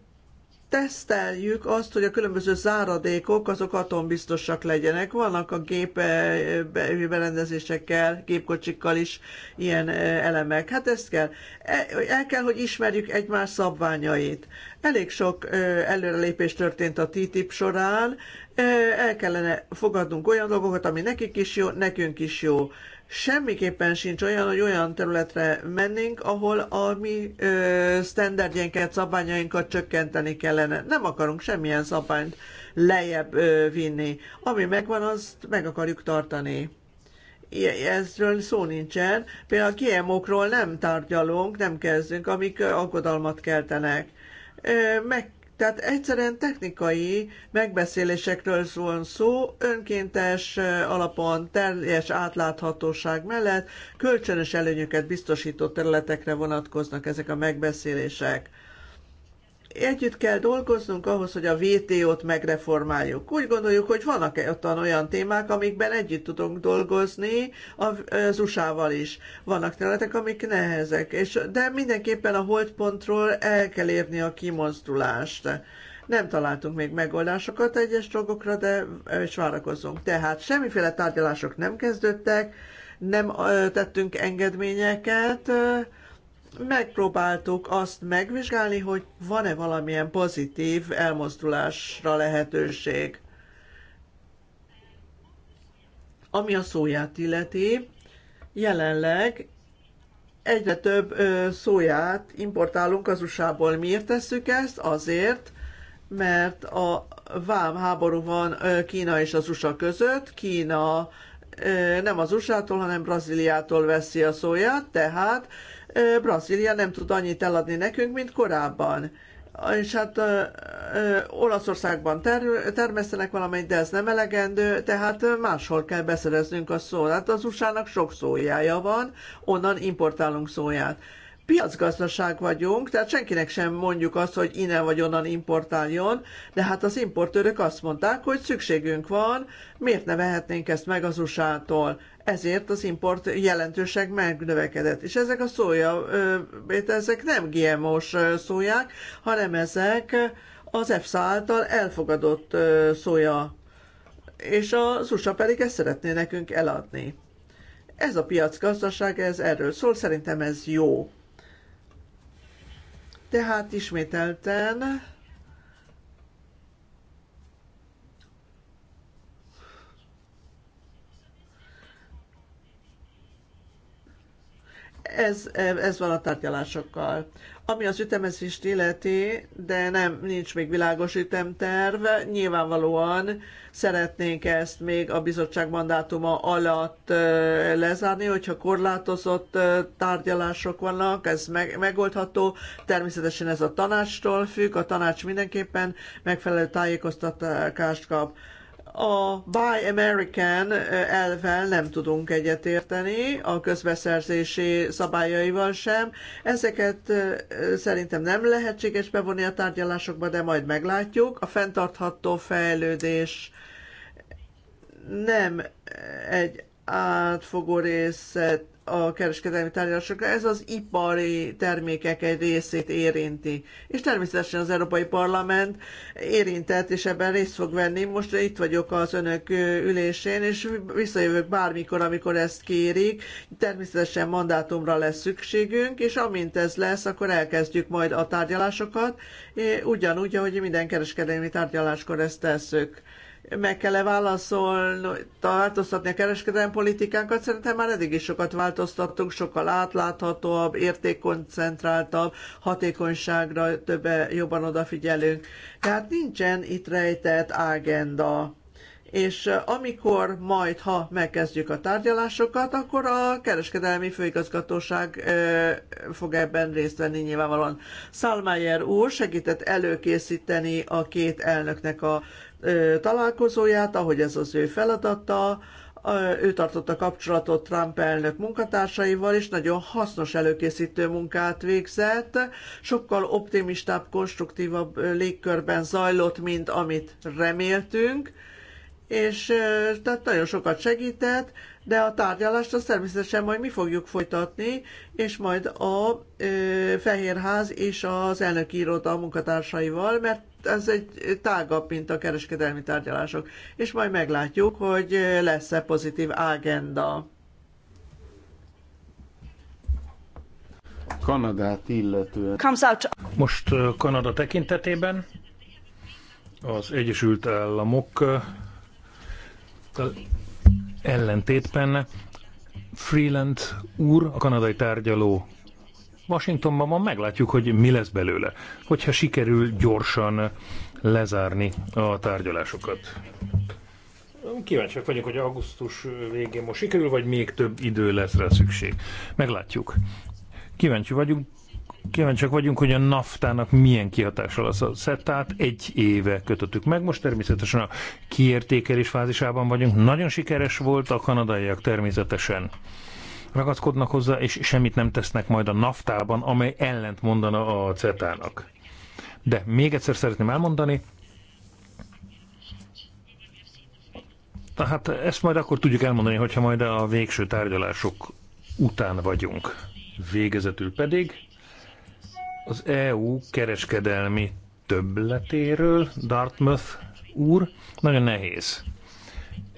teszteljük azt, hogy a különböző záradékok azok atombiztosak legyenek. Vannak a gép eh, berendezésekkel, gépkocsikkal is ilyen eh, elemek. Hát ezt kell. E, el kell, hogy ismerjük egymás szabványait. Elég sok eh, előrelépés történt a TTIP során. El kellene fogadnunk olyan dolgokat, ami nekik is jó, nekünk is jó semmiképpen sincs olyan, hogy olyan területre mennénk, ahol a mi ö, sztenderdjénket, szabályainkat csökkenteni kellene. Nem akarunk semmilyen szabályt lejjebb ö, vinni. Ami megvan, azt meg akarjuk tartani ezről szó nincsen. Például a gmo nem tárgyalunk, nem kezdünk, amik aggodalmat keltenek. Meg tehát egyszerűen technikai megbeszélésekről szól szó, önkéntes alapon teljes átláthatóság mellett kölcsönös előnyöket biztosító területekre vonatkoznak ezek a megbeszélések együtt kell dolgoznunk ahhoz, hogy a VTO-t megreformáljuk. Úgy gondoljuk, hogy vannak ottan olyan témák, amikben együtt tudunk dolgozni az USA-val is. Vannak területek, amik nehezek, és, de mindenképpen a holdpontról el kell érni a kimozdulást. Nem találtunk még megoldásokat egyes dolgokra, de is várakozunk. Tehát semmiféle tárgyalások nem kezdődtek, nem tettünk engedményeket, megpróbáltuk azt megvizsgálni, hogy van-e valamilyen pozitív elmozdulásra lehetőség. Ami a szóját illeti, jelenleg egyre több szóját importálunk az USA-ból. Miért tesszük ezt? Azért, mert a vám háború van Kína és az USA között. Kína nem az USA-tól, hanem Brazíliától veszi a szóját, tehát Brazília nem tud annyit eladni nekünk, mint korábban és hát ö, ö, Olaszországban ter, termesztenek valamelyik, de ez nem elegendő, tehát máshol kell beszereznünk a szót. Hát az USA-nak sok szójája van, onnan importálunk szóját. Piacgazdaság vagyunk, tehát senkinek sem mondjuk azt, hogy innen vagy onnan importáljon, de hát az importőrök azt mondták, hogy szükségünk van, miért ne vehetnénk ezt meg az USA-tól ezért az import jelentőség megnövekedett. És ezek a szója, ezek nem GMO-s szóják, hanem ezek az EFSA által elfogadott szója. És a USA pedig ezt szeretné nekünk eladni. Ez a piacgazdaság, ez erről szól, szerintem ez jó. Tehát ismételten ez, ez van a tárgyalásokkal. Ami az ütemezést illeti, de nem, nincs még világos ütemterv, nyilvánvalóan szeretnénk ezt még a bizottság mandátuma alatt lezárni, hogyha korlátozott tárgyalások vannak, ez meg, megoldható. Természetesen ez a tanácstól függ, a tanács mindenképpen megfelelő tájékoztatást kap a Buy American elvel nem tudunk egyetérteni, a közbeszerzési szabályaival sem. Ezeket szerintem nem lehetséges bevonni a tárgyalásokba, de majd meglátjuk. A fenntartható fejlődés nem egy átfogó részét a kereskedelmi tárgyalásokra, ez az ipari termékek egy részét érinti. És természetesen az Európai Parlament érintett, és ebben részt fog venni. Most itt vagyok az önök ülésén, és visszajövök bármikor, amikor ezt kérik. Természetesen mandátumra lesz szükségünk, és amint ez lesz, akkor elkezdjük majd a tárgyalásokat, eh, ugyanúgy, ahogy minden kereskedelmi tárgyaláskor ezt tesszük meg kell-e válaszolni, változtatni a kereskedelmi politikánkat? Szerintem már eddig is sokat változtattunk, sokkal átláthatóbb, értékkoncentráltabb, hatékonyságra többe jobban odafigyelünk. Tehát nincsen itt rejtett ágenda és amikor majd, ha megkezdjük a tárgyalásokat, akkor a kereskedelmi főigazgatóság ö, fog ebben részt venni nyilvánvalóan. Szalmájer úr segített előkészíteni a két elnöknek a találkozóját, ahogy ez az ő feladata, ő tartotta kapcsolatot Trump elnök munkatársaival, és nagyon hasznos előkészítő munkát végzett, sokkal optimistább, konstruktívabb légkörben zajlott, mint amit reméltünk, és tehát nagyon sokat segített, de a tárgyalást azt természetesen majd mi fogjuk folytatni, és majd a Fehérház és az elnöki iroda munkatársaival, mert ez egy tágabb, mint a kereskedelmi tárgyalások. És majd meglátjuk, hogy lesz-e pozitív agenda Kanadát illetően. Most Kanada tekintetében az Egyesült Államok ellentétben Freeland úr, a kanadai tárgyaló Washingtonban ma meglátjuk, hogy mi lesz belőle, hogyha sikerül gyorsan lezárni a tárgyalásokat. Kíváncsiak vagyunk, hogy augusztus végén most sikerül, vagy még több idő lesz rá szükség. Meglátjuk. Kíváncsi vagyunk, kíváncsiak vagyunk, hogy a naftának milyen kihatása lesz a szettát. Egy éve kötöttük meg, most természetesen a kiértékelés fázisában vagyunk. Nagyon sikeres volt a kanadaiak természetesen ragaszkodnak hozzá, és semmit nem tesznek majd a naftában, amely ellent mondana a CETA-nak. De még egyszer szeretném elmondani, Tehát ezt majd akkor tudjuk elmondani, hogyha majd a végső tárgyalások után vagyunk. Végezetül pedig az EU kereskedelmi többletéről Dartmouth úr nagyon nehéz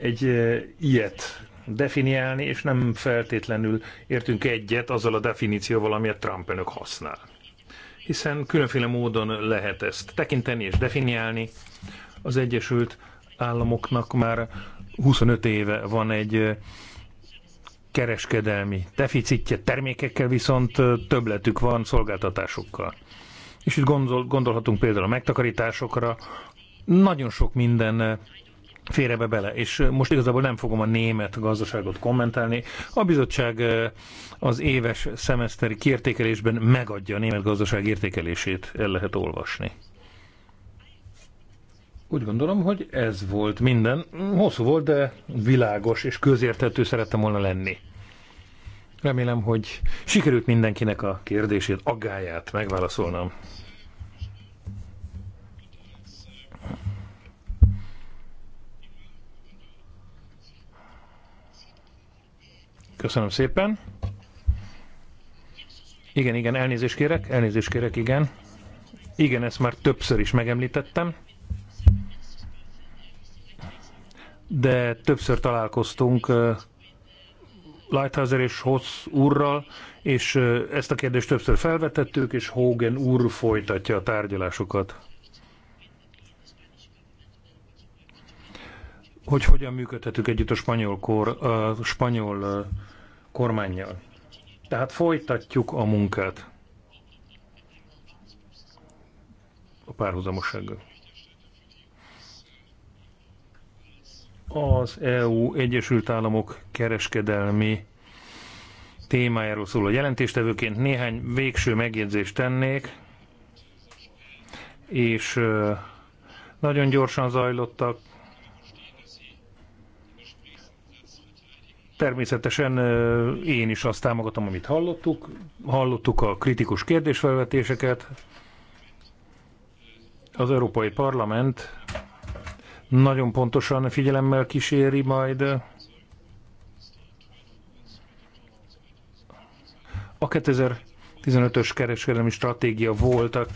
egy eh, ilyet definiálni, és nem feltétlenül értünk egyet azzal a definícióval, amit Trump önök használ. Hiszen különféle módon lehet ezt tekinteni és definiálni. Az Egyesült Államoknak már 25 éve van egy kereskedelmi deficitje, termékekkel viszont többletük van szolgáltatásokkal. És itt gondol, gondolhatunk például a megtakarításokra, nagyon sok minden be bele. És most igazából nem fogom a német gazdaságot kommentálni. A bizottság az éves szemeszteri kiértékelésben megadja a német gazdaság értékelését, el lehet olvasni. Úgy gondolom, hogy ez volt minden. Hosszú volt, de világos és közérthető szerettem volna lenni. Remélem, hogy sikerült mindenkinek a kérdését, aggáját megválaszolnom. Köszönöm szépen. Igen, igen, elnézést kérek, elnézést kérek, igen. Igen, ezt már többször is megemlítettem. De többször találkoztunk Lighthouser és Hossz úrral, és ezt a kérdést többször felvetettük, és Hogan úr folytatja a tárgyalásokat. Hogy hogyan működhetünk együtt a spanyol, kor, a spanyol kormányjal. Tehát folytatjuk a munkát a párhuzamossággal. Az EU Egyesült Államok kereskedelmi témájáról szóló jelentéstevőként néhány végső megjegyzést tennék, és nagyon gyorsan zajlottak Természetesen én is azt támogatom, amit hallottuk. Hallottuk a kritikus kérdésfelvetéseket. Az Európai Parlament nagyon pontosan figyelemmel kíséri majd a 2015-ös kereskedelmi stratégia volt a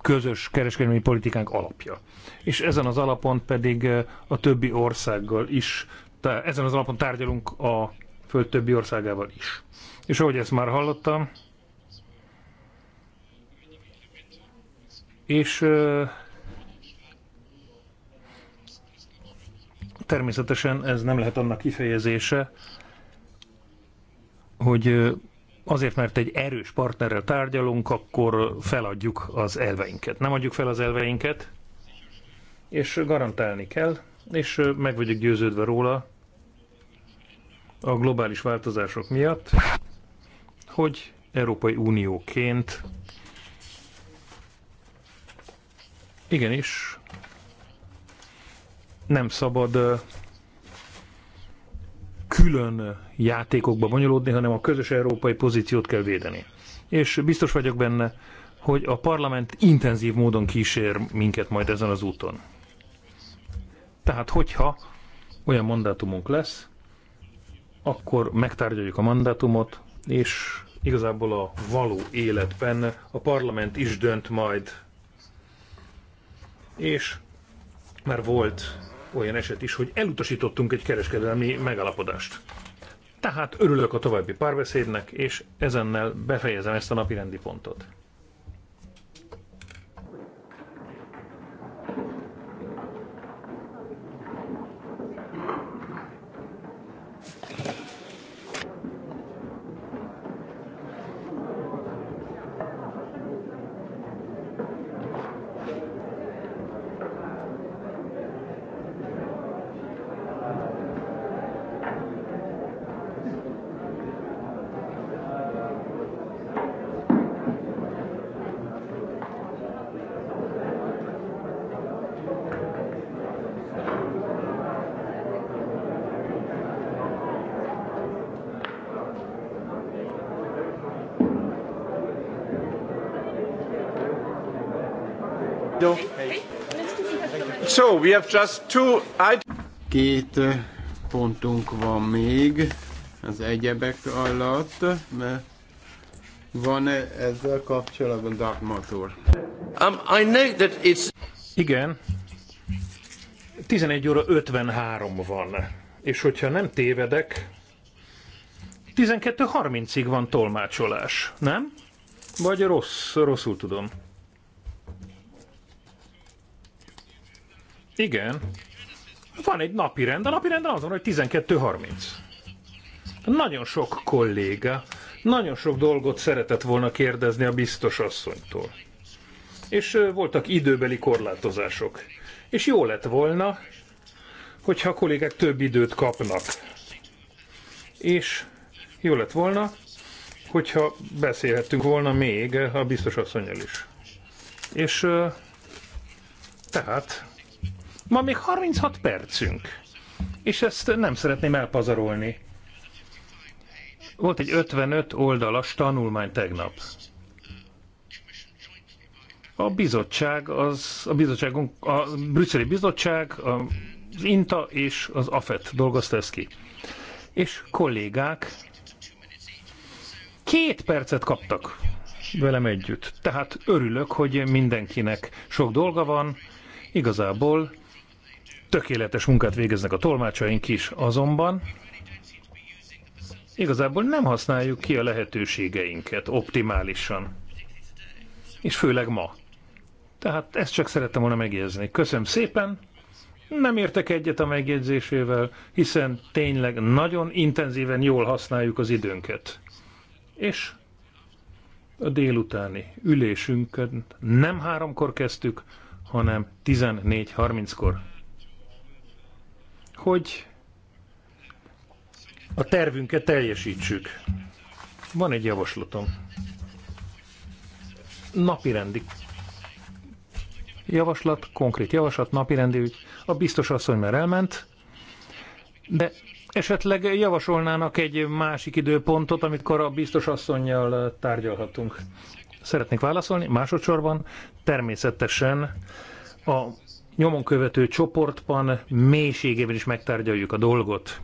közös kereskedelmi politikánk alapja. És ezen az alapon pedig a többi országgal is ezen az alapon tárgyalunk a föld többi országával is. És ahogy ezt már hallottam, és természetesen ez nem lehet annak kifejezése, hogy azért, mert egy erős partnerrel tárgyalunk, akkor feladjuk az elveinket. Nem adjuk fel az elveinket, és garantálni kell, és meg vagyok győződve róla, a globális változások miatt, hogy Európai Unióként igenis nem szabad külön játékokba bonyolódni, hanem a közös európai pozíciót kell védeni. És biztos vagyok benne, hogy a parlament intenzív módon kísér minket majd ezen az úton. Tehát, hogyha olyan mandátumunk lesz, akkor megtárgyaljuk a mandátumot, és igazából a való életben a parlament is dönt majd. És már volt olyan eset is, hogy elutasítottunk egy kereskedelmi megalapodást. Tehát örülök a további párbeszédnek, és ezennel befejezem ezt a napi rendi pontot. We have just two Két pontunk van még az egyebek alatt, mert van -e ezzel kapcsolatban Dark Motor? Um, I know that it's... Igen. 11 óra 53 van. És hogyha nem tévedek, 12.30-ig van tolmácsolás, nem? Vagy rossz, rosszul tudom. Igen. Van egy napi rend, a napi rend az van, hogy 12.30. Nagyon sok kolléga, nagyon sok dolgot szeretett volna kérdezni a biztos asszonytól. És voltak időbeli korlátozások. És jó lett volna, hogyha a kollégák több időt kapnak. És jó lett volna, hogyha beszélhettünk volna még a biztos asszonyjal is. És tehát Ma még 36 percünk, és ezt nem szeretném elpazarolni. Volt egy 55 oldalas tanulmány tegnap. A bizottság, az, a, bizottságunk, a brüsszeli bizottság, az INTA és az AFET dolgozta ezt ki. És kollégák két percet kaptak velem együtt. Tehát örülök, hogy mindenkinek sok dolga van. Igazából Tökéletes munkát végeznek a tolmácsaink is, azonban igazából nem használjuk ki a lehetőségeinket optimálisan. És főleg ma. Tehát ezt csak szerettem volna megjegyezni. Köszönöm szépen, nem értek egyet a megjegyzésével, hiszen tényleg nagyon intenzíven jól használjuk az időnket. És a délutáni ülésünket nem háromkor kezdtük, hanem 14.30-kor hogy a tervünket teljesítsük. Van egy javaslatom. Napirendi javaslat, konkrét javaslat, napirendi ügy. A biztos asszony már elment, de esetleg javasolnának egy másik időpontot, amikor a biztos asszonynal tárgyalhatunk. Szeretnék válaszolni. Másodszorban természetesen a nyomon követő csoportban mélységében is megtárgyaljuk a dolgot.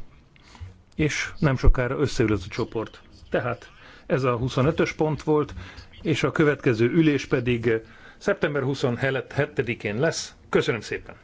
És nem sokára összeül ez a csoport. Tehát ez a 25-ös pont volt, és a következő ülés pedig szeptember 27-én lesz. Köszönöm szépen!